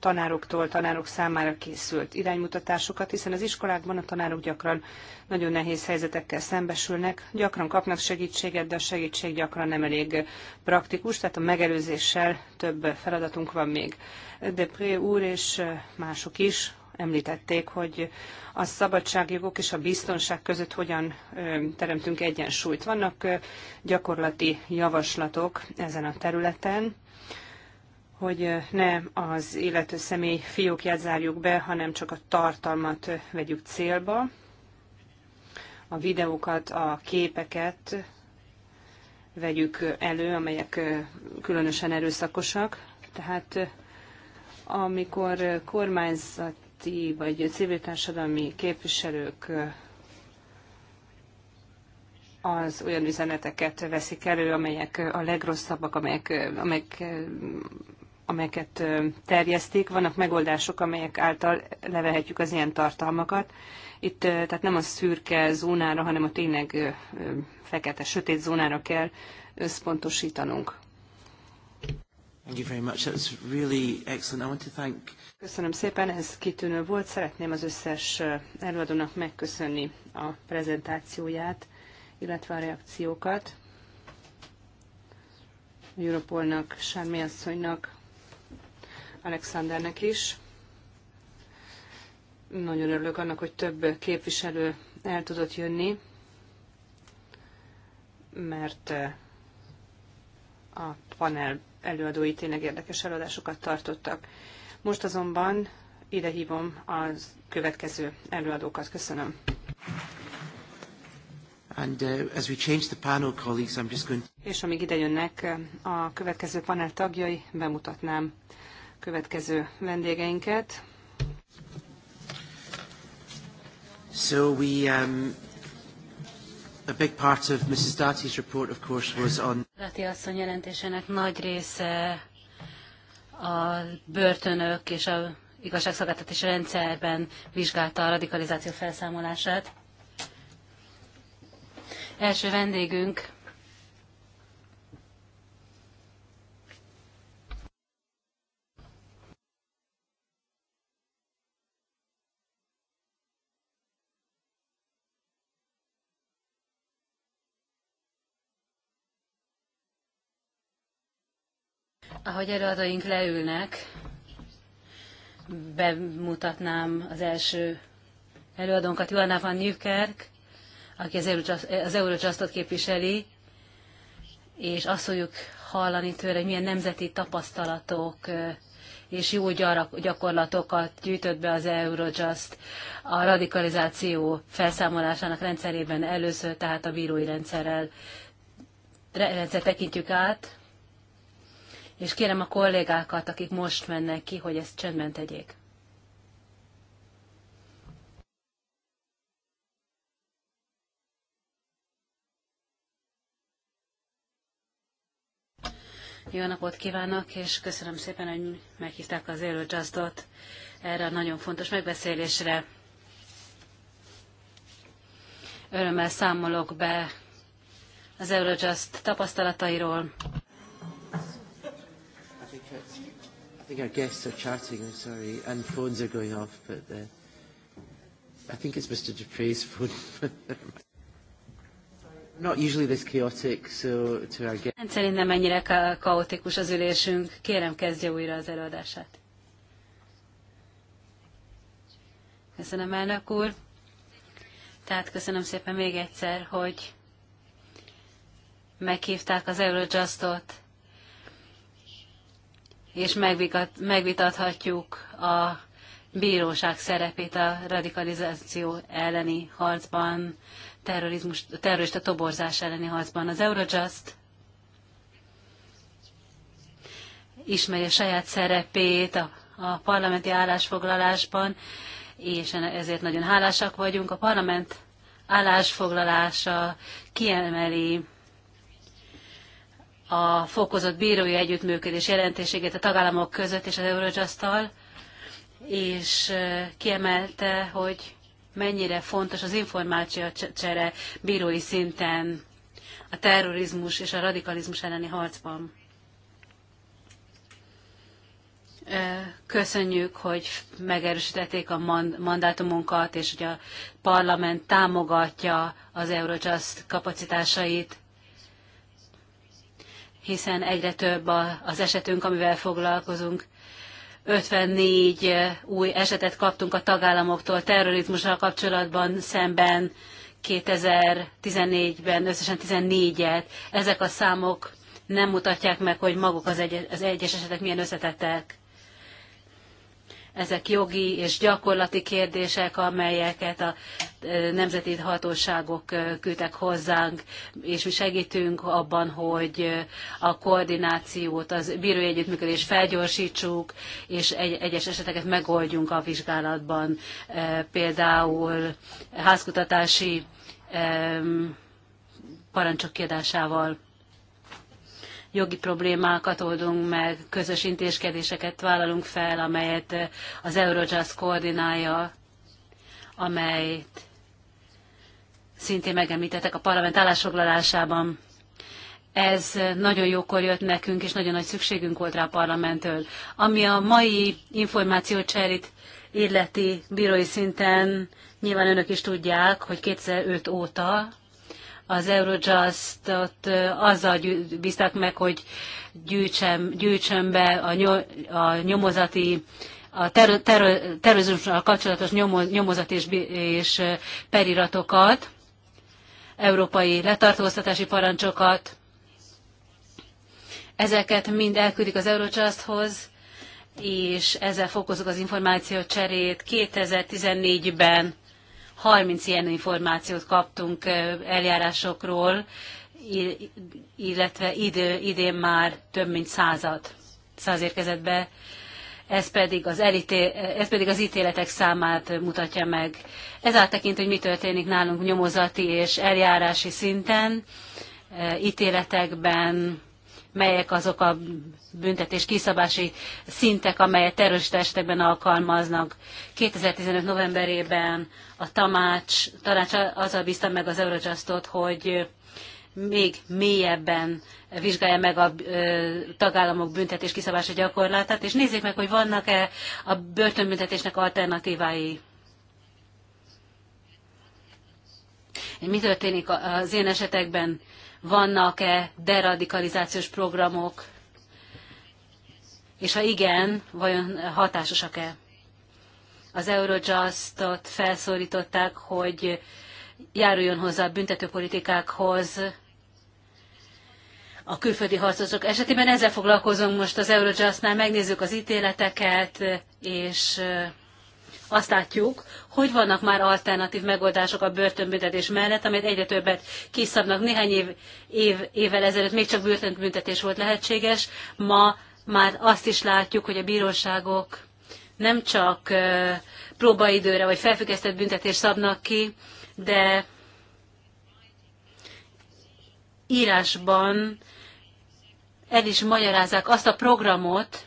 tanároktól, tanárok számára készült iránymutatásokat, hiszen az iskolákban a tanárok gyakran nagyon nehéz helyzetekkel szembesülnek, gyakran kapnak segítséget, de a segítség gyakran nem elég praktikus, tehát a megelőzéssel több feladatunk van még. Depré úr és mások is említették, hogy a szabadságjogok és a biztonság között hogyan teremtünk egyensúlyt. Vannak gyakorlati javaslatok ezen a területen, hogy eh, ne az illető személy fiókját zárjuk be, hanem csak a tartalmat eh, vegyük célba, a videókat, a képeket vegyük eh, elő, amelyek különösen erőszakosak. Tehát amikor kormányzati vagy civil társadalmi képviselők az olyan üzeneteket veszik elő, amelyek a legrosszabbak, amelyek, amelyek amelyeket terjesztik, vannak megoldások, amelyek által levehetjük az ilyen tartalmakat. Itt tehát nem a szürke zónára, hanem a tényleg fekete, sötét zónára kell összpontosítanunk. Köszönöm szépen, ez kitűnő volt. Szeretném az összes előadónak megköszönni a prezentációját, illetve a reakciókat. Europolnak, Sármi asszonynak, Alexandernek is. Nagyon örülök annak, hogy több képviselő el tudott jönni, mert eh, a panel előadói tényleg érdekes előadásokat tartottak. Most azonban ide hívom a következő előadókat. Köszönöm. And, uh, as we change the panel, colleagues, I'm just going to... És amíg idejönnek eh, a következő panel tagjai, bemutatnám következő vendégeinket. So we, um, a big part of Mrs. Dati's report, of course, was on... Darty asszony jelentésének nagy része a börtönök és a igazságszolgáltatási rendszerben vizsgálta a radikalizáció felszámolását. Első vendégünk Ahogy előadóink leülnek, bemutatnám az első előadónkat, Joanna van Newkerk, aki az Eurojustot képviseli, és azt fogjuk hallani tőle, hogy milyen nemzeti tapasztalatok és jó gyakorlatokat gyűjtött be az Eurojust a radikalizáció felszámolásának rendszerében először, tehát a bírói rendszerrel rendszer tekintjük át, és kérem a kollégákat, akik most mennek ki, hogy ezt csendben tegyék. Jó napot kívánok, és köszönöm szépen, hogy meghívták az élő Justot erre a nagyon fontos megbeszélésre. Örömmel számolok be az Eurojust tapasztalatairól. think our guests are chatting, I'm sorry, and phones are going off, but uh, I think it's Mr. Dupre's phone. Not usually this chaotic, so to our guests. nem ka- kaotikus az ülésünk. Kérem, kezdje újra az előadását. Köszönöm, elnök úr. Tehát köszönöm szépen még egyszer, hogy meghívták az Eurojustot és megvitathatjuk a bíróság szerepét a radikalizáció elleni harcban, terrorizmus, terrorista toborzás elleni harcban. Az Eurojust ismeri a saját szerepét a, a parlamenti állásfoglalásban, és ezért nagyon hálásak vagyunk. A parlament állásfoglalása kiemeli a fokozott bírói együttműködés jelentőségét a tagállamok között és az eurojust és kiemelte, hogy mennyire fontos az információcsere bírói szinten a terrorizmus és a radikalizmus elleni harcban. Köszönjük, hogy megerősítették a mandátumunkat, és hogy a parlament támogatja az Eurojust kapacitásait hiszen egyre több az esetünk, amivel foglalkozunk. 54 eh, új esetet kaptunk a tagállamoktól terrorizmussal kapcsolatban szemben 2014-ben összesen 14-et. Ezek a számok nem mutatják meg, hogy maguk az, egy, az egyes esetek milyen összetettek. Ezek jogi és gyakorlati kérdések, amelyeket a e, nemzeti hatóságok e, küldtek hozzánk, és mi segítünk abban, hogy e, a koordinációt, az bírói együttműködést felgyorsítsuk, és egy, egyes eseteket megoldjunk a vizsgálatban. Például házkutatási parancsok kiadásával jogi problémákat oldunk meg, közös intézkedéseket vállalunk fel, amelyet eh, az Eurojust koordinálja, amelyet szintén megemlítettek a parlament állásfoglalásában. Ez nagyon jókor jött nekünk, és nagyon nagy szükségünk volt rá a parlamenttől. Ami a mai információcserét illeti bírói szinten, nyilván önök is tudják, hogy 2005 óta az Eurojust-ot azzal bíztak meg, hogy gyűjtsem, gyűjtsem be a, nyom, a nyomozati a terrorizmussal ter, ter, kapcsolatos nyomo, nyomozat és, és periratokat, európai letartóztatási parancsokat. Ezeket mind elküldik az Eurojusthoz, és ezzel fokozok az információ cserét. 2014-ben 30 ilyen információt kaptunk eljárásokról, illetve idő, idén már több mint százat, száz érkezett be, ez pedig, az elité, ez pedig az ítéletek számát mutatja meg. Ez áttekint, hogy mi történik nálunk nyomozati és eljárási szinten, ítéletekben, melyek azok a büntetés kiszabási szintek, amelyet terroristestekben alkalmaznak. 2015. novemberében a tanács, tanács azzal bízta meg az Eurojustot, hogy még mélyebben vizsgálja meg a tagállamok büntetés kiszabása gyakorlatát, és nézzék meg, hogy vannak-e a börtönbüntetésnek alternatívái. Mi történik az én esetekben? vannak-e deradikalizációs programok, és ha igen, vajon hatásosak-e? Az Eurojust-ot felszólították, hogy járuljon hozzá a büntetőpolitikákhoz, a külföldi harcosok esetében ezzel foglalkozunk most az Eurojustnál, megnézzük az ítéleteket, és azt látjuk, hogy vannak már alternatív megoldások a börtönbüntetés mellett, amelyet egyre többet kiszabnak. Néhány év, év, évvel ezelőtt még csak börtönbüntetés volt lehetséges, ma már azt is látjuk, hogy a bíróságok nem csak próbaidőre vagy felfüggesztett büntetés szabnak ki, de írásban el is magyarázzák azt a programot,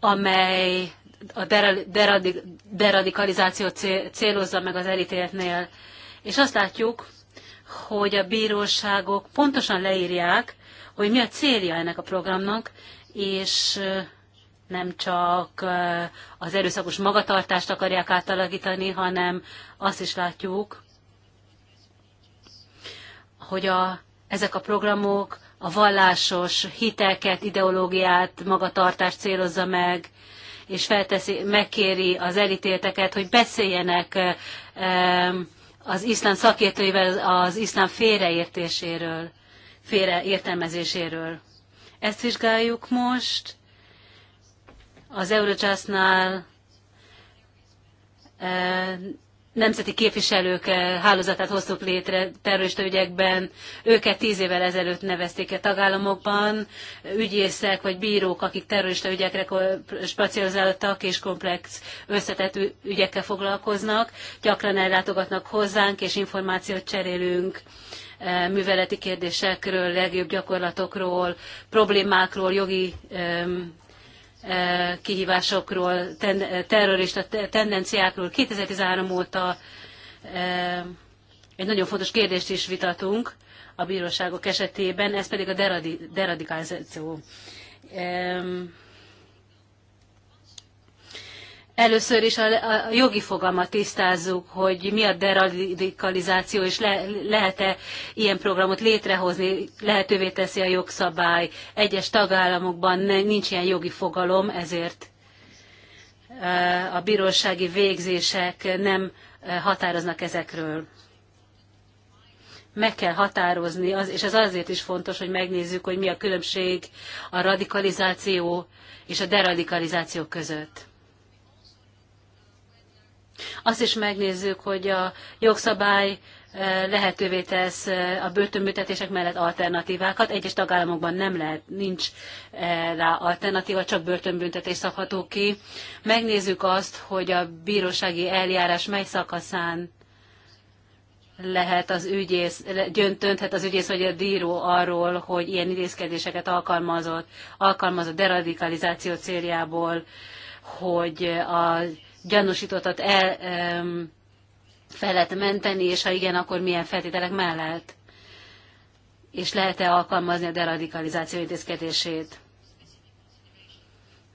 amely a deradikalizáció célozza meg az elítéltnél. És azt látjuk, hogy a bíróságok pontosan leírják, hogy mi a célja ennek a programnak, és nem csak az erőszakos magatartást akarják átalakítani, hanem azt is látjuk, hogy a, ezek a programok a vallásos hiteket, ideológiát, magatartást célozza meg, és felteszi, megkéri az elítélteket, hogy beszéljenek az iszlám szakértőivel az iszlám félreértéséről, félreértelmezéséről. Ezt vizsgáljuk most. Az Eurojustnál nemzeti képviselők eh, hálózatát hoztuk létre terrorista ügyekben. Őket tíz évvel ezelőtt nevezték a tagállamokban. Ügyészek vagy bírók, akik terrorista ügyekre spacializáltak és komplex összetett ügyekkel foglalkoznak, gyakran ellátogatnak hozzánk, és információt cserélünk eh, műveleti kérdésekről, legjobb gyakorlatokról, problémákról, jogi E, kihívásokról, ten, e, terrorista tendenciákról. 2013 óta e, egy nagyon fontos kérdést is vitatunk a bíróságok esetében, ez pedig a deradikalizáció. Először is a, a jogi fogalmat tisztázzuk, hogy mi a deradikalizáció, és le, lehet-e ilyen programot létrehozni, lehetővé teszi a jogszabály. Egyes tagállamokban nincs ilyen jogi fogalom, ezért eh, a bírósági végzések nem eh, határoznak ezekről. Meg kell határozni, az, és ez azért is fontos, hogy megnézzük, hogy mi a különbség a radikalizáció és a deradikalizáció között azt is megnézzük, hogy a jogszabály eh, lehetővé tesz eh, a börtönbüntetések mellett alternatívákat. Egyes tagállamokban nem lehet, nincs eh, rá alternatíva, csak börtönbüntetés szabható ki. Megnézzük azt, hogy a bírósági eljárás mely szakaszán lehet az ügyész, dönthet az ügyész vagy a díró arról, hogy ilyen idézkedéseket alkalmazott, alkalmazott deradikalizáció céljából, hogy a gyanúsítottat el fel lehet menteni, és ha igen, akkor milyen feltételek mellett? És lehet-e alkalmazni a deradikalizáció intézkedését?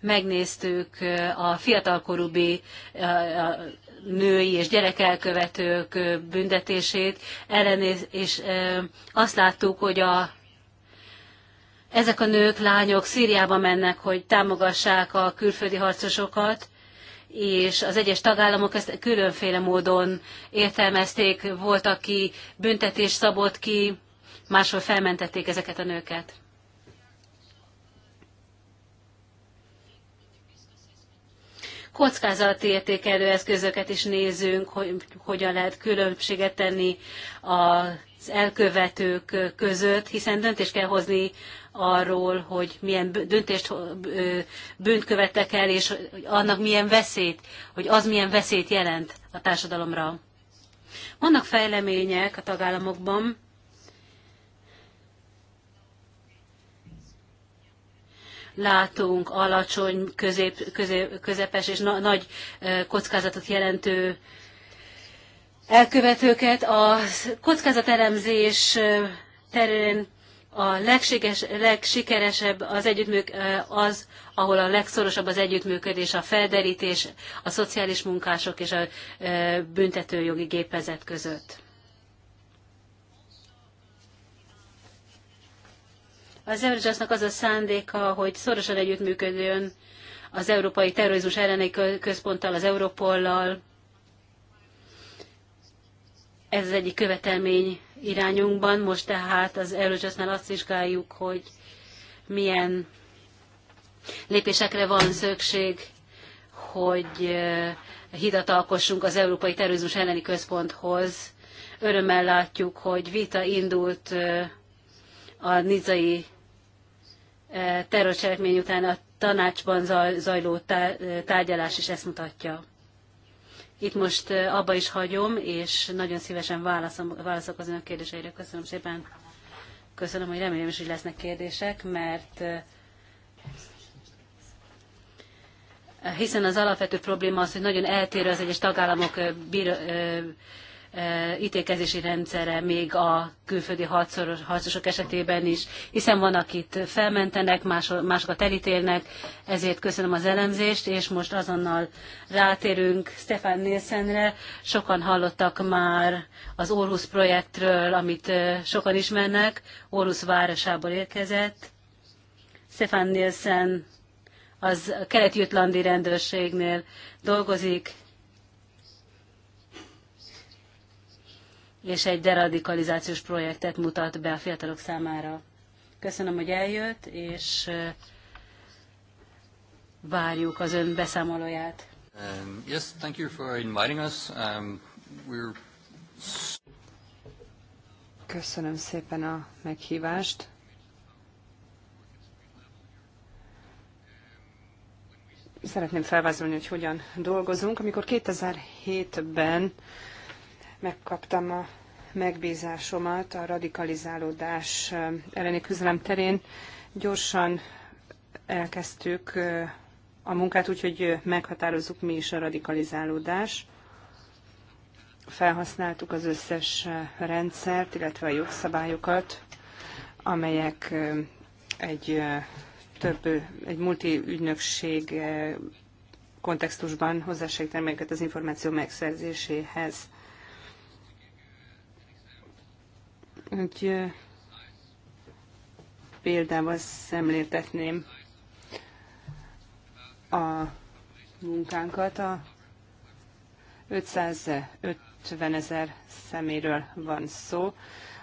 Megnéztük a fiatalkorúbi női és gyerekelkövetők büntetését, ellenéz, és azt láttuk, hogy a, ezek a nők, lányok Szíriába mennek, hogy támogassák a külföldi harcosokat, és az egyes tagállamok ezt különféle módon értelmezték, volt, aki büntetés szabott ki, máshol felmentették ezeket a nőket. kockázati értékelő eszközöket is nézünk, hogy hogyan lehet különbséget tenni az elkövetők között, hiszen döntést kell hozni arról, hogy milyen döntést bűnt követtek el, és annak milyen veszélyt, hogy az milyen veszélyt jelent a társadalomra. Vannak fejlemények a tagállamokban, látunk alacsony, közép, közép, közepes és na, nagy kockázatot jelentő elkövetőket. A kockázatelemzés terén a legséges, legsikeresebb az együttműk az, ahol a legszorosabb az együttműködés, a felderítés, a szociális munkások és a büntetőjogi gépezet között. Az Eurojustnak az a szándéka, hogy szorosan együttműködjön az Európai Terrorizmus elleni központtal, az Europollal. Ez az egyik követelmény irányunkban. Most tehát az Eurojustnál azt vizsgáljuk, hogy milyen lépésekre van szükség, hogy hidat alkossunk az Európai Terrorizmus elleni központhoz. Örömmel látjuk, hogy vita indult a nizai E, terrorcselekmény után a tanácsban zajló e, tárgyalás is ezt mutatja. Itt most e, abba is hagyom, és nagyon szívesen válaszom, válaszok az önök kérdéseire. Köszönöm szépen. Köszönöm, hogy remélem is, hogy lesznek kérdések, mert hiszen az alapvető probléma az, hogy nagyon eltérő az egyes tagállamok bíró, ítélkezési rendszere még a külföldi harcosok esetében is, hiszen van, akit felmentenek, másokat elítélnek, ezért köszönöm az elemzést, és most azonnal rátérünk Stefan Nielsenre. Sokan hallottak már az Orhus projektről, amit sokan ismernek, Orhus városából érkezett. Stefan Nielsen az keleti jutlandi rendőrségnél dolgozik, és egy deradikalizációs projektet mutat be a fiatalok számára. Köszönöm, hogy eljött, és eh, várjuk az ön beszámolóját. Um, yes, thank you for inviting us. Um, we're... Köszönöm szépen a meghívást. Szeretném felvázolni, hogy hogyan dolgozunk. Amikor 2007-ben megkaptam a megbízásomat a radikalizálódás elleni küzdelem terén. Gyorsan elkezdtük a munkát, úgyhogy meghatározzuk mi is a radikalizálódás. Felhasználtuk az összes rendszert, illetve a jogszabályokat, amelyek egy több, egy multi ügynökség kontextusban hozzásegítenek az információ megszerzéséhez. egy példával szemléltetném a munkánkat. A 550 ezer szeméről van szó.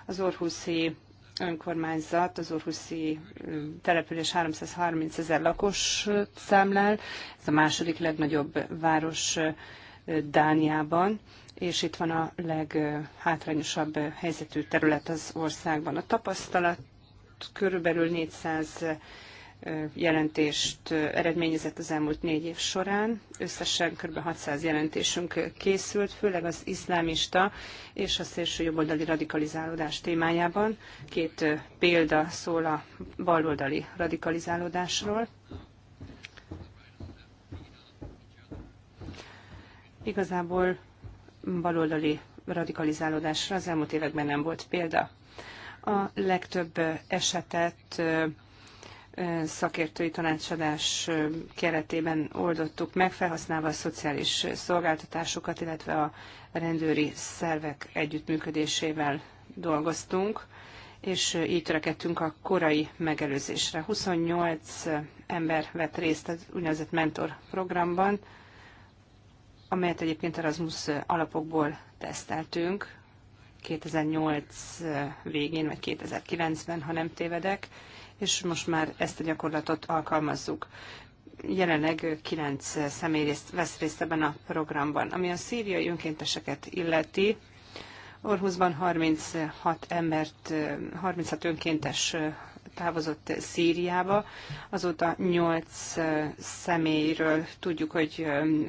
Az Orhuszi önkormányzat, az Orhuszi település 330 ezer lakos számlál. Ez a második legnagyobb város Dániában, és itt van a leghátrányosabb helyzetű terület az országban. A tapasztalat körülbelül 400 jelentést eredményezett az elmúlt négy év során. Összesen kb. 600 jelentésünk készült, főleg az iszlámista és a szélső jobboldali radikalizálódás témájában. Két példa szól a baloldali radikalizálódásról. Igazából baloldali radikalizálódásra az elmúlt években nem volt példa. A legtöbb esetet szakértői tanácsadás keretében oldottuk meg, felhasználva a szociális szolgáltatásokat, illetve a rendőri szervek együttműködésével dolgoztunk, és így törekedtünk a korai megelőzésre. 28 ember vett részt az úgynevezett mentor programban, amelyet egyébként Erasmus alapokból teszteltünk 2008 végén, vagy 2009-ben, ha nem tévedek, és most már ezt a gyakorlatot alkalmazzuk. Jelenleg kilenc személy részt, vesz részt ebben a programban. Ami a szíriai önkénteseket illeti, Orhuszban 36 embert, 36 önkéntes távozott Szíriába. Azóta 8 személyről tudjuk, hogy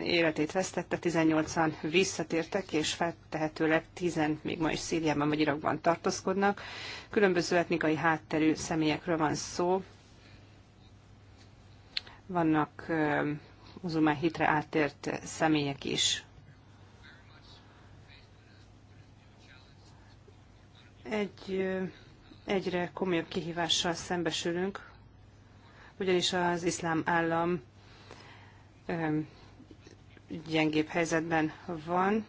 életét vesztette, 18-an visszatértek, és feltehetőleg 10 még ma is Szíriában vagy Irakban tartózkodnak. Különböző etnikai hátterű személyekről van szó. Vannak muzulmán hitre áttért személyek is. Egy egyre komolyabb kihívással szembesülünk, ugyanis az iszlám állam gyengébb helyzetben van.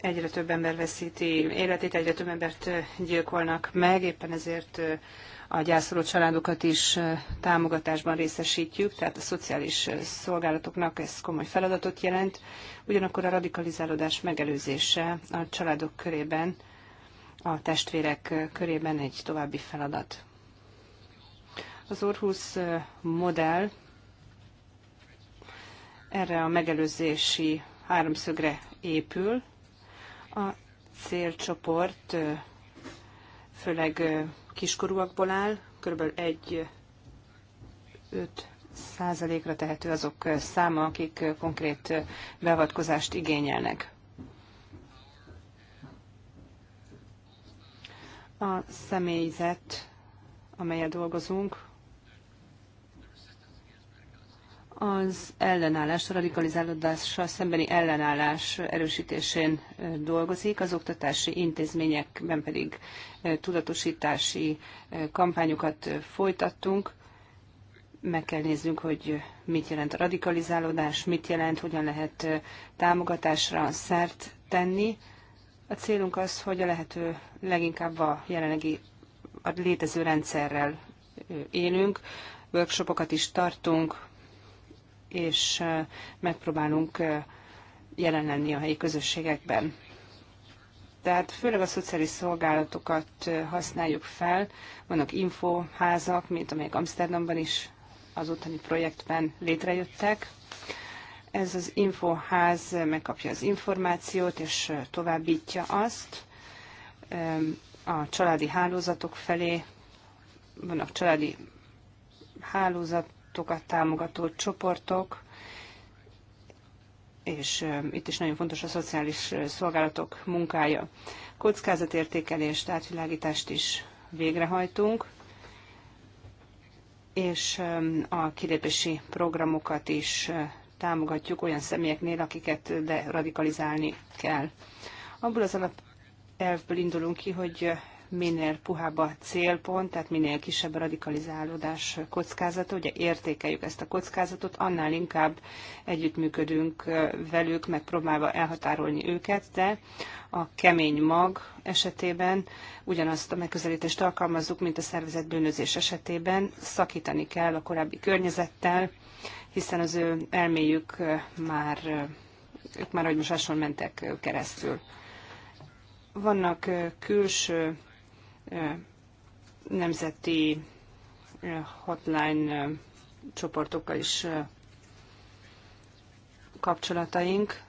Egyre több ember veszíti életét, egyre több embert gyilkolnak meg, éppen ezért a gyászoló családokat is támogatásban részesítjük, tehát a szociális szolgálatoknak ez komoly feladatot jelent. Ugyanakkor a radikalizálódás megelőzése a családok körében a testvérek körében egy további feladat. Az Orhus modell erre a megelőzési háromszögre épül. A célcsoport főleg kiskorúakból áll, kb. 1-5 százalékra tehető azok száma, akik konkrét beavatkozást igényelnek. A személyzet, amelyel dolgozunk, az ellenállás, a radikalizálódással szembeni ellenállás erősítésén dolgozik, az oktatási intézményekben pedig tudatosítási kampányokat folytattunk. Meg kell néznünk, hogy mit jelent a radikalizálódás, mit jelent, hogyan lehet támogatásra szert tenni, a célunk az, hogy a lehető leginkább a jelenlegi a létező rendszerrel élünk, workshopokat is tartunk, és megpróbálunk jelen lenni a helyi közösségekben. Tehát főleg a szociális szolgálatokat használjuk fel. Vannak infoházak, mint amelyek Amsterdamban is az utáni projektben létrejöttek. Ez az infoház megkapja az információt, és továbbítja azt a családi hálózatok felé. Vannak családi hálózatokat támogató csoportok, és itt is nagyon fontos a szociális szolgálatok munkája. Kockázatértékelést, átvilágítást is végrehajtunk, és a kilépési programokat is támogatjuk olyan személyeknél, akiket de radikalizálni kell. Abból az alap elvből indulunk ki, hogy minél puhább a célpont, tehát minél kisebb a radikalizálódás kockázata. Ugye értékeljük ezt a kockázatot, annál inkább együttműködünk velük, megpróbálva elhatárolni őket, de a kemény mag esetében ugyanazt a megközelítést alkalmazzuk, mint a szervezett bűnözés esetében. Szakítani kell a korábbi környezettel, hiszen az ő elméjük már, ők már agymosáson mentek keresztül vannak külső nemzeti hotline csoportokkal is kapcsolataink.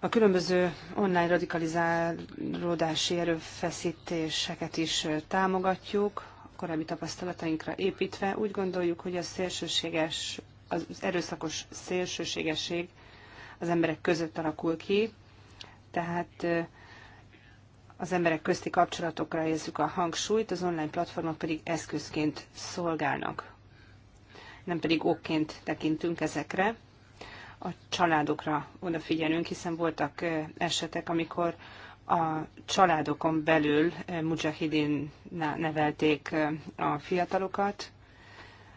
A különböző online radikalizálódási erőfeszítéseket is támogatjuk, a korábbi tapasztalatainkra építve. Úgy gondoljuk, hogy a szélsőséges, az erőszakos szélsőségesség az emberek között alakul ki, tehát az emberek közti kapcsolatokra helyezzük a hangsúlyt, az online platformok pedig eszközként szolgálnak. Nem pedig okként tekintünk ezekre. A családokra odafigyelünk, hiszen voltak esetek, amikor a családokon belül mujahidin nevelték a fiatalokat.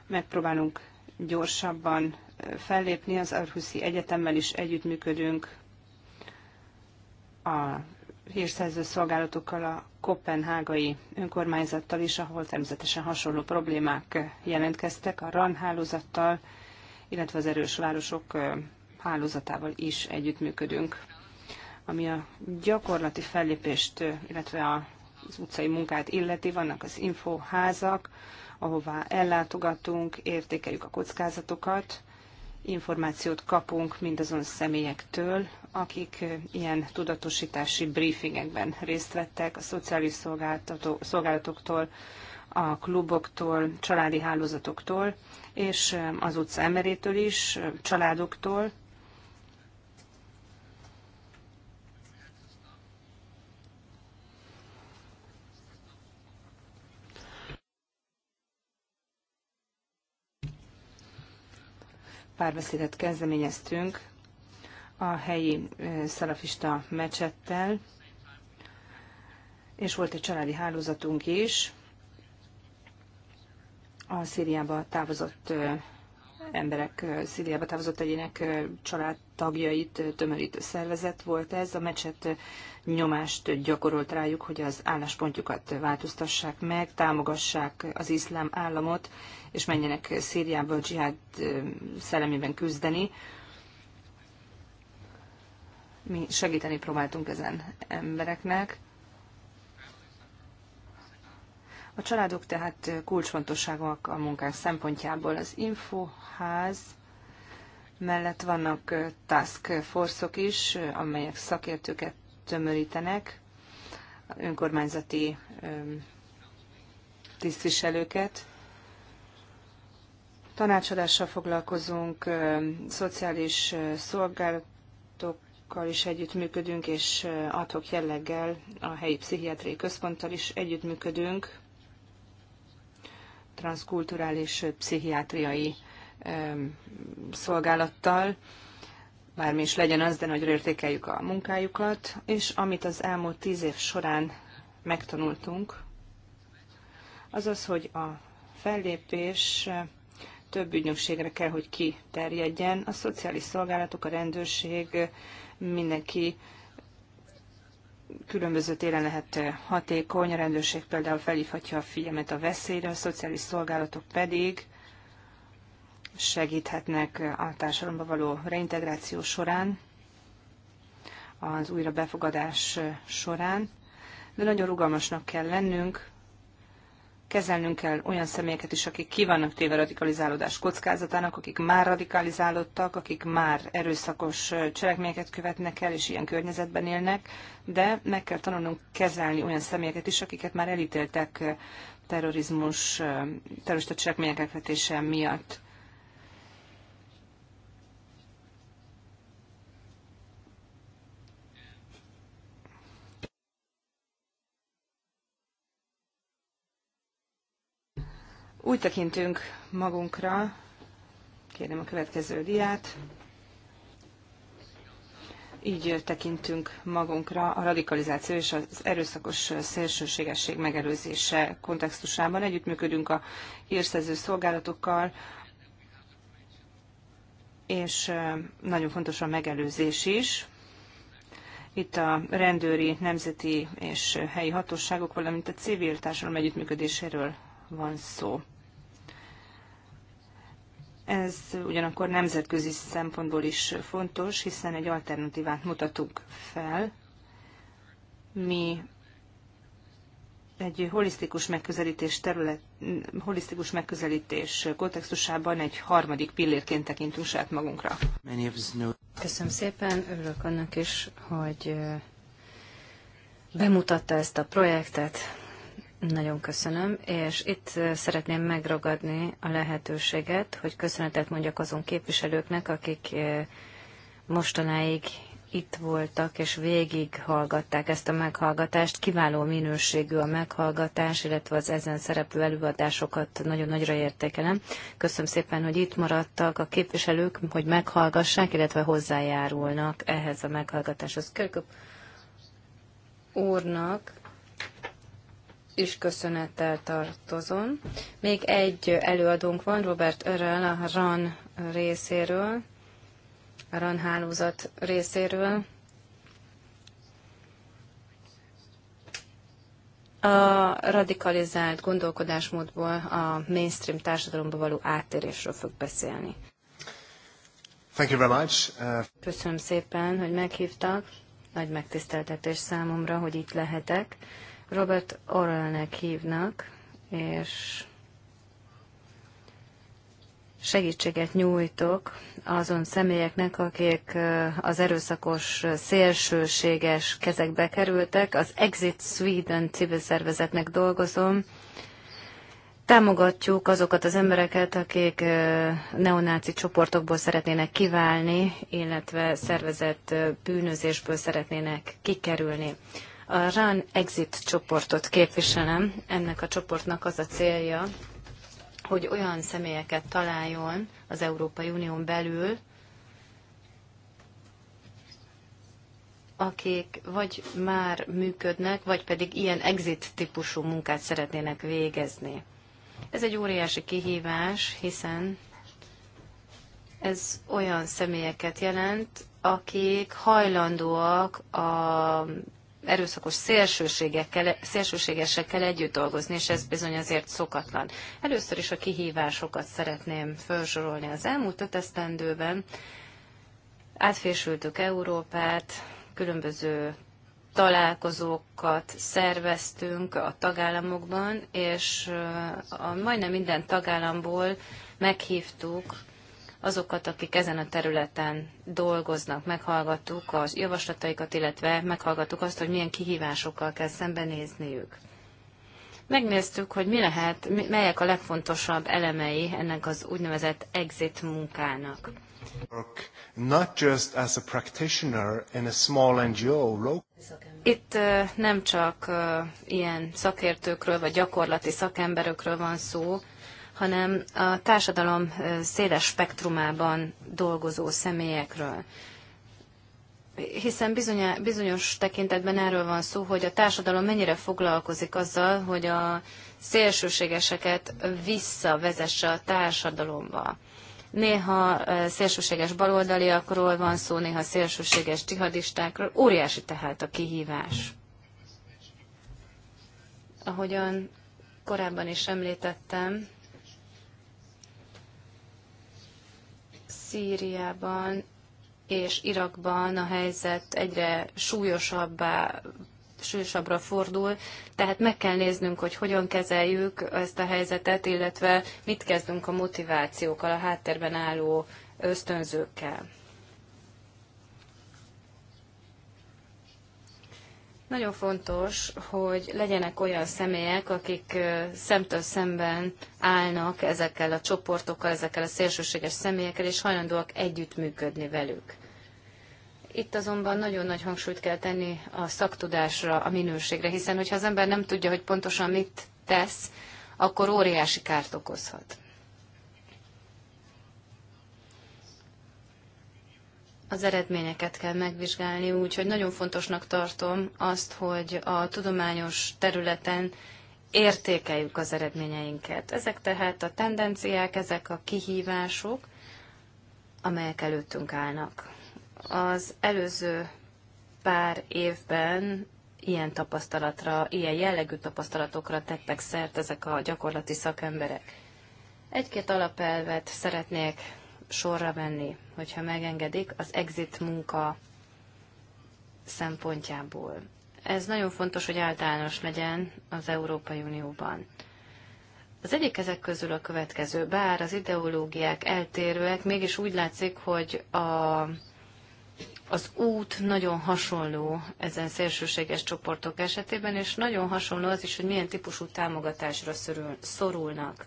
Megpróbálunk gyorsabban fellépni, az Arhuszi Egyetemmel is együttműködünk a hírszerző szolgálatokkal, a kopenhágai önkormányzattal is, ahol természetesen hasonló problémák jelentkeztek, a RAN hálózattal, illetve az erős városok hálózatával is együttműködünk. Ami a gyakorlati fellépést, illetve az utcai munkát illeti, vannak az infoházak, ahová ellátogatunk, értékeljük a kockázatokat, információt kapunk mindazon személyektől, akik ilyen tudatosítási briefingekben részt vettek, a szociális szolgálatoktól, a kluboktól, családi hálózatoktól, és az emberétől is, családoktól, párbeszédet kezdeményeztünk a helyi szalafista mecsettel, és volt egy családi hálózatunk is, a Szíriába távozott emberek, Szíriába távozott egyének családtagjait tömörítő szervezet volt ez. A mecset nyomást gyakorolt rájuk, hogy az álláspontjukat változtassák meg, támogassák az iszlám államot, és menjenek Szíriába a dzsihád szellemében küzdeni. Mi segíteni próbáltunk ezen embereknek a családok tehát kulcsfontosságúak a munkánk szempontjából. Az infoház mellett vannak task force-ok is, amelyek szakértőket tömörítenek, önkormányzati tisztviselőket. Tanácsadással foglalkozunk, szociális szolgálatokkal is együttműködünk, és adhok jelleggel a helyi pszichiátriai központtal is együttműködünk, transzkulturális pszichiátriai szolgálattal, bármi is legyen az, de nagyra értékeljük a munkájukat, és amit az elmúlt tíz év során megtanultunk, az az, hogy a fellépés több ügynökségre kell, hogy kiterjedjen. A szociális szolgálatok, a rendőrség, mindenki különböző téren lehet eh, hatékony, a rendőrség például felhívhatja a figyelmet a veszélyre, a szociális szolgálatok pedig segíthetnek eh, a társadalomba való reintegráció során, az újra befogadás eh, során, de nagyon rugalmasnak kell lennünk, kezelnünk kell olyan személyeket is, akik ki vannak téve radikalizálódás kockázatának, akik már radikalizálódtak, akik már erőszakos cselekményeket követnek el, és ilyen környezetben élnek, de meg kell tanulnunk kezelni olyan személyeket is, akiket már elítéltek terrorizmus, terrorista cselekmények elkövetése miatt. Úgy tekintünk magunkra, kérem a következő diát, így tekintünk magunkra a radikalizáció és az erőszakos szélsőségesség megelőzése kontextusában. Együttműködünk a hírszerző szolgálatokkal, és nagyon fontos a megelőzés is. Itt a rendőri, nemzeti és helyi hatóságok, valamint a civil társadalom együttműködéséről van szó. Ez ugyanakkor nemzetközi szempontból is fontos, hiszen egy alternatívát mutatunk fel. Mi egy holisztikus megközelítés terület, holisztikus megközelítés kontextusában egy harmadik pillérként tekintünk saját magunkra. Köszönöm szépen, örülök annak is, hogy bemutatta ezt a projektet, nagyon köszönöm, és itt szeretném megragadni a lehetőséget, hogy köszönetet mondjak azon képviselőknek, akik mostanáig itt voltak, és végig hallgatták ezt a meghallgatást. Kiváló minőségű a meghallgatás, illetve az ezen szereplő előadásokat nagyon nagyra értékelem. Köszönöm szépen, hogy itt maradtak a képviselők, hogy meghallgassák, illetve hozzájárulnak ehhez a meghallgatáshoz. Körköp úrnak is köszönettel tartozom. Még egy előadónk van, Robert Öröl, a RAN részéről, a RAN hálózat részéről. A radikalizált gondolkodásmódból a mainstream társadalomba való áttérésről fog beszélni. Thank you very much. Uh... Köszönöm szépen, hogy meghívtak. Nagy megtiszteltetés számomra, hogy itt lehetek. Robert Orwellnek hívnak, és segítséget nyújtok azon személyeknek, akik az erőszakos, szélsőséges kezekbe kerültek. Az Exit Sweden civil szervezetnek dolgozom. Támogatjuk azokat az embereket, akik neonáci csoportokból szeretnének kiválni, illetve szervezett bűnözésből szeretnének kikerülni. A Run Exit csoportot képviselem. Ennek a csoportnak az a célja, hogy olyan személyeket találjon az Európai Unión belül, akik vagy már működnek, vagy pedig ilyen exit típusú munkát szeretnének végezni. Ez egy óriási kihívás, hiszen ez olyan személyeket jelent, akik hajlandóak a erőszakos szélsőségekkel, szélsőségesekkel együtt dolgozni, és ez bizony azért szokatlan. Először is a kihívásokat szeretném felsorolni az elmúlt öt esztendőben. Átfésültük Európát, különböző találkozókat szerveztünk a tagállamokban, és a majdnem minden tagállamból meghívtuk azokat, akik ezen a területen dolgoznak. Meghallgattuk az javaslataikat, illetve meghallgattuk azt, hogy milyen kihívásokkal kell szembenézniük. Megnéztük, hogy mi lehet, melyek a legfontosabb elemei ennek az úgynevezett exit munkának. Itt nem csak ilyen szakértőkről vagy gyakorlati szakemberekről van szó, hanem a társadalom széles spektrumában dolgozó személyekről. Hiszen bizony, bizonyos tekintetben erről van szó, hogy a társadalom mennyire foglalkozik azzal, hogy a szélsőségeseket visszavezesse a társadalomba. Néha szélsőséges baloldaliakról van szó, néha szélsőséges dzsihadistákról. Óriási tehát a kihívás. Ahogyan korábban is említettem, Szíriában és Irakban a helyzet egyre súlyosabbá súlyosabbra fordul, tehát meg kell néznünk, hogy hogyan kezeljük ezt a helyzetet, illetve mit kezdünk a motivációkkal, a háttérben álló ösztönzőkkel. Nagyon fontos, hogy legyenek olyan személyek, akik szemtől szemben állnak ezekkel a csoportokkal, ezekkel a szélsőséges személyekkel, és hajlandóak együttműködni velük. Itt azonban nagyon nagy hangsúlyt kell tenni a szaktudásra, a minőségre, hiszen hogyha az ember nem tudja, hogy pontosan mit tesz, akkor óriási kárt okozhat. az eredményeket kell megvizsgálni, úgyhogy nagyon fontosnak tartom azt, hogy a tudományos területen értékeljük az eredményeinket. Ezek tehát a tendenciák, ezek a kihívások, amelyek előttünk állnak. Az előző pár évben ilyen tapasztalatra, ilyen jellegű tapasztalatokra tettek szert ezek a gyakorlati szakemberek. Egy-két alapelvet szeretnék sorra venni, hogyha megengedik, az exit munka szempontjából. Ez nagyon fontos, hogy általános legyen az Európai Unióban. Az egyik ezek közül a következő, bár az ideológiák eltérőek, mégis úgy látszik, hogy a, az út nagyon hasonló ezen szélsőséges csoportok esetében, és nagyon hasonló az is, hogy milyen típusú támogatásra szorulnak.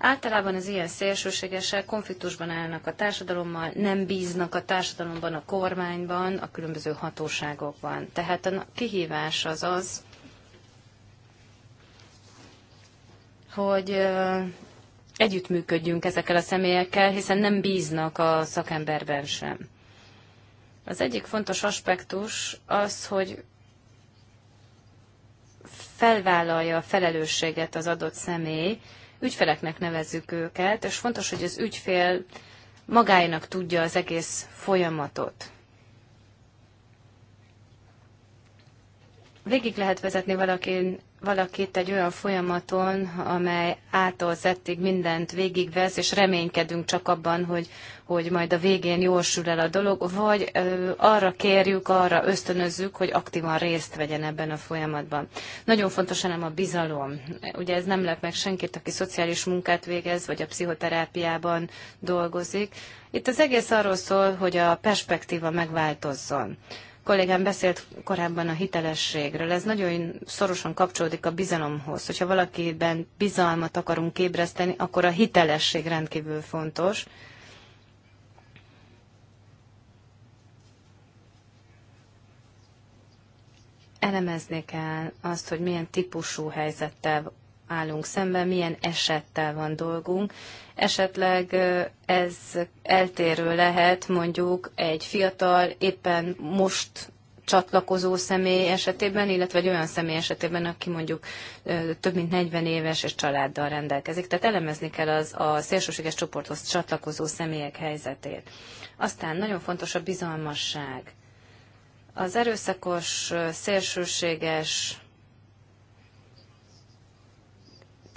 Általában az ilyen szélsőségesek konfliktusban állnak a társadalommal, nem bíznak a társadalomban, a kormányban, a különböző hatóságokban. Tehát a kihívás az az, hogy együttműködjünk ezekkel a személyekkel, hiszen nem bíznak a szakemberben sem. Az egyik fontos aspektus az, hogy felvállalja a felelősséget az adott személy, ügyfeleknek nevezzük őket, és fontos, hogy az ügyfél magáénak tudja az egész folyamatot. Végig lehet vezetni valakin valakit egy olyan folyamaton, amely által szettig mindent végigvesz, és reménykedünk csak abban, hogy, hogy majd a végén jósül el a dolog, vagy ö, arra kérjük, arra ösztönözzük, hogy aktívan részt vegyen ebben a folyamatban. Nagyon fontos nem a bizalom. Ugye ez nem lep meg senkit, aki szociális munkát végez, vagy a pszichoterápiában dolgozik. Itt az egész arról szól, hogy a perspektíva megváltozzon kollégám beszélt korábban a hitelességről. Ez nagyon szorosan kapcsolódik a bizalomhoz. Hogyha valakiben bizalmat akarunk ébreszteni, akkor a hitelesség rendkívül fontos. Elemezni kell azt, hogy milyen típusú helyzettel állunk szemben, milyen esettel van dolgunk. Esetleg ez eltérő lehet mondjuk egy fiatal, éppen most csatlakozó személy esetében, illetve egy olyan személy esetében, aki mondjuk több mint 40 éves és családdal rendelkezik. Tehát elemezni kell az a szélsőséges csoporthoz csatlakozó személyek helyzetét. Aztán nagyon fontos a bizalmasság. Az erőszakos, szélsőséges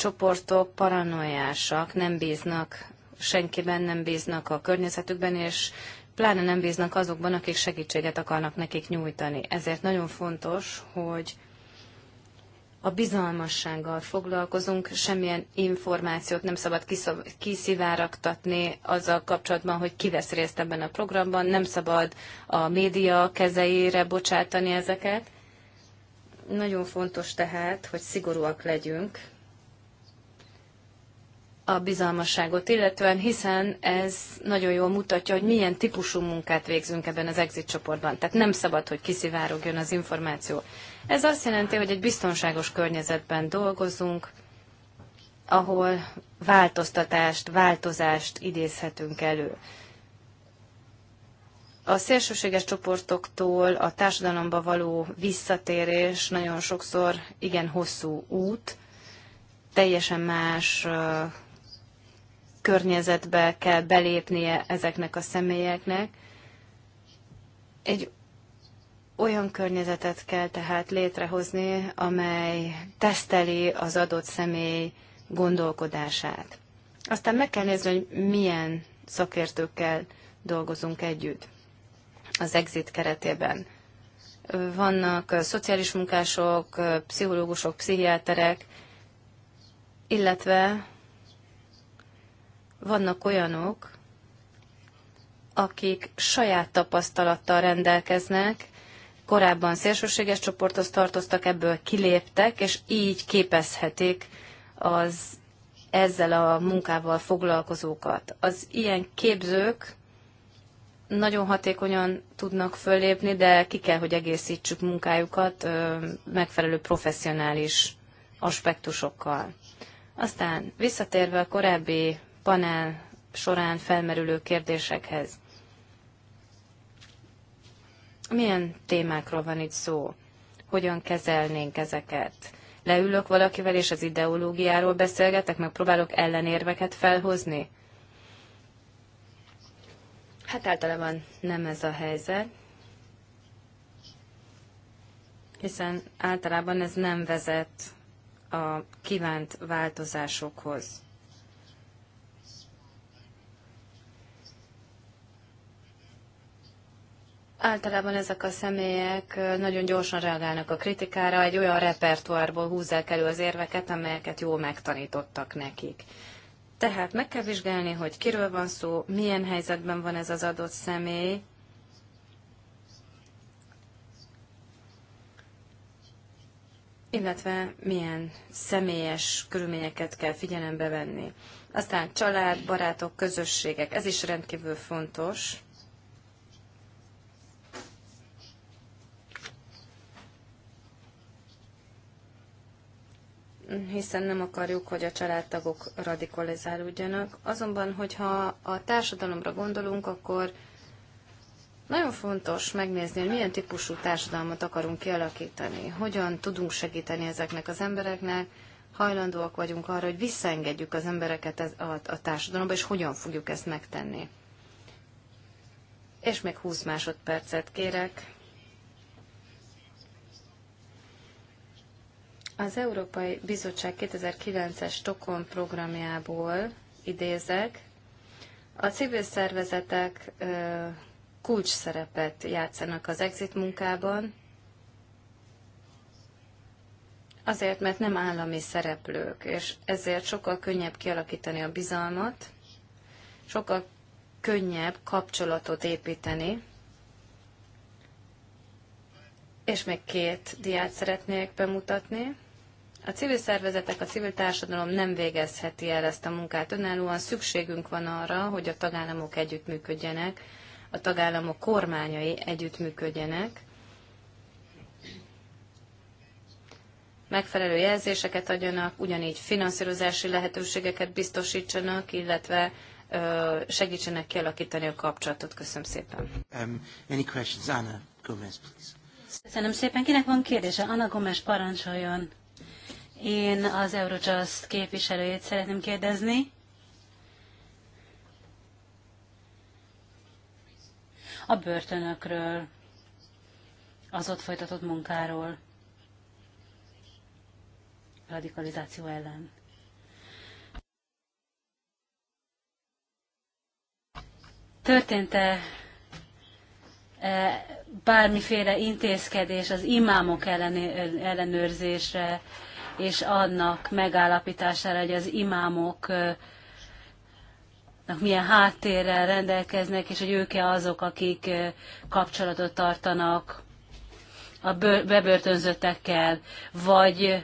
csoportok paranoiásak, nem bíznak senkiben, nem bíznak a környezetükben, és pláne nem bíznak azokban, akik segítséget akarnak nekik nyújtani. Ezért nagyon fontos, hogy a bizalmassággal foglalkozunk, semmilyen információt nem szabad kiszivárogtatni azzal kapcsolatban, hogy ki vesz részt ebben a programban, nem szabad a média kezeire bocsátani ezeket. Nagyon fontos tehát, hogy szigorúak legyünk a bizalmasságot illetően, hiszen ez nagyon jól mutatja, hogy milyen típusú munkát végzünk ebben az exit csoportban. Tehát nem szabad, hogy kiszivárogjon az információ. Ez azt jelenti, hogy egy biztonságos környezetben dolgozunk, ahol változtatást, változást idézhetünk elő. A szélsőséges csoportoktól a társadalomba való visszatérés nagyon sokszor igen hosszú út, teljesen más környezetbe kell belépnie ezeknek a személyeknek. Egy olyan környezetet kell tehát létrehozni, amely teszteli az adott személy gondolkodását. Aztán meg kell nézni, hogy milyen szakértőkkel dolgozunk együtt az exit keretében. Vannak szociális munkások, pszichológusok, pszichiáterek, illetve vannak olyanok, akik saját tapasztalattal rendelkeznek, korábban szélsőséges csoporthoz tartoztak, ebből kiléptek, és így képezhetik az ezzel a munkával foglalkozókat. Az ilyen képzők nagyon hatékonyan tudnak föllépni, de ki kell, hogy egészítsük munkájukat megfelelő professzionális aspektusokkal. Aztán visszatérve a korábbi panel során felmerülő kérdésekhez. Milyen témákról van itt szó? Hogyan kezelnénk ezeket? Leülök valakivel, és az ideológiáról beszélgetek, meg próbálok ellenérveket felhozni? Hát általában nem ez a helyzet, hiszen általában ez nem vezet a kívánt változásokhoz. Általában ezek a személyek nagyon gyorsan reagálnak a kritikára, egy olyan repertoárból húzzák elő az érveket, amelyeket jól megtanítottak nekik. Tehát meg kell vizsgálni, hogy kiről van szó, milyen helyzetben van ez az adott személy, illetve milyen személyes körülményeket kell figyelembe venni. Aztán család, barátok, közösségek, ez is rendkívül fontos. hiszen nem akarjuk, hogy a családtagok radikalizálódjanak. Azonban, hogyha a társadalomra gondolunk, akkor nagyon fontos megnézni, hogy milyen típusú társadalmat akarunk kialakítani, hogyan tudunk segíteni ezeknek az embereknek, hajlandóak vagyunk arra, hogy visszaengedjük az embereket a, a társadalomba, és hogyan fogjuk ezt megtenni. És még 20 másodpercet kérek. Az Európai Bizottság 2009-es Stockholm programjából idézek, a civil szervezetek kulcs szerepet játszanak az exit munkában, azért, mert nem állami szereplők, és ezért sokkal könnyebb kialakítani a bizalmat, sokkal könnyebb kapcsolatot építeni. És még két diát szeretnék bemutatni. A civil szervezetek, a civil társadalom nem végezheti el ezt a munkát önállóan. Szükségünk van arra, hogy a tagállamok együttműködjenek, a tagállamok kormányai együttműködjenek, megfelelő jelzéseket adjanak, ugyanígy finanszírozási lehetőségeket biztosítsanak, illetve ö, segítsenek kialakítani a kapcsolatot. Köszönöm szépen. Um, any questions? Anna Gomez, please. Köszönöm szépen. Kinek van kérdése? Anna Gomez parancsoljon. Én az Eurojust képviselőjét szeretném kérdezni. A börtönökről, az ott folytatott munkáról, radikalizáció ellen. Történt-e e, bármiféle intézkedés az imámok ellenőrzésre, és annak megállapítására, hogy az imámok milyen háttérrel rendelkeznek, és hogy ők-e azok, akik kapcsolatot tartanak a bebörtönzöttekkel, vagy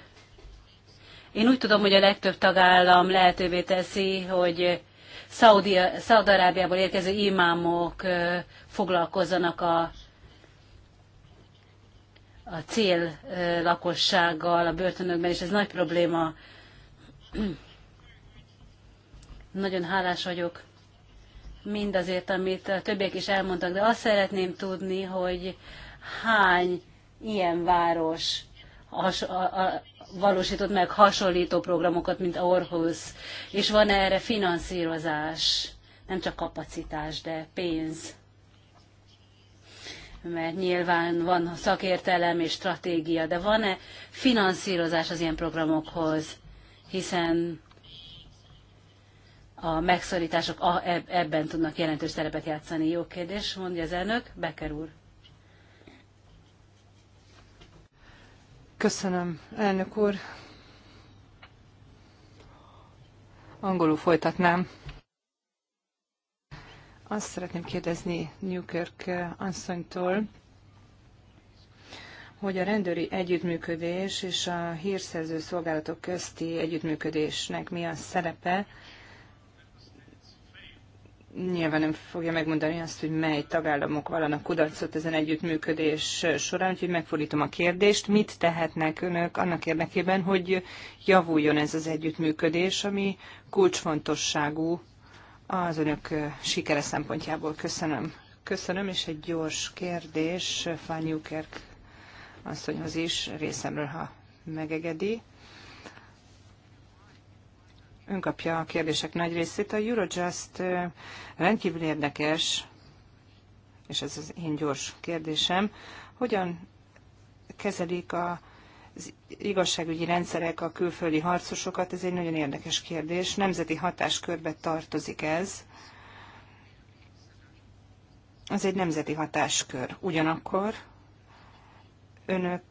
én úgy tudom, hogy a legtöbb tagállam lehetővé teszi, hogy Szaudarábiából érkező imámok foglalkozzanak a a cél lakossággal a börtönökben, és ez nagy probléma. Nagyon hálás vagyok mindazért, amit a többiek is elmondtak, de azt szeretném tudni, hogy hány ilyen város has, a, a, valósított meg hasonlító programokat, mint Orhus, és van -e erre finanszírozás, nem csak kapacitás, de pénz mert nyilván van szakértelem és stratégia, de van-e finanszírozás az ilyen programokhoz, hiszen a megszorítások ebben tudnak jelentős szerepet játszani. Jó kérdés, mondja az elnök, Becker úr. Köszönöm, elnök úr. Angolul folytatnám. Azt szeretném kérdezni Newkirk eh, asszonytól, hogy a rendőri együttműködés és a hírszerző szolgálatok közti együttműködésnek mi a szerepe. Nyilván nem fogja megmondani azt, hogy mely tagállamok vallanak kudarcot ezen együttműködés során, úgyhogy megfordítom a kérdést. Mit tehetnek önök annak érdekében, hogy javuljon ez az együttműködés, ami kulcsfontosságú az önök sikere szempontjából. Köszönöm. Köszönöm, és egy gyors kérdés Fanny Ukerk asszonyhoz is részemről, ha megegedi. Ön kapja a kérdések nagy részét. A Eurojust rendkívül érdekes, és ez az én gyors kérdésem, hogyan kezelik a az igazságügyi rendszerek a külföldi harcosokat, ez egy nagyon érdekes kérdés. Nemzeti hatáskörbe tartozik ez. Az egy nemzeti hatáskör. Ugyanakkor önök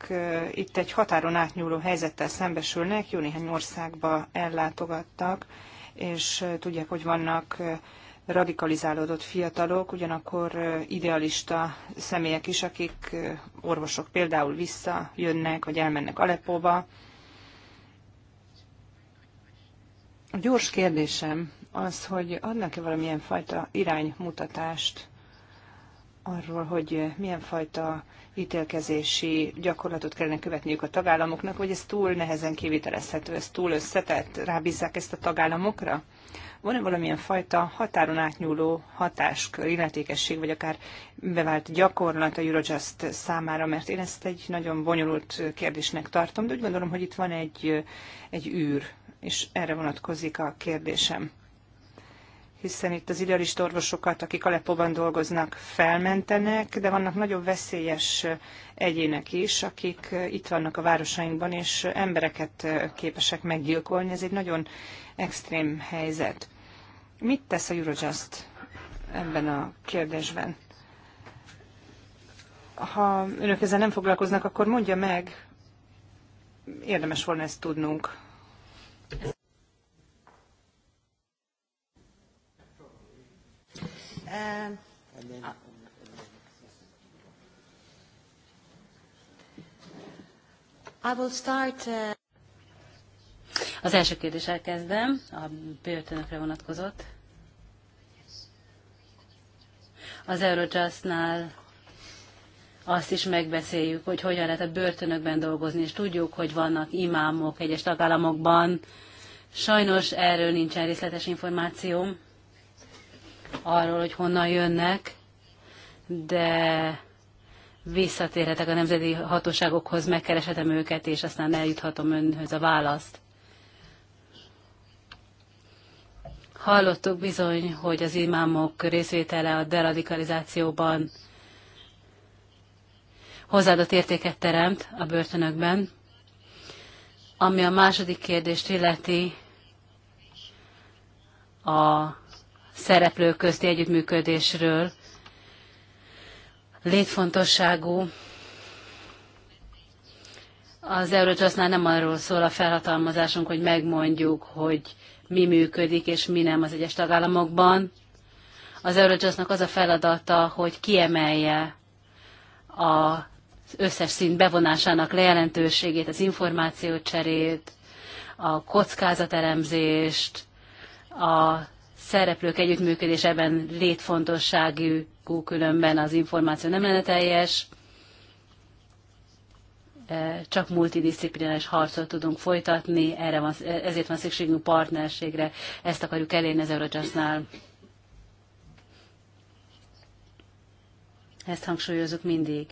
itt egy határon átnyúló helyzettel szembesülnek, jó néhány országba ellátogattak, és tudják, hogy vannak radikalizálódott fiatalok, ugyanakkor idealista személyek is, akik orvosok például visszajönnek, vagy elmennek Aleppóba. A gyors kérdésem az, hogy adnak-e valamilyen fajta iránymutatást arról, hogy milyen fajta ítélkezési gyakorlatot kellene követniük a tagállamoknak, vagy ez túl nehezen kivitelezhető, ez túl összetett, rábízzák ezt a tagállamokra? van-e valamilyen fajta határon átnyúló hatáskör, illetékesség, vagy akár bevált gyakorlat a Eurojust számára, mert én ezt egy nagyon bonyolult kérdésnek tartom, de úgy gondolom, hogy itt van egy, egy űr, és erre vonatkozik a kérdésem hiszen itt az idealista orvosokat, akik Aleppo-ban dolgoznak, felmentenek, de vannak nagyon veszélyes egyének is, akik itt vannak a városainkban, és embereket képesek meggyilkolni. Ez egy nagyon extrém helyzet. Mit tesz a Eurojust ebben a kérdésben? Ha önök ezzel nem foglalkoznak, akkor mondja meg, érdemes volna ezt tudnunk. uh, I will start, uh... Az első kérdés elkezdem, a börtönökre vonatkozott. Az Eurojustnál azt is megbeszéljük, hogy hogyan lehet a börtönökben dolgozni, és tudjuk, hogy vannak imámok egyes tagállamokban. Sajnos erről nincsen részletes információm, arról, hogy honnan jönnek, de visszatérhetek a nemzeti hatóságokhoz, megkereshetem őket, és aztán eljuthatom önhöz a választ. Hallottuk bizony, hogy az imámok részvétele a deradikalizációban hozzáadott értéket teremt a börtönökben. Ami a második kérdést illeti, a szereplők közti együttműködésről létfontosságú. Az Eurojustnál nem arról szól a felhatalmazásunk, hogy megmondjuk, hogy mi működik és mi nem az egyes tagállamokban. Az Eurojustnak az a feladata, hogy kiemelje az összes szint bevonásának lejelentőségét, az információcserét, a kockázatelemzést, a szereplők együttműködés ebben létfontosságú, különben az információ nem lenne teljes, E, csak multidisziplináris harcot tudunk folytatni, erre van, ezért van szükségünk partnerségre, ezt akarjuk elérni az Eurojustnál. Ezt hangsúlyozunk mindig.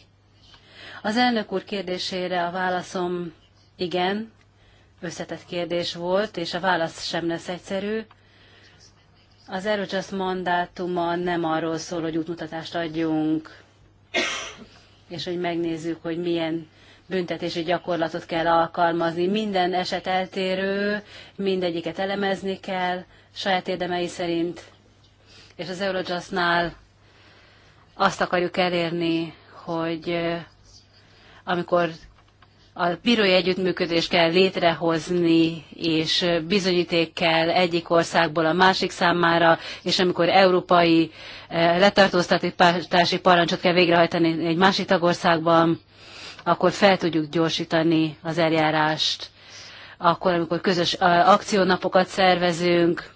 Az elnök úr kérdésére a válaszom igen, összetett kérdés volt, és a válasz sem lesz egyszerű. Az Eurojust mandátuma nem arról szól, hogy útmutatást adjunk, és hogy megnézzük, hogy milyen büntetési gyakorlatot kell alkalmazni. Minden eset eltérő, mindegyiket elemezni kell saját érdemei szerint. És az Eurojustnál azt akarjuk elérni, hogy amikor a bírói együttműködést kell létrehozni, és bizonyíték kell egyik országból a másik számára, és amikor európai letartóztatási parancsot kell végrehajtani egy másik tagországban, akkor fel tudjuk gyorsítani az eljárást, akkor, amikor közös akciónapokat szervezünk,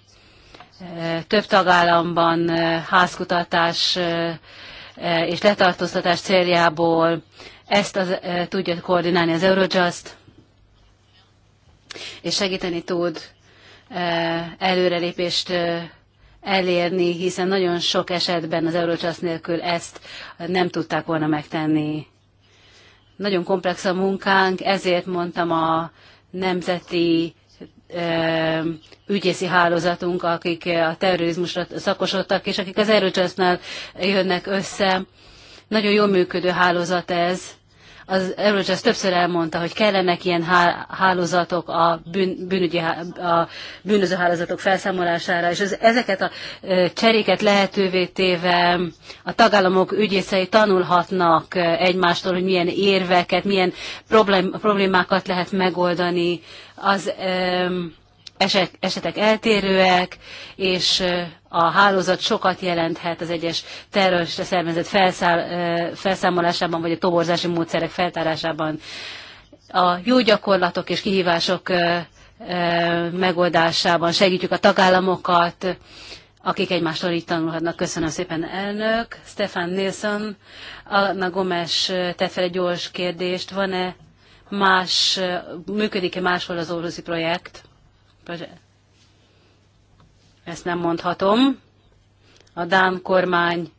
több tagállamban házkutatás és letartóztatás céljából ezt az, tudja koordinálni az Eurojust, és segíteni tud előrelépést elérni, hiszen nagyon sok esetben az Eurojust nélkül ezt nem tudták volna megtenni. Nagyon komplex a munkánk, ezért mondtam a nemzeti ügyészi hálózatunk, akik a terrorizmusra szakosodtak, és akik az erőcsasznál jönnek össze. Nagyon jól működő hálózat ez, az Eurojust többször elmondta, hogy kellenek ilyen hálózatok a, bűn, bűnügyi, a bűnöző hálózatok felszámolására, és az, ezeket a cseréket lehetővé téve a tagállamok ügyészei tanulhatnak egymástól, hogy milyen érveket, milyen problém, problémákat lehet megoldani. Az um, esetek eltérőek, és a hálózat sokat jelenthet az egyes terrorista szervezet felszáll, felszámolásában, vagy a toborzási módszerek feltárásában. A jó gyakorlatok és kihívások megoldásában segítjük a tagállamokat, akik egymástól így tanulhatnak. Köszönöm szépen, elnök. Stefan Nilsson, Anna Gomes tett fel egy gyors kérdést. Van-e más, működik-e máshol az Orvosi projekt? Ezt nem mondhatom. A Dán kormány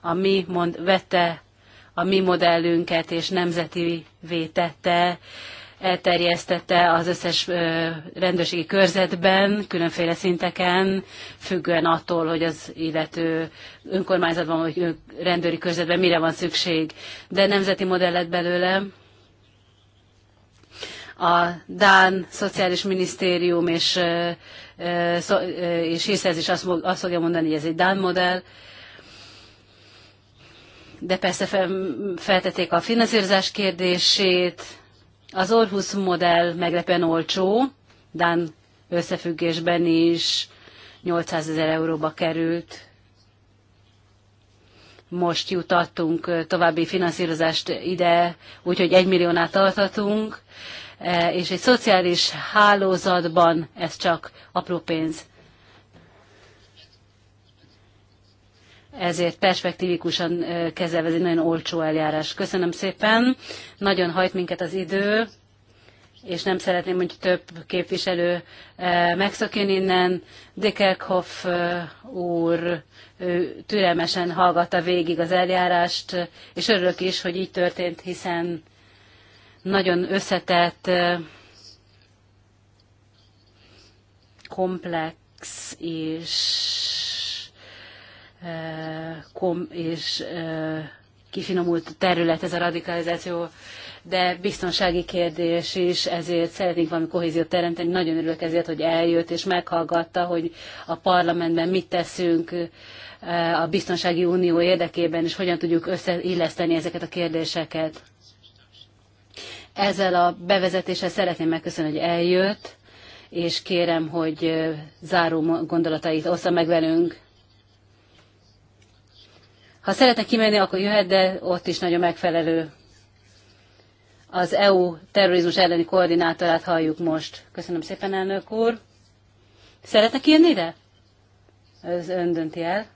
a mi mond, vette a mi modellünket és nemzeti vétette, elterjesztette az összes rendőrségi körzetben, különféle szinteken, függően attól, hogy az illető önkormányzatban vagy rendőri körzetben mire van szükség. De nemzeti modellet belőle a Dán Szociális Minisztérium és, és ez is azt, azt fogja mondani, hogy ez egy Dán modell, de persze feltették a finanszírozás kérdését. Az Orhus modell meglepően olcsó, Dán összefüggésben is 800 ezer euróba került. Most jutattunk további finanszírozást ide, úgyhogy 1 milliónát tartatunk. E, és egy szociális hálózatban ez csak apró pénz. ezért perspektívikusan e, kezelve ez egy nagyon olcsó eljárás. Köszönöm szépen, nagyon hajt minket az idő, és nem szeretném, hogy több képviselő e, megszökjön innen. Dickerkhoff úr ő türelmesen hallgatta végig az eljárást, és örülök is, hogy így történt, hiszen nagyon összetett, komplex és, kom, és kifinomult terület ez a radikalizáció, de biztonsági kérdés is, ezért szeretnénk valami kohéziót teremteni. Nagyon örülök ezért, hogy eljött és meghallgatta, hogy a parlamentben mit teszünk a biztonsági unió érdekében, és hogyan tudjuk összeilleszteni ezeket a kérdéseket. Ezzel a bevezetéssel szeretném megköszönni, hogy eljött, és kérem, hogy záró gondolatait ossza meg velünk. Ha szeretne kimenni, akkor jöhet, de ott is nagyon megfelelő. Az EU terrorizmus elleni koordinátorát halljuk most. Köszönöm szépen, elnök úr. Szeretne kijönni ide? Ez ön dönti el.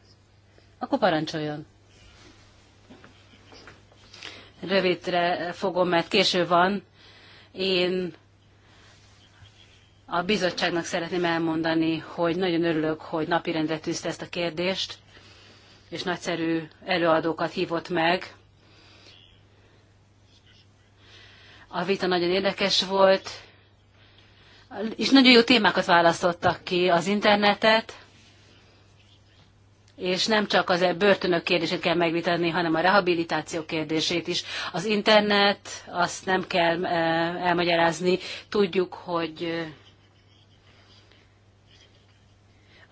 Akkor parancsoljon rövidre fogom, mert késő van. Én a bizottságnak szeretném elmondani, hogy nagyon örülök, hogy napirendre tűzte ezt a kérdést, és nagyszerű előadókat hívott meg. A vita nagyon érdekes volt, és nagyon jó témákat választottak ki az internetet, és nem csak az e börtönök kérdését kell megvitatni, hanem a rehabilitáció kérdését is. Az internet, azt nem kell e, elmagyarázni, tudjuk, hogy e,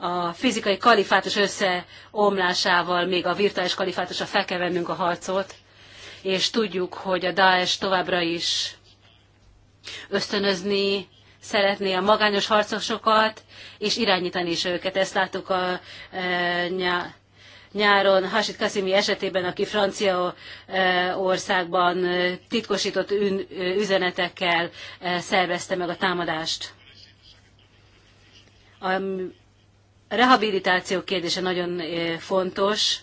a fizikai kalifátus összeomlásával még a virtuális kalifátusra fel kell vennünk a harcot, és tudjuk, hogy a Daesh továbbra is ösztönözni szeretné a magányos harcosokat, és irányítani is őket. Ezt láttuk a e, nyá, nyáron Hasid Kasimi esetében, aki francia e, országban e, titkosított üzenetekkel szervezte meg a támadást. A rehabilitáció kérdése nagyon fontos,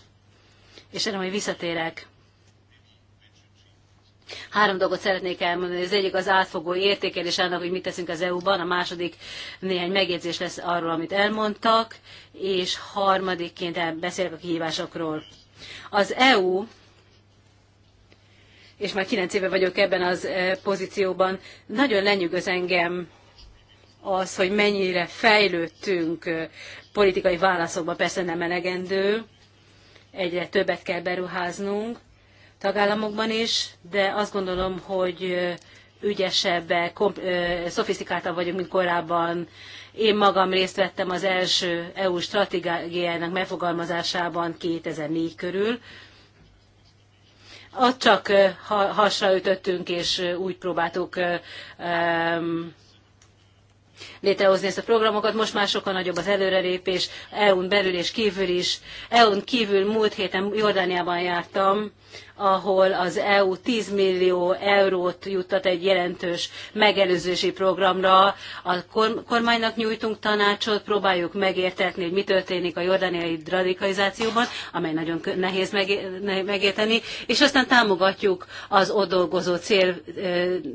és erre majd visszatérek. Három dolgot szeretnék elmondani. Az egyik az átfogó értékelés annak, hogy mit teszünk az EU-ban, a második néhány megjegyzés lesz arról, amit elmondtak, és harmadikként beszélek a kihívásokról. Az EU és már kilenc éve vagyok ebben az e, pozícióban, nagyon lenyűgöz engem az, hogy mennyire fejlődtünk e, politikai válaszokban, persze nem elegendő, egyre többet kell beruháznunk, tagállamokban is, de azt gondolom, hogy ügyesebbek, szofisztikáltabb vagyunk, mint korábban. Én magam részt vettem az első EU stratégiájának megfogalmazásában 2004 körül. Ott csak hasra ütöttünk, és úgy próbáltuk létrehozni ezt a programokat. Most már sokkal nagyobb az előrelépés, EU-n belül és kívül is. EU-n kívül múlt héten Jordániában jártam, ahol az EU 10 millió eurót juttat egy jelentős megelőzési programra. A kormánynak nyújtunk tanácsot, próbáljuk megértetni, hogy mi történik a jordániai radikalizációban, amely nagyon nehéz megérteni, és aztán támogatjuk az ott dolgozó cél,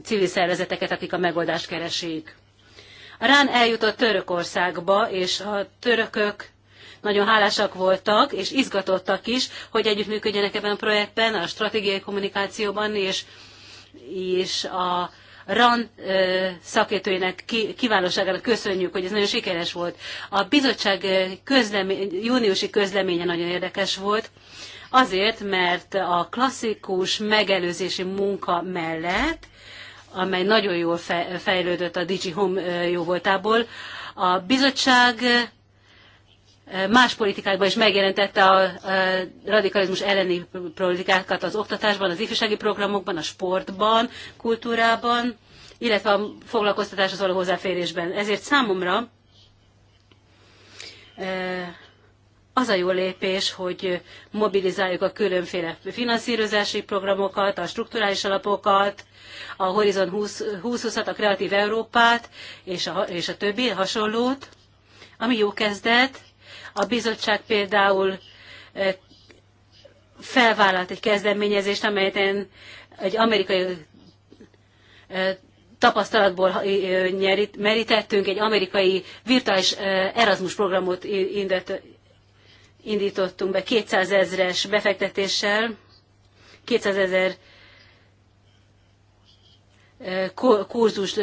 civil szervezeteket, akik a megoldást keresik. A rán eljutott Törökországba, és a törökök nagyon hálásak voltak, és izgatottak is, hogy együttműködjenek ebben a projektben, a stratégiai kommunikációban, és, és a RAN szakértőinek kiválóságának köszönjük, hogy ez nagyon sikeres volt. A bizottság közlemény, júniusi közleménye nagyon érdekes volt, azért, mert a klasszikus megelőzési munka mellett amely nagyon jól fejlődött a Digi Home jóvoltából. A bizottság más politikákban is megjelentette a radikalizmus elleni politikákat az oktatásban, az ifjúsági programokban, a sportban, kultúrában, illetve a foglalkoztatáshoz való hozzáférésben. Ezért számomra az a jó lépés, hogy mobilizáljuk a különféle finanszírozási programokat, a strukturális alapokat, a Horizon 2020-at, a Kreatív Európát és a, és a többi hasonlót, ami jó kezdet. A bizottság például e, felvállalt egy kezdeményezést, amelyet én egy amerikai e, tapasztalatból e, merítettünk, egy amerikai virtuális Erasmus programot indítottunk be 200 ezres befektetéssel, 200 ezer kurzust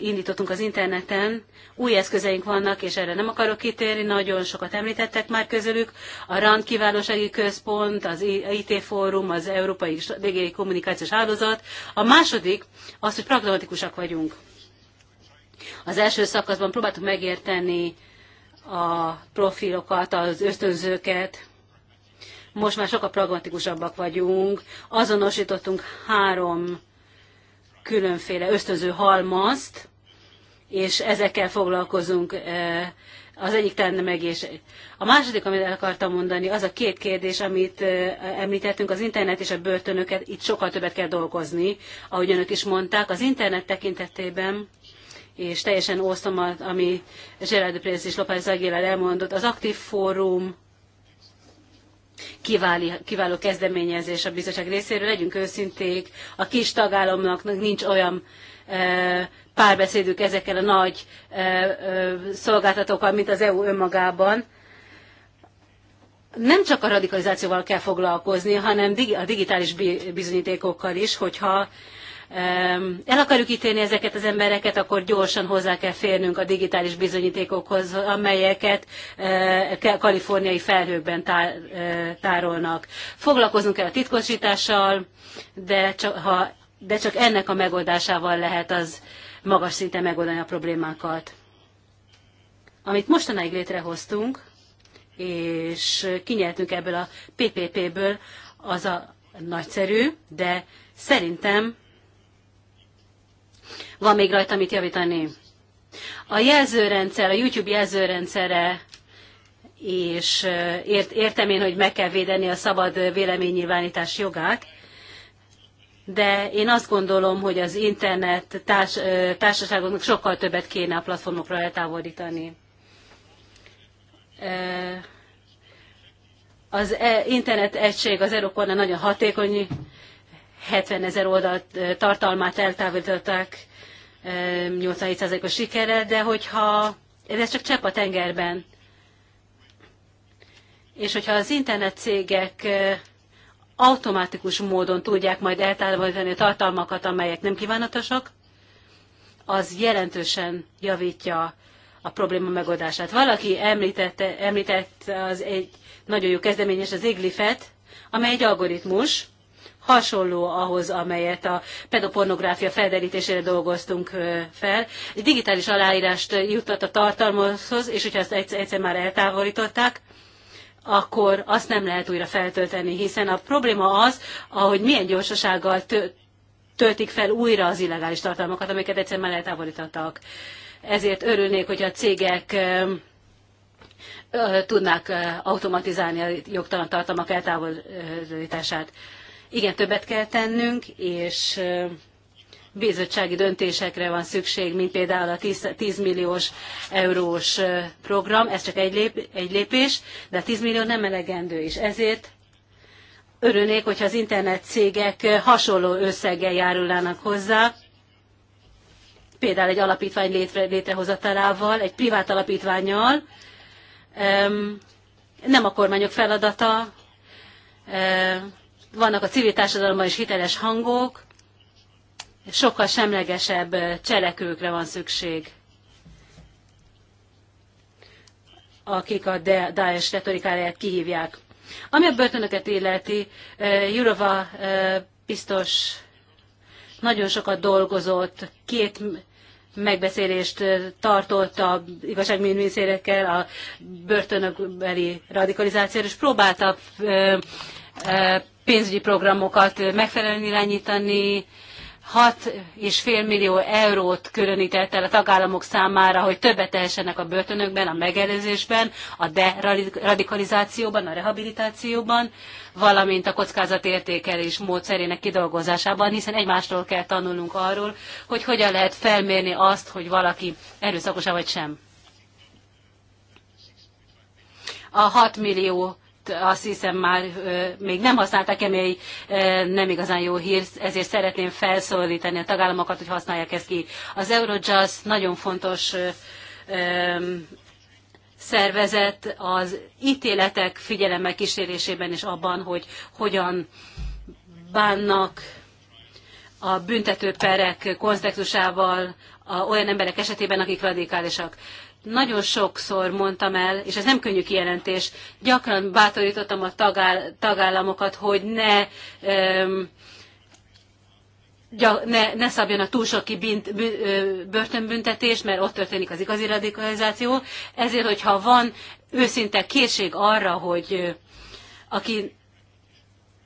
indítottunk az interneten, új eszközeink vannak, és erre nem akarok kitérni, nagyon sokat említettek már közülük. A RAND kiválósági központ, az IT fórum, az Európai Stratégiai Kommunikációs Hálózat. A második az, hogy pragmatikusak vagyunk. Az első szakaszban próbáltuk megérteni a profilokat, az ösztönzőket, most már sokkal pragmatikusabbak vagyunk. Azonosítottunk három különféle ösztönző halmazt, és ezekkel foglalkozunk e, az egyik és A második, amit el akartam mondani, az a két kérdés, amit e, említettünk, az internet és a börtönöket, itt sokkal többet kell dolgozni, ahogy önök is mondták. Az internet tekintetében és teljesen osztom, ami Gerard Pérez és López Aguilar elmondott, az aktív fórum kiváló, kiváló kezdeményezés a bizottság részéről. Legyünk őszinték, a kis tagállamnak nincs olyan párbeszédük ezekkel a nagy szolgáltatókkal, mint az EU önmagában. Nem csak a radikalizációval kell foglalkozni, hanem a digitális bizonyítékokkal is, hogyha el akarjuk ítélni ezeket az embereket, akkor gyorsan hozzá kell férnünk a digitális bizonyítékokhoz, amelyeket e, kaliforniai felhőkben e, tárolnak. Foglalkozunk el a titkosítással, de csak, ha, de csak ennek a megoldásával lehet az magas szinten megoldani a problémákat. Amit mostanáig létrehoztunk, és kinyertünk ebből a PPP-ből, az a nagyszerű, de szerintem van még rajta mit javítani. A jelzőrendszer, a YouTube jelzőrendszere, és ért, értem én, hogy meg kell védeni a szabad véleménynyilvánítás jogát, de én azt gondolom, hogy az internet társ, társaságoknak sokkal többet kéne a platformokra eltávolítani. Az e-, internet egység az Eurokornál nagyon hatékony, 70 ezer oldal tartalmát eltávolították 87%-os sikere, de hogyha ez csak csepp a tengerben. És hogyha az internet cégek automatikus módon tudják majd eltávolítani a tartalmakat, amelyek nem kívánatosak, az jelentősen javítja a probléma megoldását. Valaki említette, említett az egy nagyon jó kezdeményes, az Iglifet, amely egy algoritmus, hasonló ahhoz, amelyet a pedopornográfia felderítésére dolgoztunk fel. Egy digitális aláírást juttat a tartalmazhoz, és hogyha ezt egyszer már eltávolították, akkor azt nem lehet újra feltölteni, hiszen a probléma az, ahogy milyen gyorsasággal töltik fel újra az illegális tartalmakat, amiket egyszer már eltávolítottak. Ezért örülnék, hogy a cégek tudnák automatizálni a jogtalan tartalmak eltávolítását. Igen, többet kell tennünk, és bizottsági döntésekre van szükség, mint például a 10, milliós eurós program, ez csak egy, lép, egy lépés, de a 10 millió nem elegendő, és ezért örülnék, hogyha az internet cégek hasonló összeggel járulnának hozzá, például egy alapítvány létre, létrehozatalával, egy privát alapítványjal. nem a kormányok feladata vannak a civil társadalomban is hiteles hangok, és sokkal semlegesebb cselekőkre van szükség, akik a Daesh retorikáját kihívják. Ami a börtönöket illeti, Jurova biztos nagyon sokat dolgozott, két megbeszélést tartott a igazságminiszterekkel a börtönökbeli radikalizációra, és próbálta pénzügyi programokat megfelelően irányítani, 6,5 millió eurót különített el a tagállamok számára, hogy többet tehessenek a börtönökben, a megelőzésben, a deradikalizációban, a rehabilitációban, valamint a kockázatértékelés módszerének kidolgozásában, hiszen egymástól kell tanulnunk arról, hogy hogyan lehet felmérni azt, hogy valaki erőszakos vagy sem. A 6 millió azt hiszem már még nem használták, ami nem igazán jó hír, ezért szeretném felszólítani a tagállamokat, hogy használják ezt ki. Az Eurojust nagyon fontos szervezet az ítéletek figyelemmel kísérésében és abban, hogy hogyan bánnak a büntető perek kontextusával olyan emberek esetében, akik radikálisak. Nagyon sokszor mondtam el, és ez nem könnyű kijelentés, gyakran bátorítottam a tagáll- tagállamokat, hogy ne, öm, gyak, ne, ne szabjanak túl sok kibint, bű, ö, börtönbüntetés, mert ott történik az igazi radikalizáció. Ezért, hogyha van őszinte készség arra, hogy ö, aki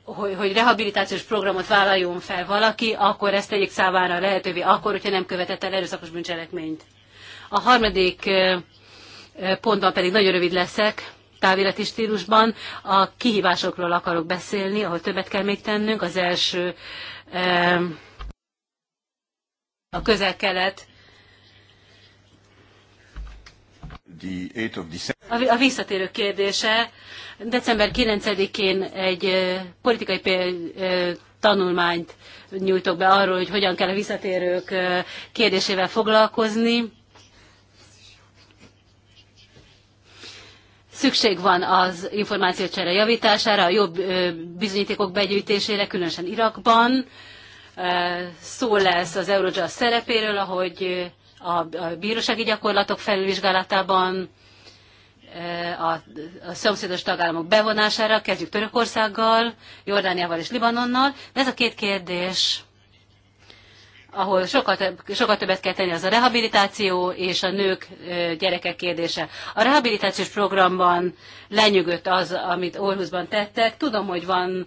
hogy, hogy rehabilitációs programot vállaljon fel valaki, akkor ezt tegyék számára lehetővé, akkor, hogyha nem követett el erőszakos bűncselekményt. A harmadik pontban pedig nagyon rövid leszek, távirati stílusban. A kihívásokról akarok beszélni, ahol többet kell még tennünk. Az első a közel-kelet. A visszatérő kérdése. December 9-én egy politikai tanulmányt nyújtok be arról, hogy hogyan kell a visszatérők kérdésével foglalkozni Szükség van az információcsere javítására, a jobb bizonyítékok begyűjtésére, különösen Irakban. Szó lesz az Eurojust szerepéről, ahogy a bírósági gyakorlatok felülvizsgálatában a, a szomszédos tagállamok bevonására, kezdjük Törökországgal, Jordániával és Libanonnal, de ez a két kérdés ahol sokat, sokat többet kell tenni, az a rehabilitáció és a nők gyerekek kérdése. A rehabilitációs programban lenyűgött az, amit Orhusban tettek. Tudom, hogy van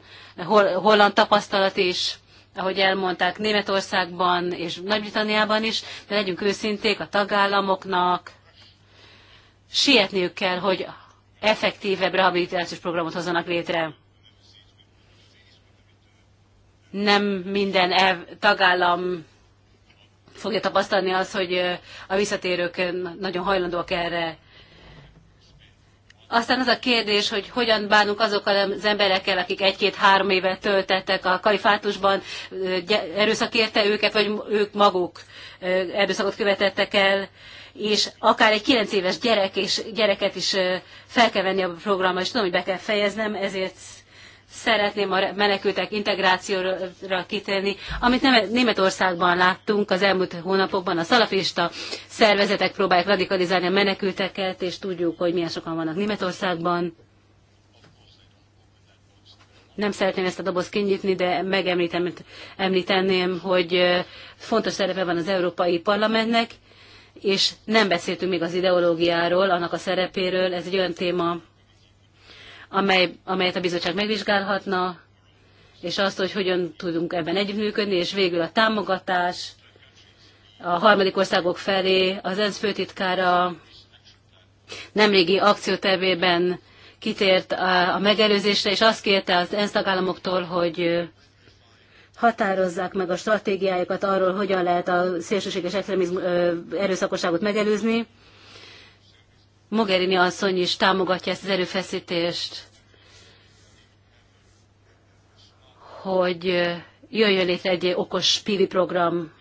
holland tapasztalat is, ahogy elmondták, Németországban és Nagy-Britanniában is, de legyünk őszinték, a tagállamoknak sietniük kell, hogy effektívebb rehabilitációs programot hozzanak létre nem minden tagállam fogja tapasztalni az, hogy a visszatérők nagyon hajlandóak erre. Aztán az a kérdés, hogy hogyan bánunk azokkal az emberekkel, akik egy-két-három évet töltettek a kalifátusban, erőszak érte őket, vagy ők maguk erőszakot követettek el, és akár egy kilenc éves gyerek és gyereket is fel kell venni a programra, és tudom, hogy be kell fejeznem, ezért szeretném a menekültek integrációra kitérni, amit Németországban láttunk az elmúlt hónapokban. A szalafista szervezetek próbálják radikalizálni a menekülteket, és tudjuk, hogy milyen sokan vannak Németországban. Nem szeretném ezt a dobozt kinyitni, de megemlítem, említeném, hogy fontos szerepe van az Európai Parlamentnek, és nem beszéltünk még az ideológiáról, annak a szerepéről. Ez egy olyan téma, amely, amelyet a bizottság megvizsgálhatna, és azt, hogy hogyan tudunk ebben együttműködni, és végül a támogatás a harmadik országok felé. Az ENSZ főtitkára nemrégi akciótervében kitért a megelőzésre, és azt kérte az ENSZ tagállamoktól, hogy határozzák meg a stratégiájukat arról, hogyan lehet a szélsőséges extrémizmus erőszakosságot megelőzni, Mogherini asszony is támogatja ezt az erőfeszítést, hogy jöjjön létre egy okos PV program.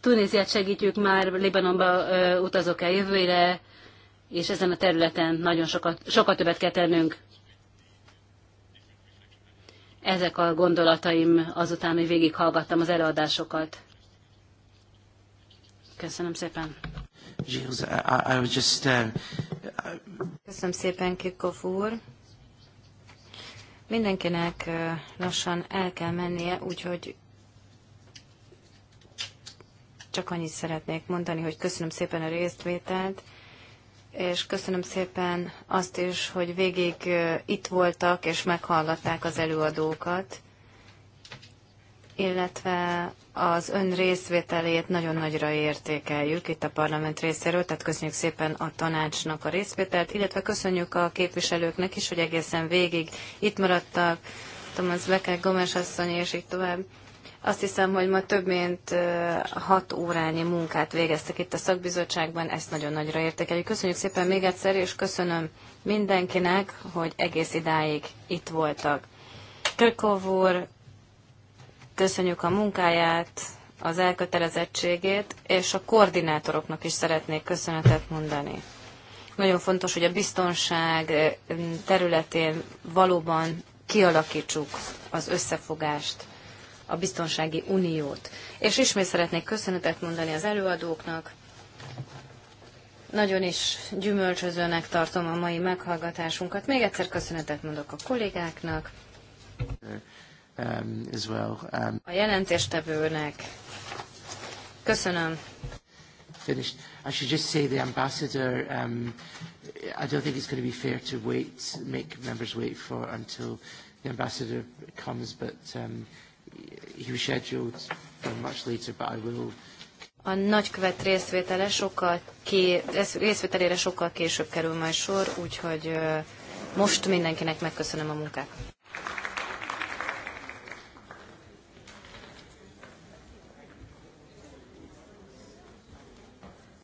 Tunéziát segítjük már, Libanonba utazok el jövőre, és ezen a területen nagyon sokat, sokat többet kell tennünk. Ezek a gondolataim azután, hogy végighallgattam az előadásokat. Köszönöm szépen. Gilles, I, I was just, uh, Köszönöm szépen, Kikov úr. Mindenkinek lassan el kell mennie, úgyhogy csak annyit szeretnék mondani, hogy köszönöm szépen a résztvételt, és köszönöm szépen azt is, hogy végig itt voltak és meghallgatták az előadókat, illetve az ön részvételét nagyon nagyra értékeljük itt a parlament részéről, tehát köszönjük szépen a tanácsnak a részvételt, illetve köszönjük a képviselőknek is, hogy egészen végig itt maradtak, Thomas Becker, Gomes asszony, és így tovább. Azt hiszem, hogy ma több mint hat órányi munkát végeztek itt a szakbizottságban, ezt nagyon nagyra értékeljük. Köszönjük szépen még egyszer, és köszönöm mindenkinek, hogy egész idáig itt voltak. Kökov úr, Köszönjük a munkáját, az elkötelezettségét, és a koordinátoroknak is szeretnék köszönetet mondani. Nagyon fontos, hogy a biztonság eh, területén valóban kialakítsuk az összefogást, a biztonsági uniót. És ismét szeretnék köszönetet mondani az előadóknak. Nagyon is gyümölcsözőnek tartom a mai meghallgatásunkat. Még egyszer köszönetet mondok a kollégáknak um, as well. Um, a jelentéstevőnek köszönöm. Finished. I should just say the ambassador. Um, I don't think it's going to be fair to wait, make members wait for until the ambassador comes, but um, he was scheduled for much later. But I will. A nagykövet részvétele sokkal ké... részvételére sokkal később kerül majd sor, úgyhogy most mindenkinek megköszönöm a munkát.